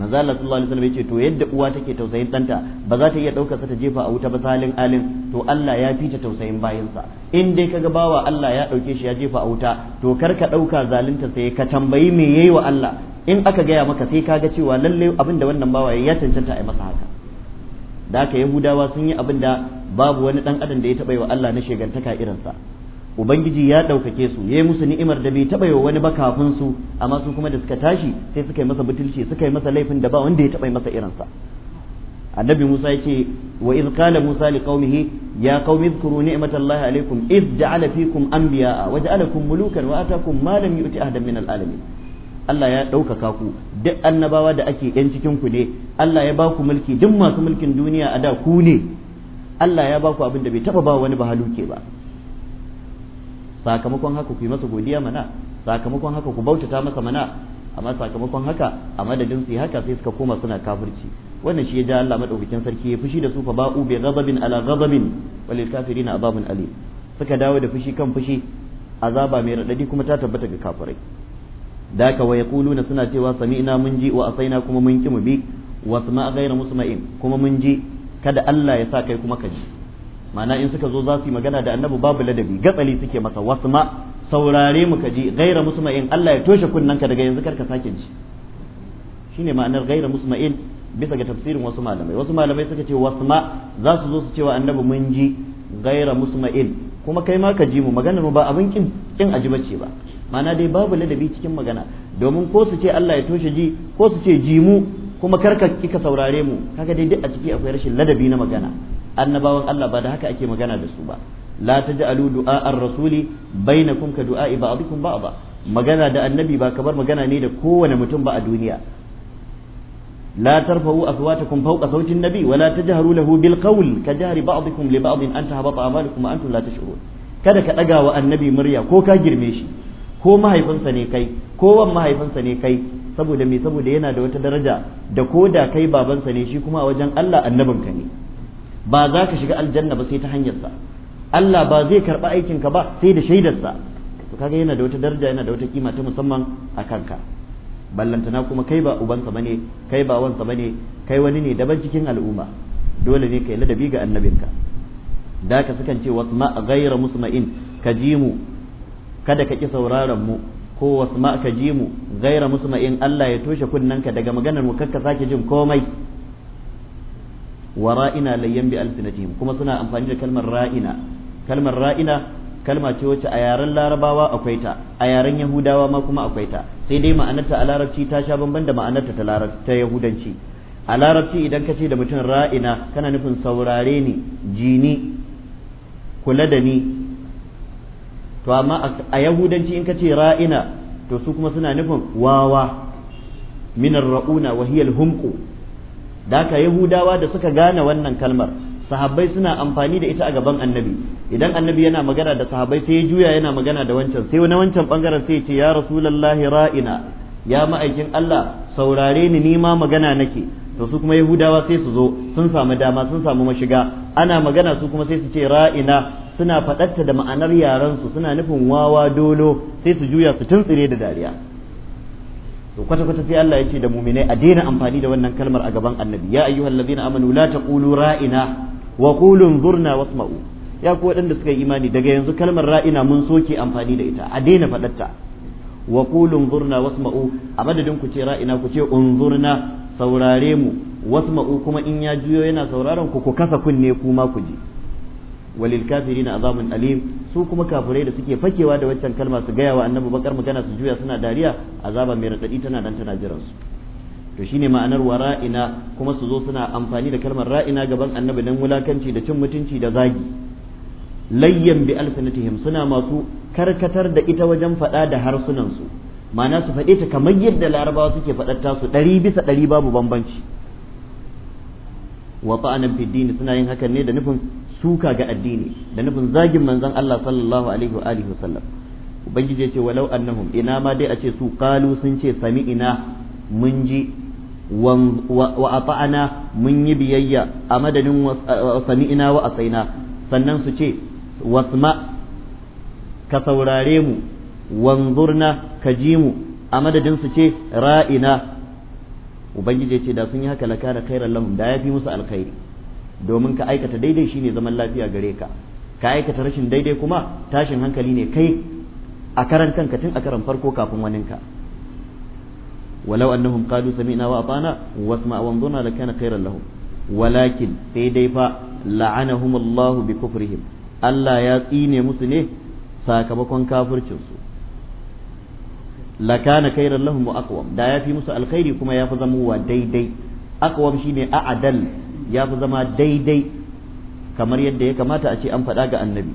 manzo Allah sallallahu alaihi wasallam yace to yadda uwa take tausayin ɗanta ba za ta iya daukar sa ta jefa a wuta ba salin alin to Allah ya fita tausayin sa in dai kaga bawa Allah ya ɗauke shi ya jefa a wuta to kar ka ɗauka zalunta sai ka tambayi me yayi wa Allah in aka gaya maka sai kaga cewa lalle abin da wannan bawa ya cancanta a masa haka da haka yahudawa sun yi abin da babu wani dan adam da ya taɓa yi wa Allah na shegantaka irinsa ubangiji ya ɗaukake su ya yi musu ni'imar da bai taɓa yi wa wani ba kafin su amma su kuma da suka tashi sai suka yi masa butulci suka yi masa laifin da ba wanda ya taɓa yi masa irinsa annabi Musa ya ce wa iz qala Musa li qaumihi ya qaumi dhkuru ni'matallahi alaykum iz ja'ala fikum anbiya'a wa ja'alakum mulukan wa atakum ma lam yu'ti ahadan min al-alamin Allah ya ɗaukaka ku duk annabawa da ake yan cikin ku ne Allah ya ba ku mulki duk masu mulkin duniya a da ku ne Allah ya ba ku abin da bai taba ba wani ba haluke ba sakamakon haka ku yi masa godiya mana sakamakon haka ku bautata masa mana amma sakamakon haka a madadin su haka sai suka koma suna kafirci wannan shi ya ja Allah madaukakin sarki ya fushi da su fa ba'u bi ghadabin ala ghadabin walil kafirin azabun ali suka dawo da fushi kan fushi azaba mai radadi kuma ta tabbata ga kafirai da ka wa na suna cewa sami'na mun ji wa asaina kuma mun ki mu bi wa sama gaira musma'in kuma mun ji kada Allah ya sa kai kuma ka ji ma'ana in suka zo za su yi magana da annabi babu ladabi gatsali suke masa wasma saurare mu ka ji gaira musma'in Allah ya toshe kunnanka daga yanzu kar ka sake ji shine ma'anar gaira musma'in bisa ga tafsirin wasu malamai wasu malamai suka ce wasma za su zo su cewa annabi mun ji gaira musma'il kuma kai ma ka ji mu magana mu ba abin kin kin aji bace ba mana dai babu ladabi cikin magana domin ko su ce Allah ya toshe ji ko su ce ji mu kuma karka kika saurare mu kaga dai duk a ciki akwai rashin ladabi na magana annabawan Allah ba da haka ake magana da su ba la taj'alu du'a ar-rasuli bainakum ka du'a ba'dikum ba'da magana da annabi ba kamar magana ne da kowane mutum ba a duniya لا ترفعوا أصواتكم فوق صوت النبي ولا تجهروا له بالقول كجهر بعضكم لبعض أن تهبط أعمالكم وأنتم لا تشعرون kada ka ɗaga wa annabi murya ko ka girme shi ko mahaifinsa ne kai ko wan mahaifinsa ne kai saboda me saboda yana da wata daraja da ko da kai babansa ne shi kuma a wajen Allah annabinka ne ba za ka shiga aljanna ba sai ta hanyarsa Allah ba zai karɓi aikinka ba sai da shaidarsa to kaga yana da wata daraja yana da wata kima ta musamman a kanka ballantana kuma kai ba ubansa bane kai ba wansa bane kai wani ne daban cikin al'umma dole ne kai ladabi ga annabinka da ka sukan ce wasma ghayra musma'in ka ji mu kada ka ki sauraron mu ko wasma ka ji mu ghayra musma'in Allah ya toshe kunnanka daga maganar mu kakka sake jin komai wa ra'ina layyan bi alsinatihim kuma suna amfani da kalmar ra'ina kalmar ra'ina kalma ce wacce a yaren larabawa akwai ta a yaren yahudawa ma kuma akwai ta sai dai ma'anarta a larabci ta sha bamban da ma'anarta ta yahudanci a larabci idan ka ce da mutum ra'ina kana nufin saurare ni jini kula da ni to amma a yahudanci in ka ce ra'ina to su kuma suna nufin wawa minar ra'una wahiyal humku da yahudawa da suka gane wannan kalmar sahabbai suna amfani da ita a gaban annabi idan annabi yana magana da sahabbai sai ya juya yana magana da wancan sai wani wancan bangaren sai ya ce ya rasulullahi ra'ina ya ma'aikin Allah saurare ni ni ma magana nake to su kuma yahudawa sai su zo sun samu dama sun samu mashiga ana magana su kuma sai su ce ra'ina suna faɗatta da ma'anar yaran su suna nufin wawa dolo sai su juya su tuntsire da dariya to kwata kwata sai Allah ya ce da mu'minai a daina amfani da wannan kalmar a gaban annabi ya ayyuhallazina amanu la taqulu ra'ina wa qulun zurna wasma'u ya ku waɗanda suka yi imani daga yanzu kalmar ra'ina mun soke amfani da ita a daina faɗarta wa qulun zurna wasma'u a madadin ku ce ra'ina ku ce unzurna saurare mu wasma'u kuma in ya juyo yana sauraron ku ku kasa kunne kuma ku ji walil kafirin azabun alim su kuma kafirai da suke fakewa da waccan kalma su gaya wa annabi bakar magana su juya suna dariya azaba mai radadi tana dan tana jiran su to shine ma'anar wa ra'ina kuma su zo suna amfani da kalmar ra'ina gaban annabi dan wulakanci da cin mutunci da zagi layyan bi alsanatihim suna masu karkatar da ita wajen faɗa da harsunan su ma'ana su faɗe ta kamar yadda larabawa suke faɗar ta su ɗari bisa ɗari babu bambanci wa ta'anan fi suna yin hakan ne da nufin suka ga addini da nufin zagin manzon Allah sallallahu alaihi wa alihi wasallam ubangiji ya ce walau annahum ina ma dai a ce su qalu sun ce sami'ina mun ji wa mun yi biyayya a madadin sami'ina wa asaina sannan su ce wasma ka saurare mu wanzurna ka ji mu a madadin su ce ra'ina ubangiji ce da sun yi haka lakana khairan lahum da ya fi musu alkhairi domin ka aikata daidai shine zaman lafiya gare ka ka aikata rashin daidai kuma tashin hankali ne kai a karan kanka tun a karan farko kafin waninka walau annahum qalu sami'na wa ata'na wasma wa anzurna lakana khairan lahum walakin sai dai fa la'anahum Allah bi kufrihim Allah ya tsine musu ne sakamakon kafircin su lakana khairan wa aqwam da yafi musu alkhairi kuma yafi zamuwa shine a'dal yafi zama daidai kamar yadda ya kamata a ce an faɗa ga annabi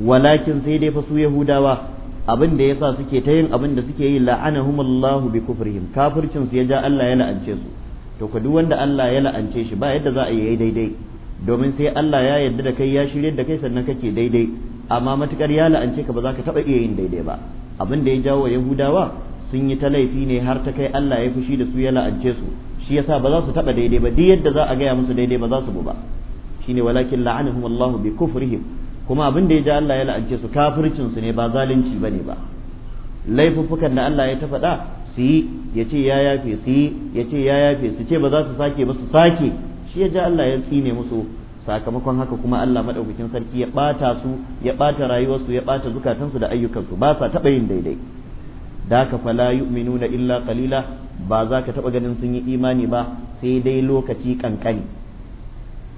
walakin sai dai fa su yahudawa abin da yasa suke ta yin abin da suke yi la'anahumullahu bi kufrihim kafircin su ya ja Allah ya la'ance su to ka duk wanda Allah ya la'ance shi ba yadda za a yi daidai domin sai Allah ya yarda da kai ya shirye da kai sannan kake daidai amma matukar ya la'ance ka ba za ka taba iya yin daidai ba abin da ya jawo wa Yahudawa sun yi ta laifi ne har ta kai Allah ya fushi da su ya la'ance su shi yasa ba za su taba daidai ba duk yadda za a gaya musu daidai ba za su bu ba shine walakin la'anahum Allah bi kufrihim kuma abin da ya ji Allah ya la'ance su kafircin su ne ba zalunci bane ba laifuffukan da Allah ya ta faɗa su yi ya ce ya yafe su yi ya ce ya yafe su ce ba za su sake ba su sake shi ya ji Allah ya tsine musu sakamakon haka kuma Allah madaukakin sarki ya bata su ya ɓata rayuwarsu ya ɓata zukatansu da ayyukansu ba sa taɓa yin daidai da ka la yu'minuna illa qalila ba za ka taɓa ganin sun yi imani ba sai dai lokaci kankani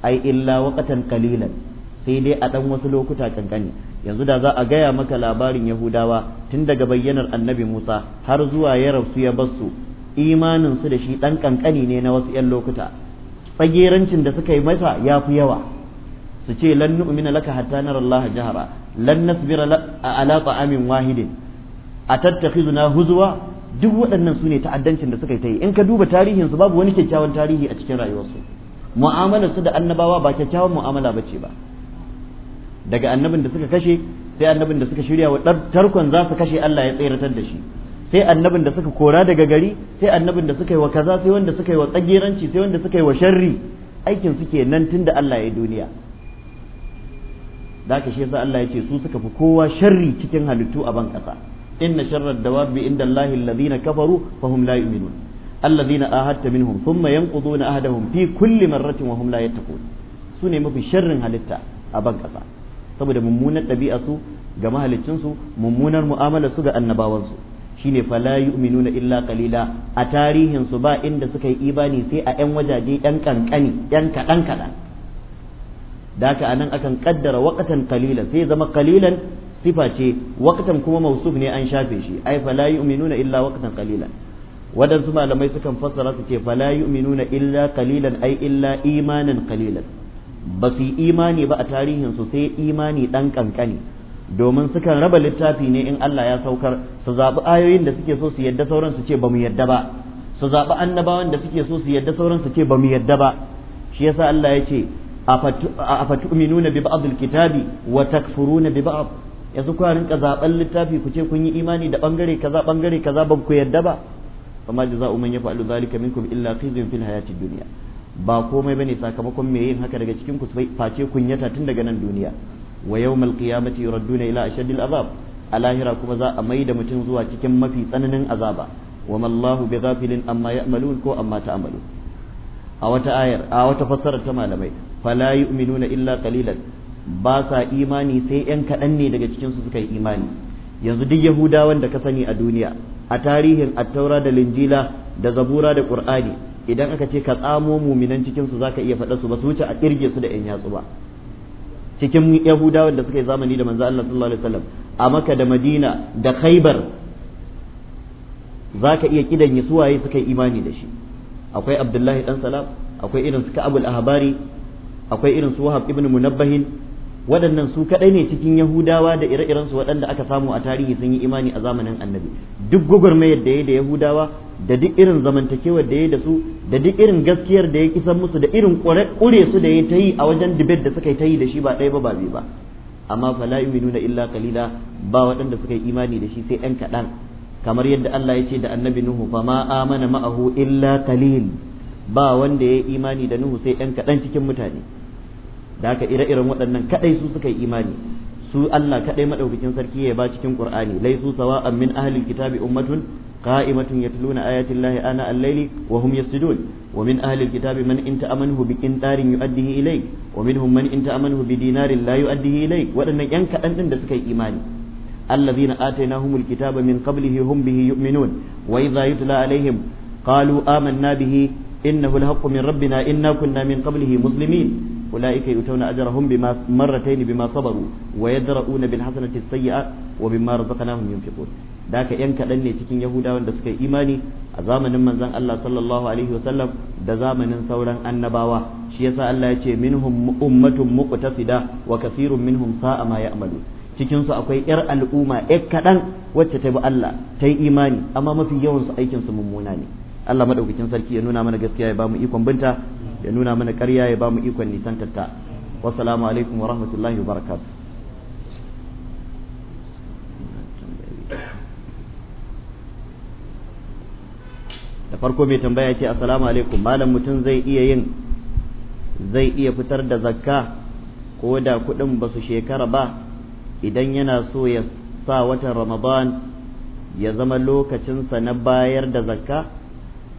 ai illa waqatan qalilan sai dai a ɗan wasu lokuta kankani yanzu da za a gaya maka labarin yahudawa tun daga bayyanar annabi musa har zuwa ya rasu ya basu imanin su da shi ɗan kankani ne na wasu yan lokuta tsagerancin da suka yi masa ya fi yawa su ce lan nu'mina laka hatta nara Allah jahara lan nasbira ala ta'amin wahidin na huzwa duk waɗannan su ne ta'addancin da suka yi ta in ka duba tarihin su babu wani kyakkyawan tarihi a cikin rayuwarsu mu'amalar su da annabawa ba kyakkyawan mu'amala bace ba daga annabin da suka kashe sai annabin da suka shirya wa tarkon za su kashe Allah ya tseratar da shi sai annabin da suka kora daga gari sai annabin da suka yi wa kaza sai wanda suka yi wa tsagiranci sai wanda suka yi wa sharri aikin suke nan tun da Allah ya duniya da shi yasa Allah ya ce su suka fi kowa sharri cikin halittu a ban kasa inna sharrad dawabi inda Allahi alladhina kafaru fahum la yu'minun alladhina ahadta minhum thumma yanquduna ahadahum fi kulli marratin wa hum la yattaqun su ne mafi sharrin halitta a ban kasa saboda mummunar ɗabi'a ga mahalicin mummunar mu'amala su ga annabawan su shine fala yu'minuna illa qalila a tarihin su ba inda suka yi imani sai a yan wajaje yan kankani yan kadan kadan da haka anan akan kaddara waqtan qalila sai zama qalilan sifa ce waqtan kuma mausuf ne an shafe shi ai fala yu'minuna illa waqtan qalilan wadansu malamai sukan fassara su ce fala yu'minuna illa qalilan ai illa imanan qalilan ba su yi imani ba a tarihinsu sai imani dan kankani domin sukan raba littafi ne in Allah ya saukar su zaɓi ayoyin da suke so su yadda sauran su ce ba mu yadda ba su zaɓi annabawan da suke so su yadda sauran su ce ba mu yadda ba shi yasa Allah ya ce afatu'minuna bi ba'dil kitabi wa takfuruna bi ba'd yanzu ku rinka zaɓen littafi ku ce kun yi imani da bangare kaza bangare kaza ba ku yadda ba fama jaza'u man yaf'alu dhalika minkum illa khizyun fil hayatid dunya ba komai bane sakamakon me yin haka daga cikin ku face kunyata tun daga nan duniya wa yawmal qiyamati yuradduna ila ashaddil azab a lahira kuma za a maida mutum zuwa cikin mafi tsananin azaba wa mallahu bi amma ya'malun ko amma ta'malun a wata ayar a wata fassarar ta malamai fala yu'minuna illa qalilan ba sa imani sai yan kaɗan ne daga cikin su suka yi imani yanzu duk yahudawan da ka sani a duniya a tarihin attaura da linjila da zabura da qur'ani idan aka ce ka tsamo muminan cikin su zaka iya faɗa su ba su wuce a kirge su da yan yatsu ba cikin yahudawan da suka yi zamani da manzo Allah sallallahu alaihi wasallam a maka da madina da khaybar zaka iya kidan suwaye suka yi imani da shi akwai abdullahi dan salam akwai irin su abu ahbari akwai irin su wahab ibn munabbahin waɗannan su kaɗai ne cikin yahudawa da ire-irensu waɗanda aka samu a tarihi sun yi imani a zamanin annabi duk gwagwarmayar da ya da yahudawa da duk irin zamantakewar da ya da su da duk irin gaskiyar da ya kisan musu da irin ƙure su da ya ta yi a wajen dibet da suka yi ta yi da shi ba ɗaya ba ba ba amma fala illa qalila ba waɗanda suka yi imani da shi sai ɗan kaɗan kamar yadda Allah ya ce da annabi nuhu fa ma amana ma'ahu illa qalil ba wanda ya yi imani da nuhu sai ɗan kaɗan cikin mutane da haka ire-iren waɗannan kaɗai su suka yi imani su Allah kaɗai madaukakin sarki ya ba cikin Qur'ani laisu sawa'an min ahlil kitabi ummatun qa'imatun yatluna ayati llahi ana al-layli wa hum yasjudun wa min ahlil kitabi man in ta'amanhu bi qintarin yu'addihi ilayk wa minhum man in ta'amanhu bi dinarin la yu'addihi ilayk waɗannan yan kaɗan din da suka yi imani الذين آتيناهم الكتاب من قبله هم به يؤمنون وإذا يتلى عليهم قالوا آمنا به إنه الحق من ربنا إنا كنا من قبله مسلمين أولئك يؤتون أجرهم بما مرتين بما صبروا ويدرؤون بالحسنة السيئة وبما رزقناهم ينفقون da haka ‘yan kaɗan ne cikin yahudawa da suka yi imani a zamanin manzan Allah sallallahu Alaihi wasallam da zamanin sauran annabawa shi yasa Allah ya ce minhum ummatun muqtasida wa kasirun min sa'a ma ya'malu cikin su akwai ‘yar al'umma ‘yar kaɗan wacce ta bi Allah ta yi imani amma mafi yawan su aikin su mummuna ne Allah madaukakin sarki ya nuna mana gaskiya ya ba mu ikon binta ya nuna mana ƙarya ya ba mu ikon nisantarta salamu alaikum wa rahmatullahi wa da farko mai tambaya ce assalamu alaikum malam mutum zai iya yin zai iya fitar da zakka ko da kuɗin ba su shekara ba idan yana so ya sa watan ramadan ya zama lokacinsa na bayar da zakka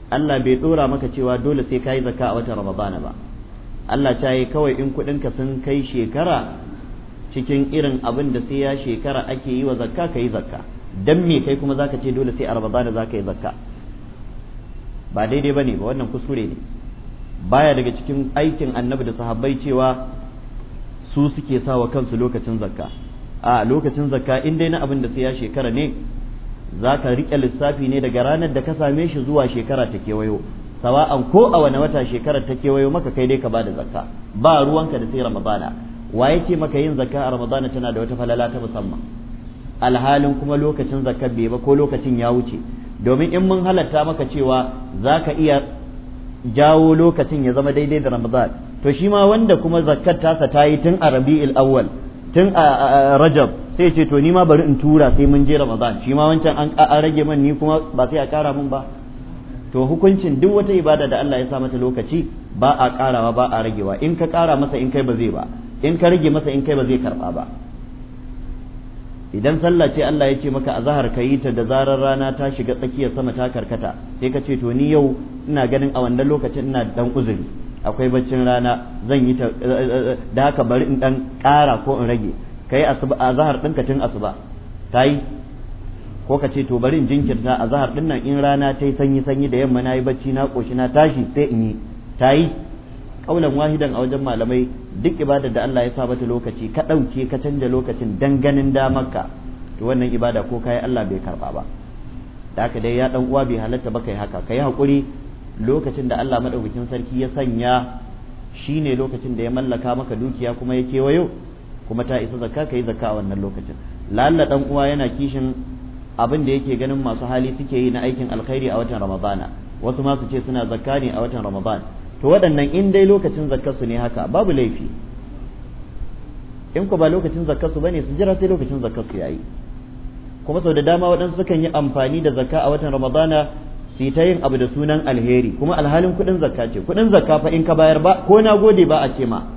Allah bai dora maka cewa dole sai yi zakka a watan Ramadana ba Allah ta yi kawai in ka sun kai shekara cikin irin abin da sai ya shekara ake yi wa zakka ka yi zakka dan me kai kuma zaka ce dole sai a Ramadana zaka yi zakka ba daidai bane ba wannan kuskure ne baya daga cikin aikin annabi da sahabbai cewa su suke sa wa kansu lokacin zakka a lokacin zakka in dai na abin da sai ya shekara ne za ka riƙe lissafi ne daga ranar da ka same shi zuwa shekara ta kewayo sawa'an ko a wani wata shekarar ta kewayo maka kai dai ka bada zakka ba ruwanka da sai ramadana wa yake maka yin zakka a ramadana tana da wata falala ta musamman alhalin kuma lokacin zakka bai ba ko lokacin ya wuce domin in mun halarta maka cewa za ka iya jawo lokacin ya zama daidai da ramadan to shi ma wanda kuma zakkar tasa ta yi tun a rabi'il awwal tun a rajab sai ce to ni ma bari in tura sai mun je ramadan shi ma wancan an rage man ni kuma ba sai a kara mun ba to hukuncin duk wata ibada da Allah ya sa mata lokaci ba a karawa ba a ragewa in ka kara masa in kai ba zai ba in ka rage masa in kai ba zai karba ba idan sallah ce Allah ya ce maka azhar ka yi ta da zarar rana ta shiga tsakiyar sama ta karkata sai ka ce to ni yau ina ganin a wannan lokacin ina dan uzuri akwai baccin rana zan yi ta eh, eh, eh, da haka bari in dan kara ko in rage kai azhar ɗinka tun asuba ta ko ka ce to barin in jinkirta azhar ɗin nan in rana ta sanyi sanyi da yamma na yi bacci na ƙoshi na tashi sai in yi ta yi kaulan wahidan a wajen malamai duk ibadar da Allah ya sa mata lokaci ka ɗauke ka canja lokacin dan ganin ka to wannan ibada ko kayi Allah bai karba ba da haka dai ya dan uwa bai halatta ba ka kai haka kai hakuri lokacin da Allah madaukakin sarki ya sanya shi ne lokacin da ya mallaka maka dukiya kuma ya kewayo kuma ta isa zakka kai zakka a wannan lokacin lalla dan uwa yana kishin abin da yake ganin masu hali suke yi na aikin alkhairi a watan ramadana wasu ma su ce suna zakka ne a watan ramadan to waɗannan in dai lokacin su ne haka babu laifi in ku ba lokacin su bane su jira sai lokacin su yayi kuma sau da dama waɗansu sukan yi amfani da zakka a watan ramadana su yi ta yin abu da sunan alheri kuma alhalin kuɗin zakka ce kuɗin zakka fa in ka bayar ba ko na gode ba a ce ma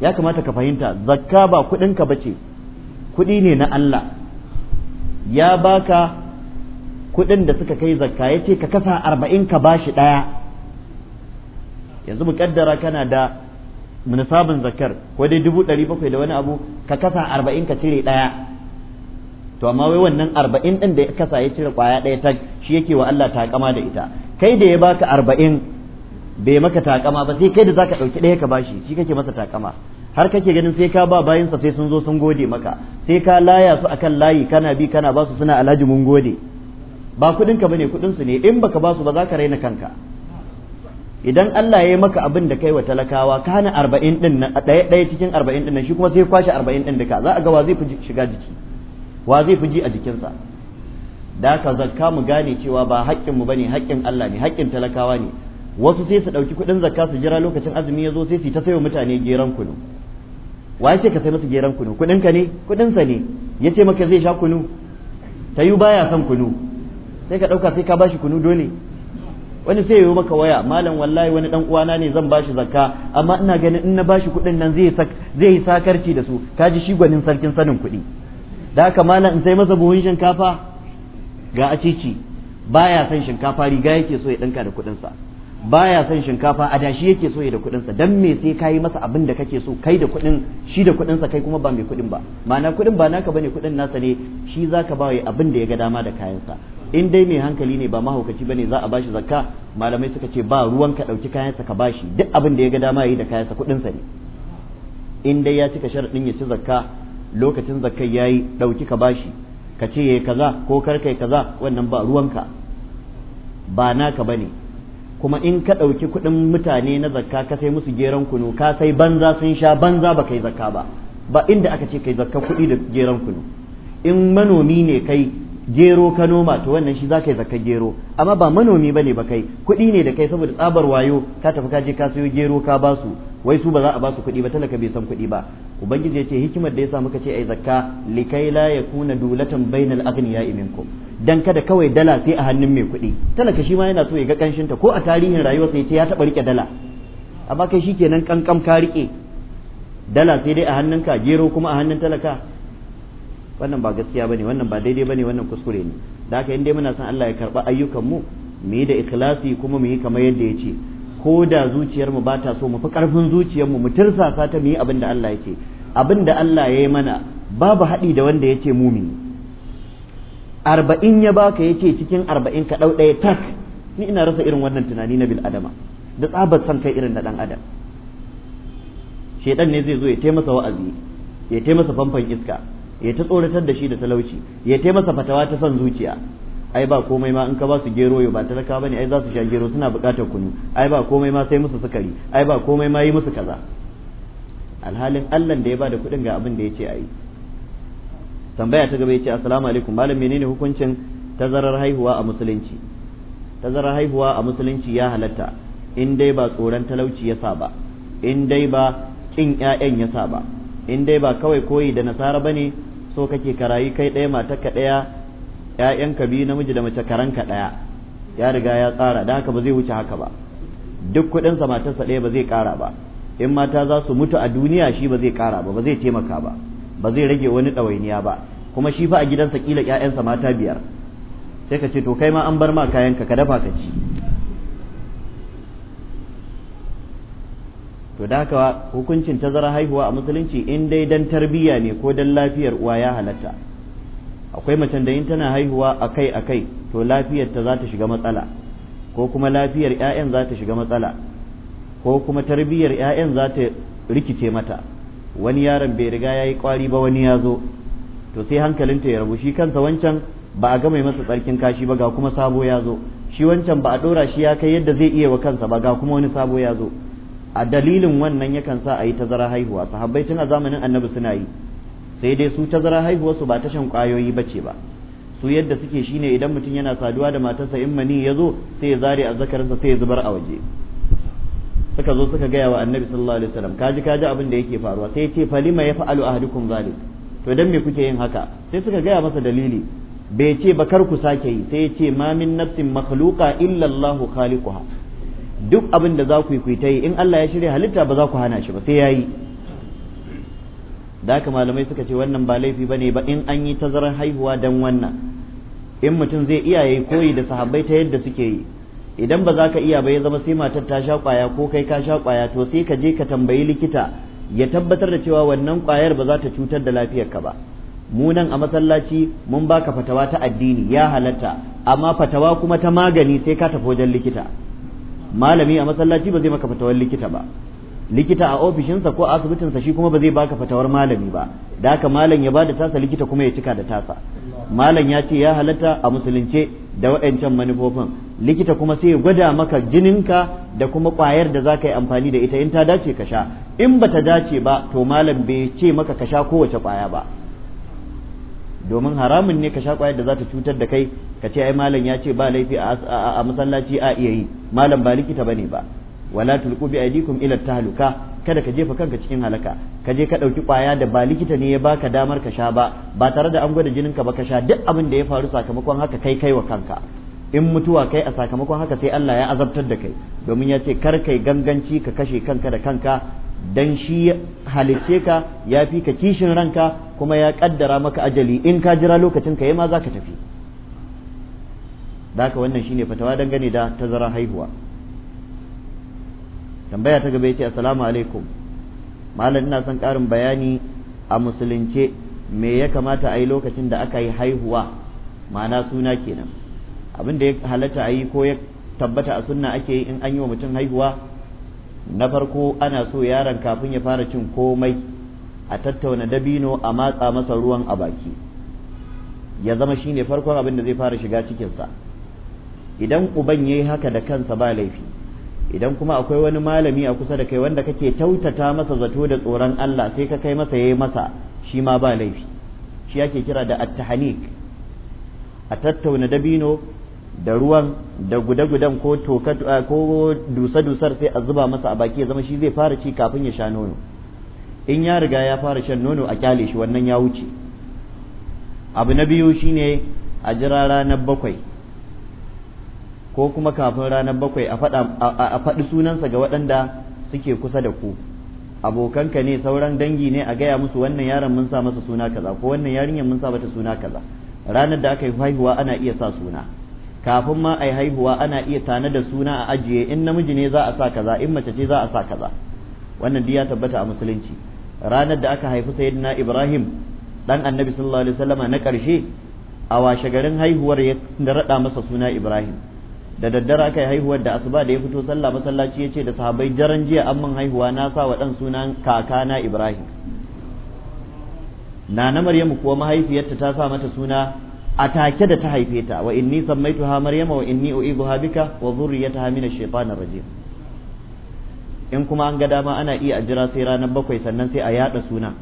ya kamata ka fahimta zakka ba kuɗinka ba ce kuɗi ne na Allah ya baka kuɗin da suka kai zakka ya ce ka kasa arba'in ka bashi ɗaya yanzu mu kana da nisabin zakkar ko dai dubu ɗari bakwai da wani abu ka kasa arba'in ka cire ɗaya to amma wai wannan arba'in ɗin da ya kasa ya cire kwaya ɗaya ta shi yake wa Allah takama da ita kai da ya baka arba'in bai maka takama ba sai kai da zaka dauki ɗaya ka bashi shi kake masa takama har kake ganin sai ka ba bayansa sai sun zo sun gode maka sai ka laya su akan layi kana bi kana ba su suna alhaji mun gode ba kudin ka bane kudin su ne in baka ba su ba zaka raina kanka idan Allah ya yi maka abin da kai wa talakawa ka hana arba'in din nan ɗaya ɗaya cikin arba'in din nan shi kuma sai kwashe arba'in din duka za a ga wa zai fi shiga jiki wa zai fi ji a jikinsa da ka zakka mu gane cewa ba haƙƙin mu bane haƙƙin Allah ne haƙƙin talakawa ne wasu sai su ɗauki kuɗin zakka su jira lokacin azumi ya zo sai su ta sayo mutane geran kunu wa ya ce ka sai masa geran kunu kuɗin ka ne kuɗin sa ne ya ce maka zai sha kunu ta yi baya son kunu sai ka ɗauka sai ka bashi kunu dole wani sai yi maka waya malam wallahi wani dan uwana ne zan bashi zakka amma ina ganin in na bashi kuɗin nan zai zai yi sakarci da su ka ji shi gwanin sarkin sanin kuɗi da haka malam in sai masa buhun shinkafa ga acici baya son shinkafa riga yake so ya ɗinka da kuɗinsa sa baya son shinkafa a dashi yake so ya da kuɗinsa sa dan me sai kai masa abin da kake so kai da kuɗin shi da kudin sa kai kuma ba mai kuɗin ba mana kuɗin ba naka bane kuɗin nasa ne shi zaka ba abin da ya ga dama da kayan sa in dai mai hankali ne ba mahaukaci bane za a bashi zakka malamai suka ce ba ruwan ka dauki kayan sa ka bashi duk abin da ya ga dama yayi da kayan sa kudin sa ne in dai ya cika sharadin ya ci zakka lokacin zakkai yayi dauki ka bashi ka ce yayi kaza ko kar kai kaza wannan ba ruwanka ba naka bane kuma in ka ɗauki kuɗin mutane na zakka ka sai musu geran kunu ka sai banza sun sha banza ba kai zakka ba ba inda aka ce kai zakka kuɗi da geran kunu in manomi ne kai gero ka noma to wannan shi zaka yi gero amma ba manomi bane ba kai kuɗi ne da kai saboda tsabar wayo ka tafi ka je ka sayo gero ka basu wai su ba za a basu kuɗi ba talaka bai san kuɗi ba ubangiji ya ce hikimar da yasa muka ce ai zakka likai la yakuna dulatan bainal aghniya minkum dan kada kawai dala sai a hannun mai kuɗi talaka shi ma yana so ya ga kanshin ta ko a tarihin rayuwarsa ya ce ya taɓa rike dala amma kai shikenan kankam ka rike dala sai dai a hannunka gero kuma a hannun talaka wannan ba gaskiya bane wannan ba daidai bane wannan kuskure ne da haka indai muna son Allah ya karba ayyukan mu mu yi da ikhlasi kuma mu yi kamar yadda ya ce ko da zuciyar mu ba ta so mu fi karfin zuciyar mu mu tirsasa ta mu yi abin da Allah ya abin da Allah ya yi mana babu haɗi da wanda ya ce mumini arba'in ya baka ya cikin arba'in ka ɗau ɗaya tak ni ina rasa irin wannan tunani na bil adama da tsabar son kai irin na dan adam shaidan ne zai zo ya taimasa wa'azi ya taimasa famfan iska ya ta tsoratar da shi da talauci ya ta masa fatawa ta son zuciya ai ba komai ma in ka ba su gero ba talaka bane ai za su sha gero suna buƙatar kunu ai ba komai ma sai musu sukari ai ba komai ma yi musu kaza alhalin Allah da ya ba da kuɗin ga abin da ya ce ayi tambaya ta gaba ya ce assalamu alaikum malam menene hukuncin tazarar haihuwa a musulunci tazarar haihuwa a musulunci ya halatta in dai ba tsoron talauci ya sa ba in dai ba kin ƴaƴan ya sa ba in dai ba kawai koyi da nasara bane so kake karayi kai ɗaya mata ka ɗaya ƴaƴanka biyu namiji da mace karanka ɗaya ya riga ya tsara da haka ba zai wuce haka ba duk kuɗinsa matarsa ɗaya ba zai ƙara ba in mata za su mutu a duniya shi ba zai ƙara ba ba zai taimaka ba ba zai rage wani ɗawainiya ba kuma shi fa a gidansa kila ƴaƴansa mata biyar sai ka ce to kai ma an bar ma kayanka ka dafa ka ci to da haka hukuncin tazara haihuwa a musulunci in dai dan tarbiyya ne ko dan lafiyar uwa ya halatta akwai macen da in tana haihuwa akai akai to lafiyar ta za ta shiga matsala ko kuma lafiyar 'ya'yan za ta shiga matsala ko kuma tarbiyyar 'ya'yan za ta rikice mata wani yaron bai riga yayi kwari ba wani ya zo to sai hankalinta ya rabu shi kansa wancan ba a gama masa tsarkin kashi ba ga kuma sabo ya zo shi wancan ba a ɗora shi ya kai yadda zai iya wa kansa ba ga kuma wani sabo ya zo a dalilin wannan yakan sa a yi tazara haihuwa sahabbai tun a zamanin annabi suna yi sai dai su tazara haihuwa su ba ta shan kwayoyi ce ba su yadda suke shine idan mutum yana saduwa da matarsa in mani ya zo sai ya zare a zakarinsa sai ya zubar a waje suka zo suka gaya wa annabi sallallahu alaihi wasallam kaji kaji abin da yake faruwa sai ya ce falima ya fa'alu ahadukum zalik to dan me kuke yin haka sai suka gaya masa dalili bai ce ba kar ku sake yi sai ya ce ma min nafsin makhluqa illa Allah khaliquha duk abin da za ku yi ku ta yi in Allah ya shirya halitta ba za ku hana shi ba sai ya yi da haka malamai suka ce wannan ba laifi ba ne ba in an yi tazarar haihuwa dan wannan in mutum zai iya yi koyi da sahabbai ta yadda suke yi idan ba za ka iya ba ya zama sai matar ta sha kwaya ko kai ka sha kwaya to sai ka je ka tambayi likita ya tabbatar da cewa wannan kwayar ba za ta cutar da lafiyar ka ba mu nan a masallaci mun baka fatawa ta addini ya halatta amma fatawa kuma ta magani sai ka tafi wajen likita malami a masallaci ba zai maka fatawar likita ba likita a ofishinsa ko a sa shi kuma ba zai baka fatawar malami ba da haka malam ya bada tasa likita kuma ya cika da tasa malam ya ce ya halatta a musulunce da wa'ancan manufofin likita kuma sai ya gwada maka jininka da kuma kwayar da za ka yi amfani da ita in ta dace ka sha in ba ta dace ba to malam bai ce maka ka sha kowace kwaya ba domin haramun ne ka sha kwayar da za ta cutar da kai ka ce ai malam ya ce ba laifi a masallaci a iya yi malam ba likita bane ba wala tulqu bi aydikum ila tahluka kada ka jefa kanka cikin halaka ka je ka dauki kwaya da ba likita ne ya baka damar ka sha ba ba tare da an gwada jinin ka ba ka sha duk abin da ya faru sakamakon haka kai kai wa kanka in mutuwa kai a sakamakon haka sai Allah ya azabtar da kai domin ya ce kar kai ganganci ka kashe kanka da kanka dan shi halicce ka ya fi ka kishin ranka kuma ya kaddara maka ajali in ka jira lokacin ka ma za ka tafi da wannan shine fatawa dangane da tazarar haihuwa tambaya ta gaba yace assalamu alaikum malam ina son karin bayani a musulunce me ya kamata a yi lokacin da aka yi haihuwa ma'ana suna kenan abin da ya halatta a yi ko ya tabbata a sunna ake yi in an yi wa mutum haihuwa na farko ana so yaron kafin ya fara cin komai a tattauna dabino a matsa masa ruwan a baki ya zama shi ne farkon abin da zai fara shiga cikinsa idan uban ya yi haka da kansa ba laifi idan kuma akwai wani malami a kusa da kai wanda kake tautata masa zato da tsoron Allah sai ka kai masa ya yi masa shi ma ba laifi shi ake kira da attahanik a tattauna dabino da ruwan da gudagudan gudan ko toka ko dusa-dusar sai a zuba masa a baki ya zama shi zai fara ci kafin ya sha nono in ya riga ya fara shan nono a kyale shi wannan ya wuce abu na biyu shine a jira ranar bakwai ko kuma kafin ranar bakwai a faɗi sunansa ga waɗanda suke kusa da ku abokanka ne sauran dangi ne a gaya musu wannan yaron mun sa masa suna kaza ko wannan yarinyar mun sa mata suna kaza ranar da aka yi haihuwa ana iya sa suna kafin ma a haihuwa ana iya tana da suna a ajiye in namiji ne za a sa kaza in mace ce za a sa kaza wannan duk ya tabbata a musulunci ranar da aka haifi sayyidina ibrahim dan annabi sallallahu alaihi wasallama na karshe a washe garin haihuwar ya rada masa suna ibrahim da daddare aka yi haihuwar da asuba da ya fito sallah masallaci ya ce da sahabai jaran jiya an man haihuwa na sa wa dan sunan kakana ibrahim na na maryamu kuwa mahaifiyarta ta sa mata suna a take da ta haife ta wa inni ha maryama wa inni ha bika wa dhurriyyataha min ash-shaytanir rajim in kuma an ga dama ana iya jira sai ranar bakwai sannan sai a yada suna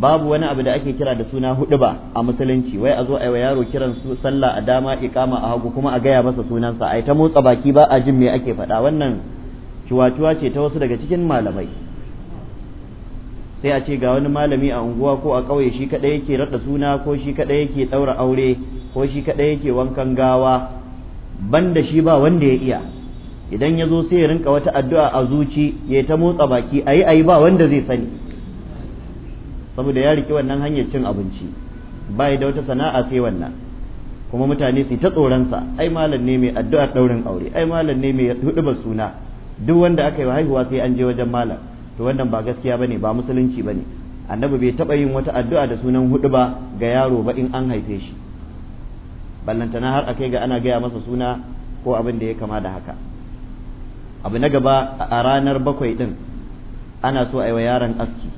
babu wani abu da ake kira da suna hudu ba a musulunci wai a zo a yi wa yaro kiran su sallah a dama iqama a hagu kuma a gaya masa sunansa ai ta motsa baki ba a jin me ake faɗa wannan cuwacuwa ce ta wasu daga cikin malamai sai a ce ga wani malami a unguwa ko a ƙauye shi kaɗai yake raɗa suna ko shi kaɗai yake ɗaura aure ko shi kaɗai yake wankan gawa ban da shi ba wanda ya iya idan ya zo sai ya rinka wata addu'a a zuci ya ta motsa baki ayi ayi ba wanda zai sani saboda ya riki wannan hanyar cin abinci ba da wata sana'a sai wannan kuma mutane su ta tsoronsa ai malam ne mai addu'ar ɗaurin aure ai malam ne mai hudubar suna duk wanda aka yi haihuwa sai an je wajen malam to wannan ba gaskiya bane ba musulunci bane annabi bai taba yin wata addu'a da sunan hudu ba ga yaro ba in an haife shi ballantana har akai ga ana gaya masa suna ko abin da ya kama da haka abu na gaba a ranar bakwai din ana so a yi wa yaron aski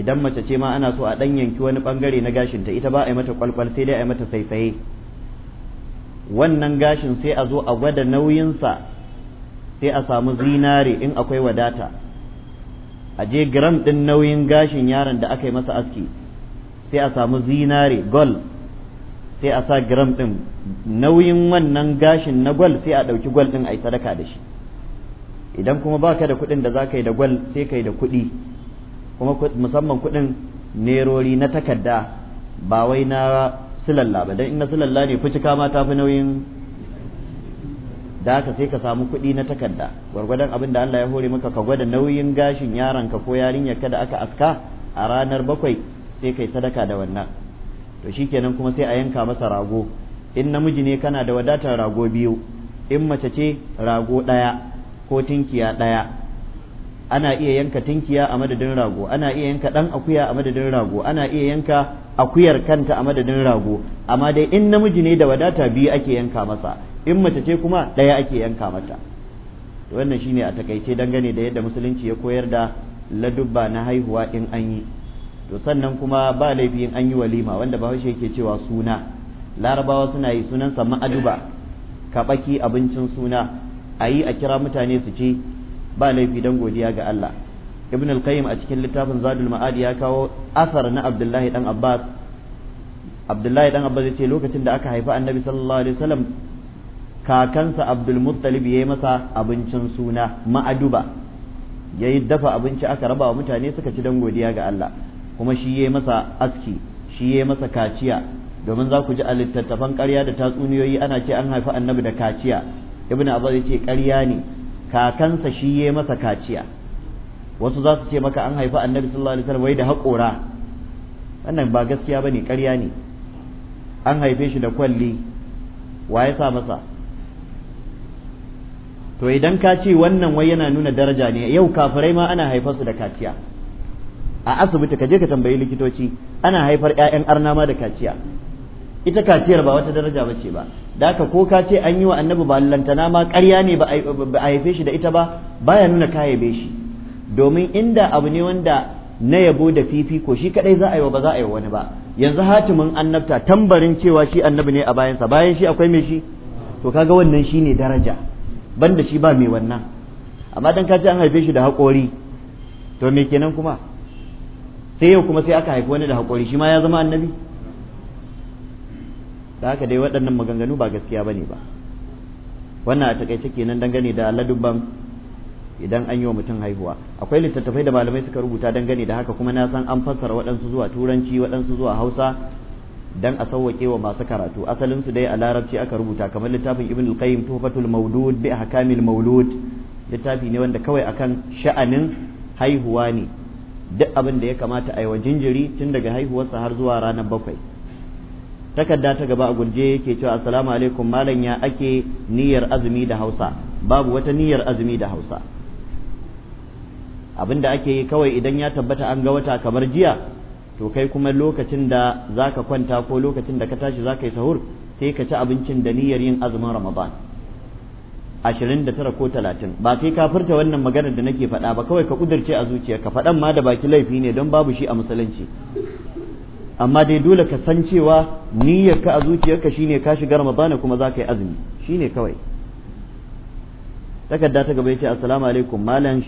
idan mace ce ma ana so a dan yanki wani bangare na gashin ta ita ba a yi mata kwalkwal sai dai a yi mata saisaye wannan gashin sai a zo a gwada nauyinsa sai a samu zinare in akwai wadata a je gram ɗin nauyin gashin yaron da aka yi masa aski sai a samu zinare gol sai a sa gram ɗin nauyin wannan gashin na gol sai a ɗauki gol ɗin a yi sadaka da shi idan kuma baka da kuɗin da za ka yi da gol sai ka yi da kuɗi kuma musamman kuɗin nerori na takarda ba wai na silalla ba don in na silalla ne fucika ma ta fi nauyin da haka sai ka samu kuɗi na takarda gwargwadon abin da Allah ya hore maka ka gwada nauyin gashin ka ko ka da aka aska a ranar bakwai sai kai sadaka da wannan to shikenan kuma sai a yanka masa rago in namiji ne kana da wadatar rago biyu in mace ce rago ɗaya ko tinkiya ɗaya ana iya yanka tinkiya a madadin rago ana iya yanka dan akuya a madadin rago ana iya yanka akuyar kanta a madadin rago amma dai in namiji ne da wadata biyu ake yanka masa in mace ce kuma ɗaya ake yanka mata wannan shine a takaice dangane da yadda musulunci ya koyar da ladubba na haihuwa in an yi to sannan kuma ba laifi in an yi walima wanda bahaushe yake cewa suna larabawa suna yi sunan sunansa ma'aduba kaɓaki abincin suna a yi a kira mutane su ci ba laifi dan godiya ga Allah ibn al-qayyim a cikin littafin zadul ma'ad ya kawo asar na abdullahi dan abbas abdullahi dan abbas yace lokacin da aka haifi annabi sallallahu alaihi wasallam kakansa abdul muttalib yayi masa abincin suna ma'aduba yayi dafa abinci aka raba wa mutane suka ci dan godiya ga Allah kuma shi yayi masa aski shi yayi masa kaciya domin za ku ji a littattafan ƙarya da tatsuniyoyi ana ce an haifi annabi da kaciya ibn abbas yace ƙarya ne kakansa shi ya masa kaciya wasu za su ce maka an haifi annabi sallallahu alaihi wasallam wai da haƙora wannan ba gaskiya bane ƙarya ne an haife shi da kwalli wa ya sa masa to idan ka ce wannan wai yana nuna daraja ne yau kafirai ma ana haifar su da kaciya a asibiti ka je ka tambayi likitoci ana haifar 'ya'yan arna ma da kaciya ita kaciyar ba wata daraja bace ba da aka ko ka ce an yi wa annabi ba lantana ma ƙarya ne ba a haife shi da ita ba baya nuna ka haife shi domin inda abu ne wanda na yabo da fifiko shi kadai za a yi wa ba za a yi wani ba yanzu hatimin annabta tambarin cewa shi annabi ne a bayansa bayan shi akwai mai shi to kaga wannan shi ne daraja banda shi ba mai wannan amma dan ce an haife shi da haƙori to me kenan kuma sai yau kuma sai aka haifi wani da haƙori shi ma ya zama annabi da haka dai waɗannan maganganu ba gaskiya bane ba wannan a takaice kenan dangane da ladubban idan an yi wa mutum haihuwa akwai littattafai da malamai suka rubuta dangane da haka kuma na san an fassara waɗansu zuwa turanci waɗansu zuwa hausa dan a sauwaƙe wa masu karatu asalin su dai a larabci aka rubuta kamar littafin ibn al-qayyim tuhfatul mawlud bi ahkamil mawlud littafi ne wanda kawai akan sha'anin haihuwa ne duk abin da ya kamata a yi wa jinjiri tun daga haihuwarsa har zuwa ranar bakwai takarda ta gaba a gurje yake cewa assalamu alaikum malam ya ake niyyar azumi da hausa babu wata niyyar azumi da hausa abinda ake yi kawai idan ya tabbata an ga wata kamar jiya to kai kuma lokacin da zaka kwanta ko lokacin da ka tashi zaka yi sahur sai ka ci abincin da niyyar yin azumin ramadan ashirin da tara ko talatin ba sai ka furta wannan maganar da nake faɗa ba kawai ka kudirce a zuciya ka faɗan ma da baki laifi ne don babu shi a musulunci amma dai dole ka san cewa niyyarka a zuciyarka shine ka shiga Ramadan kuma za ka yi azumi shine kawai takarda ta gaba yace assalamu alaikum malam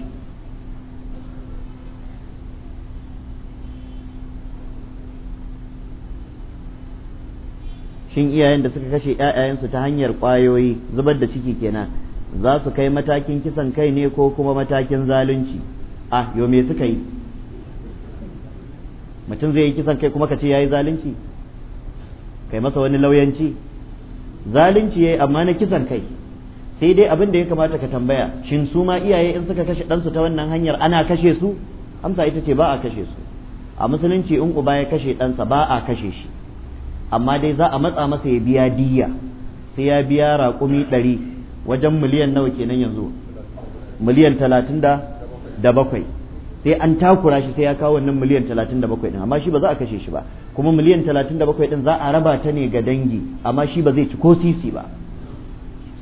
shin iyayen da suka kashe ƴaƴayensu ta hanyar ƙwayoyi zubar da ciki kenan za su kai matakin kisan kai ne ko kuma matakin zalunci ah yo me suka yi mutum zai yi kisan kai kuma ka ce yayi zalunci kai masa wani lauyanci zalunci yayi amma na kisan kai sai dai abin da ya kamata ka tambaya shin su ma iyaye in suka kashe ɗansu ta wannan hanyar ana kashe su amsa ita ce ba a kashe su a musulunci in uba ya kashe ɗansa ba a kashe shi amma dai za a matsa masa ya biya diya sai ya biya raƙumi ɗari wajen miliyan nawa kenan yanzu miliyan talatin da bakwai sai an takura shi sai ya kawo wannan miliyan 37 din amma shi ba za a kashe shi ba kuma miliyan 37 din za a raba ta ne ga dangi amma shi ba zai ci ko sisi ba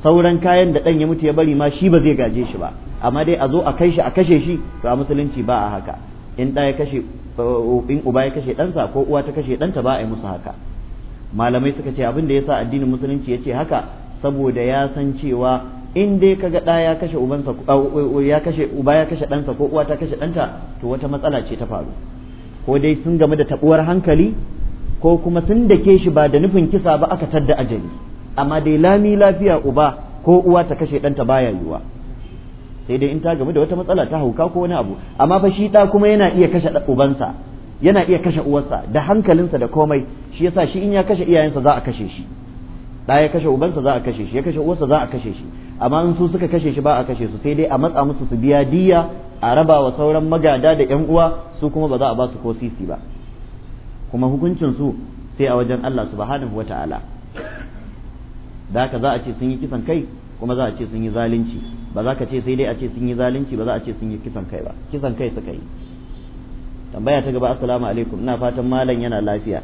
sauran kayan da dan ya mutu ya bari ma shi ba zai gaje shi ba amma dai a zo a kai shi a kashe shi to a musulunci ba a haka in da ya kashe uh, in uba ya kashe ɗansa ko uwa ta kashe ɗanta ba a yi musu haka malamai suka ce abin da ya sa addinin musulunci ya ce haka saboda ya san cewa in dai kaga ɗa ya kashe ubansa ya kashe uba ya kashe ɗansa ko uwa ta kashe ɗanta to wata matsala ce ta faru ko dai sun game da tabuwar hankali ko kuma sun dake shi ba da nufin kisa ba aka tadda ajali amma dai lami lafiya uba ko uwa ta kashe ɗanta baya yiwa sai dai in ta game da wata matsala ta hauka ko wani abu amma fa shi ɗa kuma yana iya kashe ubansa yana iya kashe uwarsa da hankalinsa da komai shi yasa shi in ya kashe iyayensa za a kashe shi ɗa ya kashe ubansa za a kashe shi ya kashe uwarsa za a kashe shi amma in su suka kashe shi ba a kashe su sai dai a matsa musu su biya diya a raba wa sauran magada da yan uwa su kuma ba za a ba su ko sisi ba kuma hukuncin su sai a wajen Allah subhanahu wataala da haka za a ce sun yi kisan kai kuma za a ce sun yi zalunci ba za ka ce sai dai a ce sun yi zalunci ba za a ce sun yi kisan kai ba kisan kai suka yi tambaya ta gaba assalamu alaikum ina fatan malam yana lafiya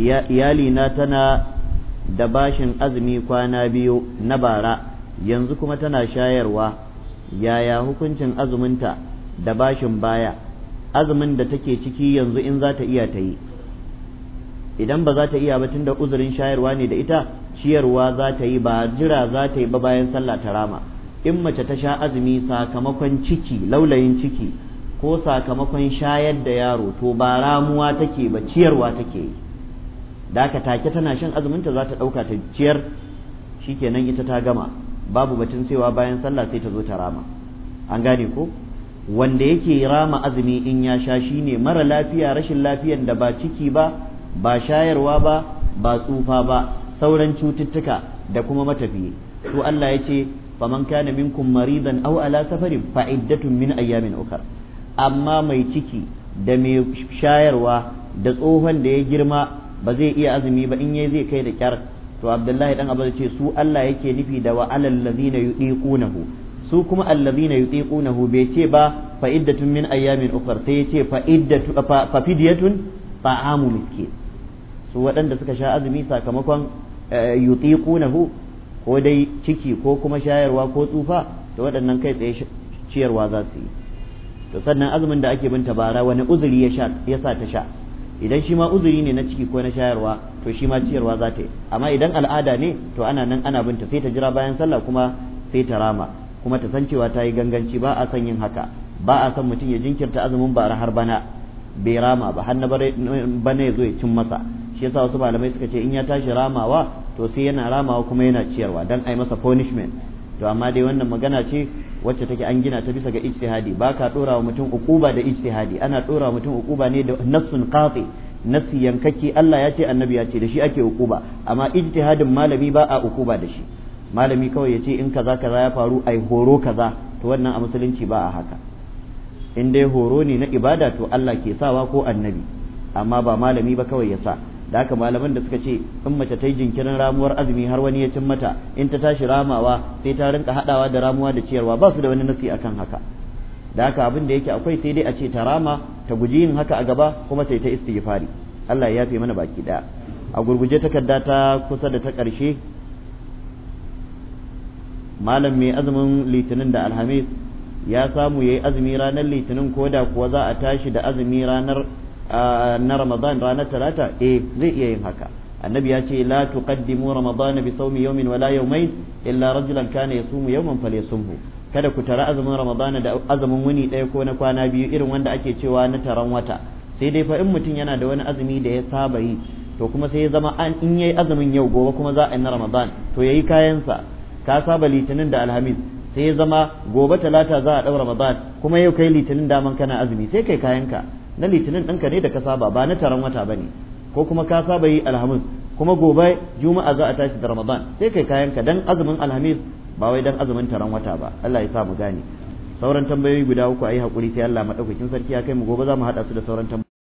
iyali na tana da bashin azumi kwana biyu na bara yanzu kuma tana shayarwa yaya hukuncin azuminta da bashin baya azumin da take ciki yanzu in za ta iya ta yi idan ba za ta iya ba tunda uzurin shayarwa ne da ita ciyarwa za ta yi ba jira za ta yi ba bayan sallah ta rama in mace ta sha azumi sakamakon ciki laulayin ciki ko sakamakon shayar da yaro to ba ramuwa take ba ciyarwa take yi da aka take tana shan azuminta za ta ɗauka ta ciyar kenan ita ta gama babu batun cewa bayan sallah sai ta zo ta rama an gane ko wanda yake rama azumi in ya sha shi ne mara lafiya rashin lafiyan da ba ciki ba ba shayarwa ba ba tsufa ba sauran cututtuka da kuma matafiye to Allah ya ce faman kana minkum maridan aw ala safarin fa iddatun min ayyamin ukhra amma mai ciki da mai shayarwa da tsohon da ya girma ba zai iya azumi ba in yayi zai kai da kyar to abdullahi dan abu ce su Allah yake nufi da wa alal ladina hu su kuma allazina hu bai ce ba fa iddatun min ayyamin ukhra sai yace fa iddatu fa fidyatun ta'amu su waɗanda suka sha azumi sakamakon eh, hu ko dai ciki ko kuma shayarwa ko tsufa to waɗannan kai tsaye ciyarwa za su yi to sannan azumin da ake binta bara wani uzuri ya sa ta sha idan shi ma uzuri ne na ciki ko na shayarwa to shi ma ciyarwa za ta yi amma idan al'ada ne to ana nan ana binta sai ta jira bayan sallah kuma sai ta rama kuma ta san cewa ta yi ganganci ba a san yin haka ba a san mutum ya jinkirta azumin bara har bana bai rama ba har na bana ya zo ya cin masa shi yasa wasu malamai suka ce in ya tashi ramawa to sai yana ramawa kuma yana ciyarwa dan ai masa punishment to amma dai wannan magana ce wacce take an gina ta bisa ga ijtihadi ba ka dora wa mutum ukuba da ijtihadi ana dora wa mutum ukuba ne da nassun qati nassi yankake Allah ya ce annabi ya ce da shi ake ukuba amma ijtihadin malami ba a ukuba da shi malami kawai ya ce in kaza kaza ya faru ai horo kaza to wannan a musulunci ba a haka in dai horo ne na ibada to Allah ke sawa ko annabi amma ba malami ba kawai ya sa da haka malaman da suka ce in mace ta yi jinkirin ramuwar azumi har wani ya cin mata in ta tashi ramawa sai ta rinka haɗawa da ramuwa da ciyarwa ba su da wani nasi akan haka da haka abin da yake akwai sai dai a ce ta rama ta guji yin haka a gaba kuma sai ta istighfari Allah ya yafe mana baki daya a gurguje takarda ta kusa da ta karshe malam mai azumin litinin da alhamis ya samu ya yi azumi ranar litinin ko da kuwa za a tashi da azumi ranar na ramadan ranar talata eh zai iya yin haka annabi ya ce la tuqaddimu ramadan bi sawmi yawmin wala yawmayn illa rajulan kana yasumu yawman falyasumhu kada ku tara azumin ramadan da azumin wani daya ko na kwana biyu irin wanda ake cewa na taron wata sai dai fa in mutum yana da wani azumi da ya saba yi to kuma sai ya zama an in yayi azumin yau gobe kuma za a yi na ramadan to yayi kayansa ka saba litinin da alhamis sai ya zama gobe talata za a ɗau ramadan kuma yau kai litinin daman kana azumi sai kai kayanka na litinin ɗinka ne da ka saba ba na taron wata ba ne ko kuma ka saba yi alhamis kuma gobe juma'a za a tashi da ramadan sai kai kayanka dan azumin alhamis ba wai dan azumin taron wata ba Allah ya sa mu gane sauran tambayoyi guda uku ayi hakuri sai Allah madaukakin sarki ya kai mu gobe za mu hada su da sauran tambayoyi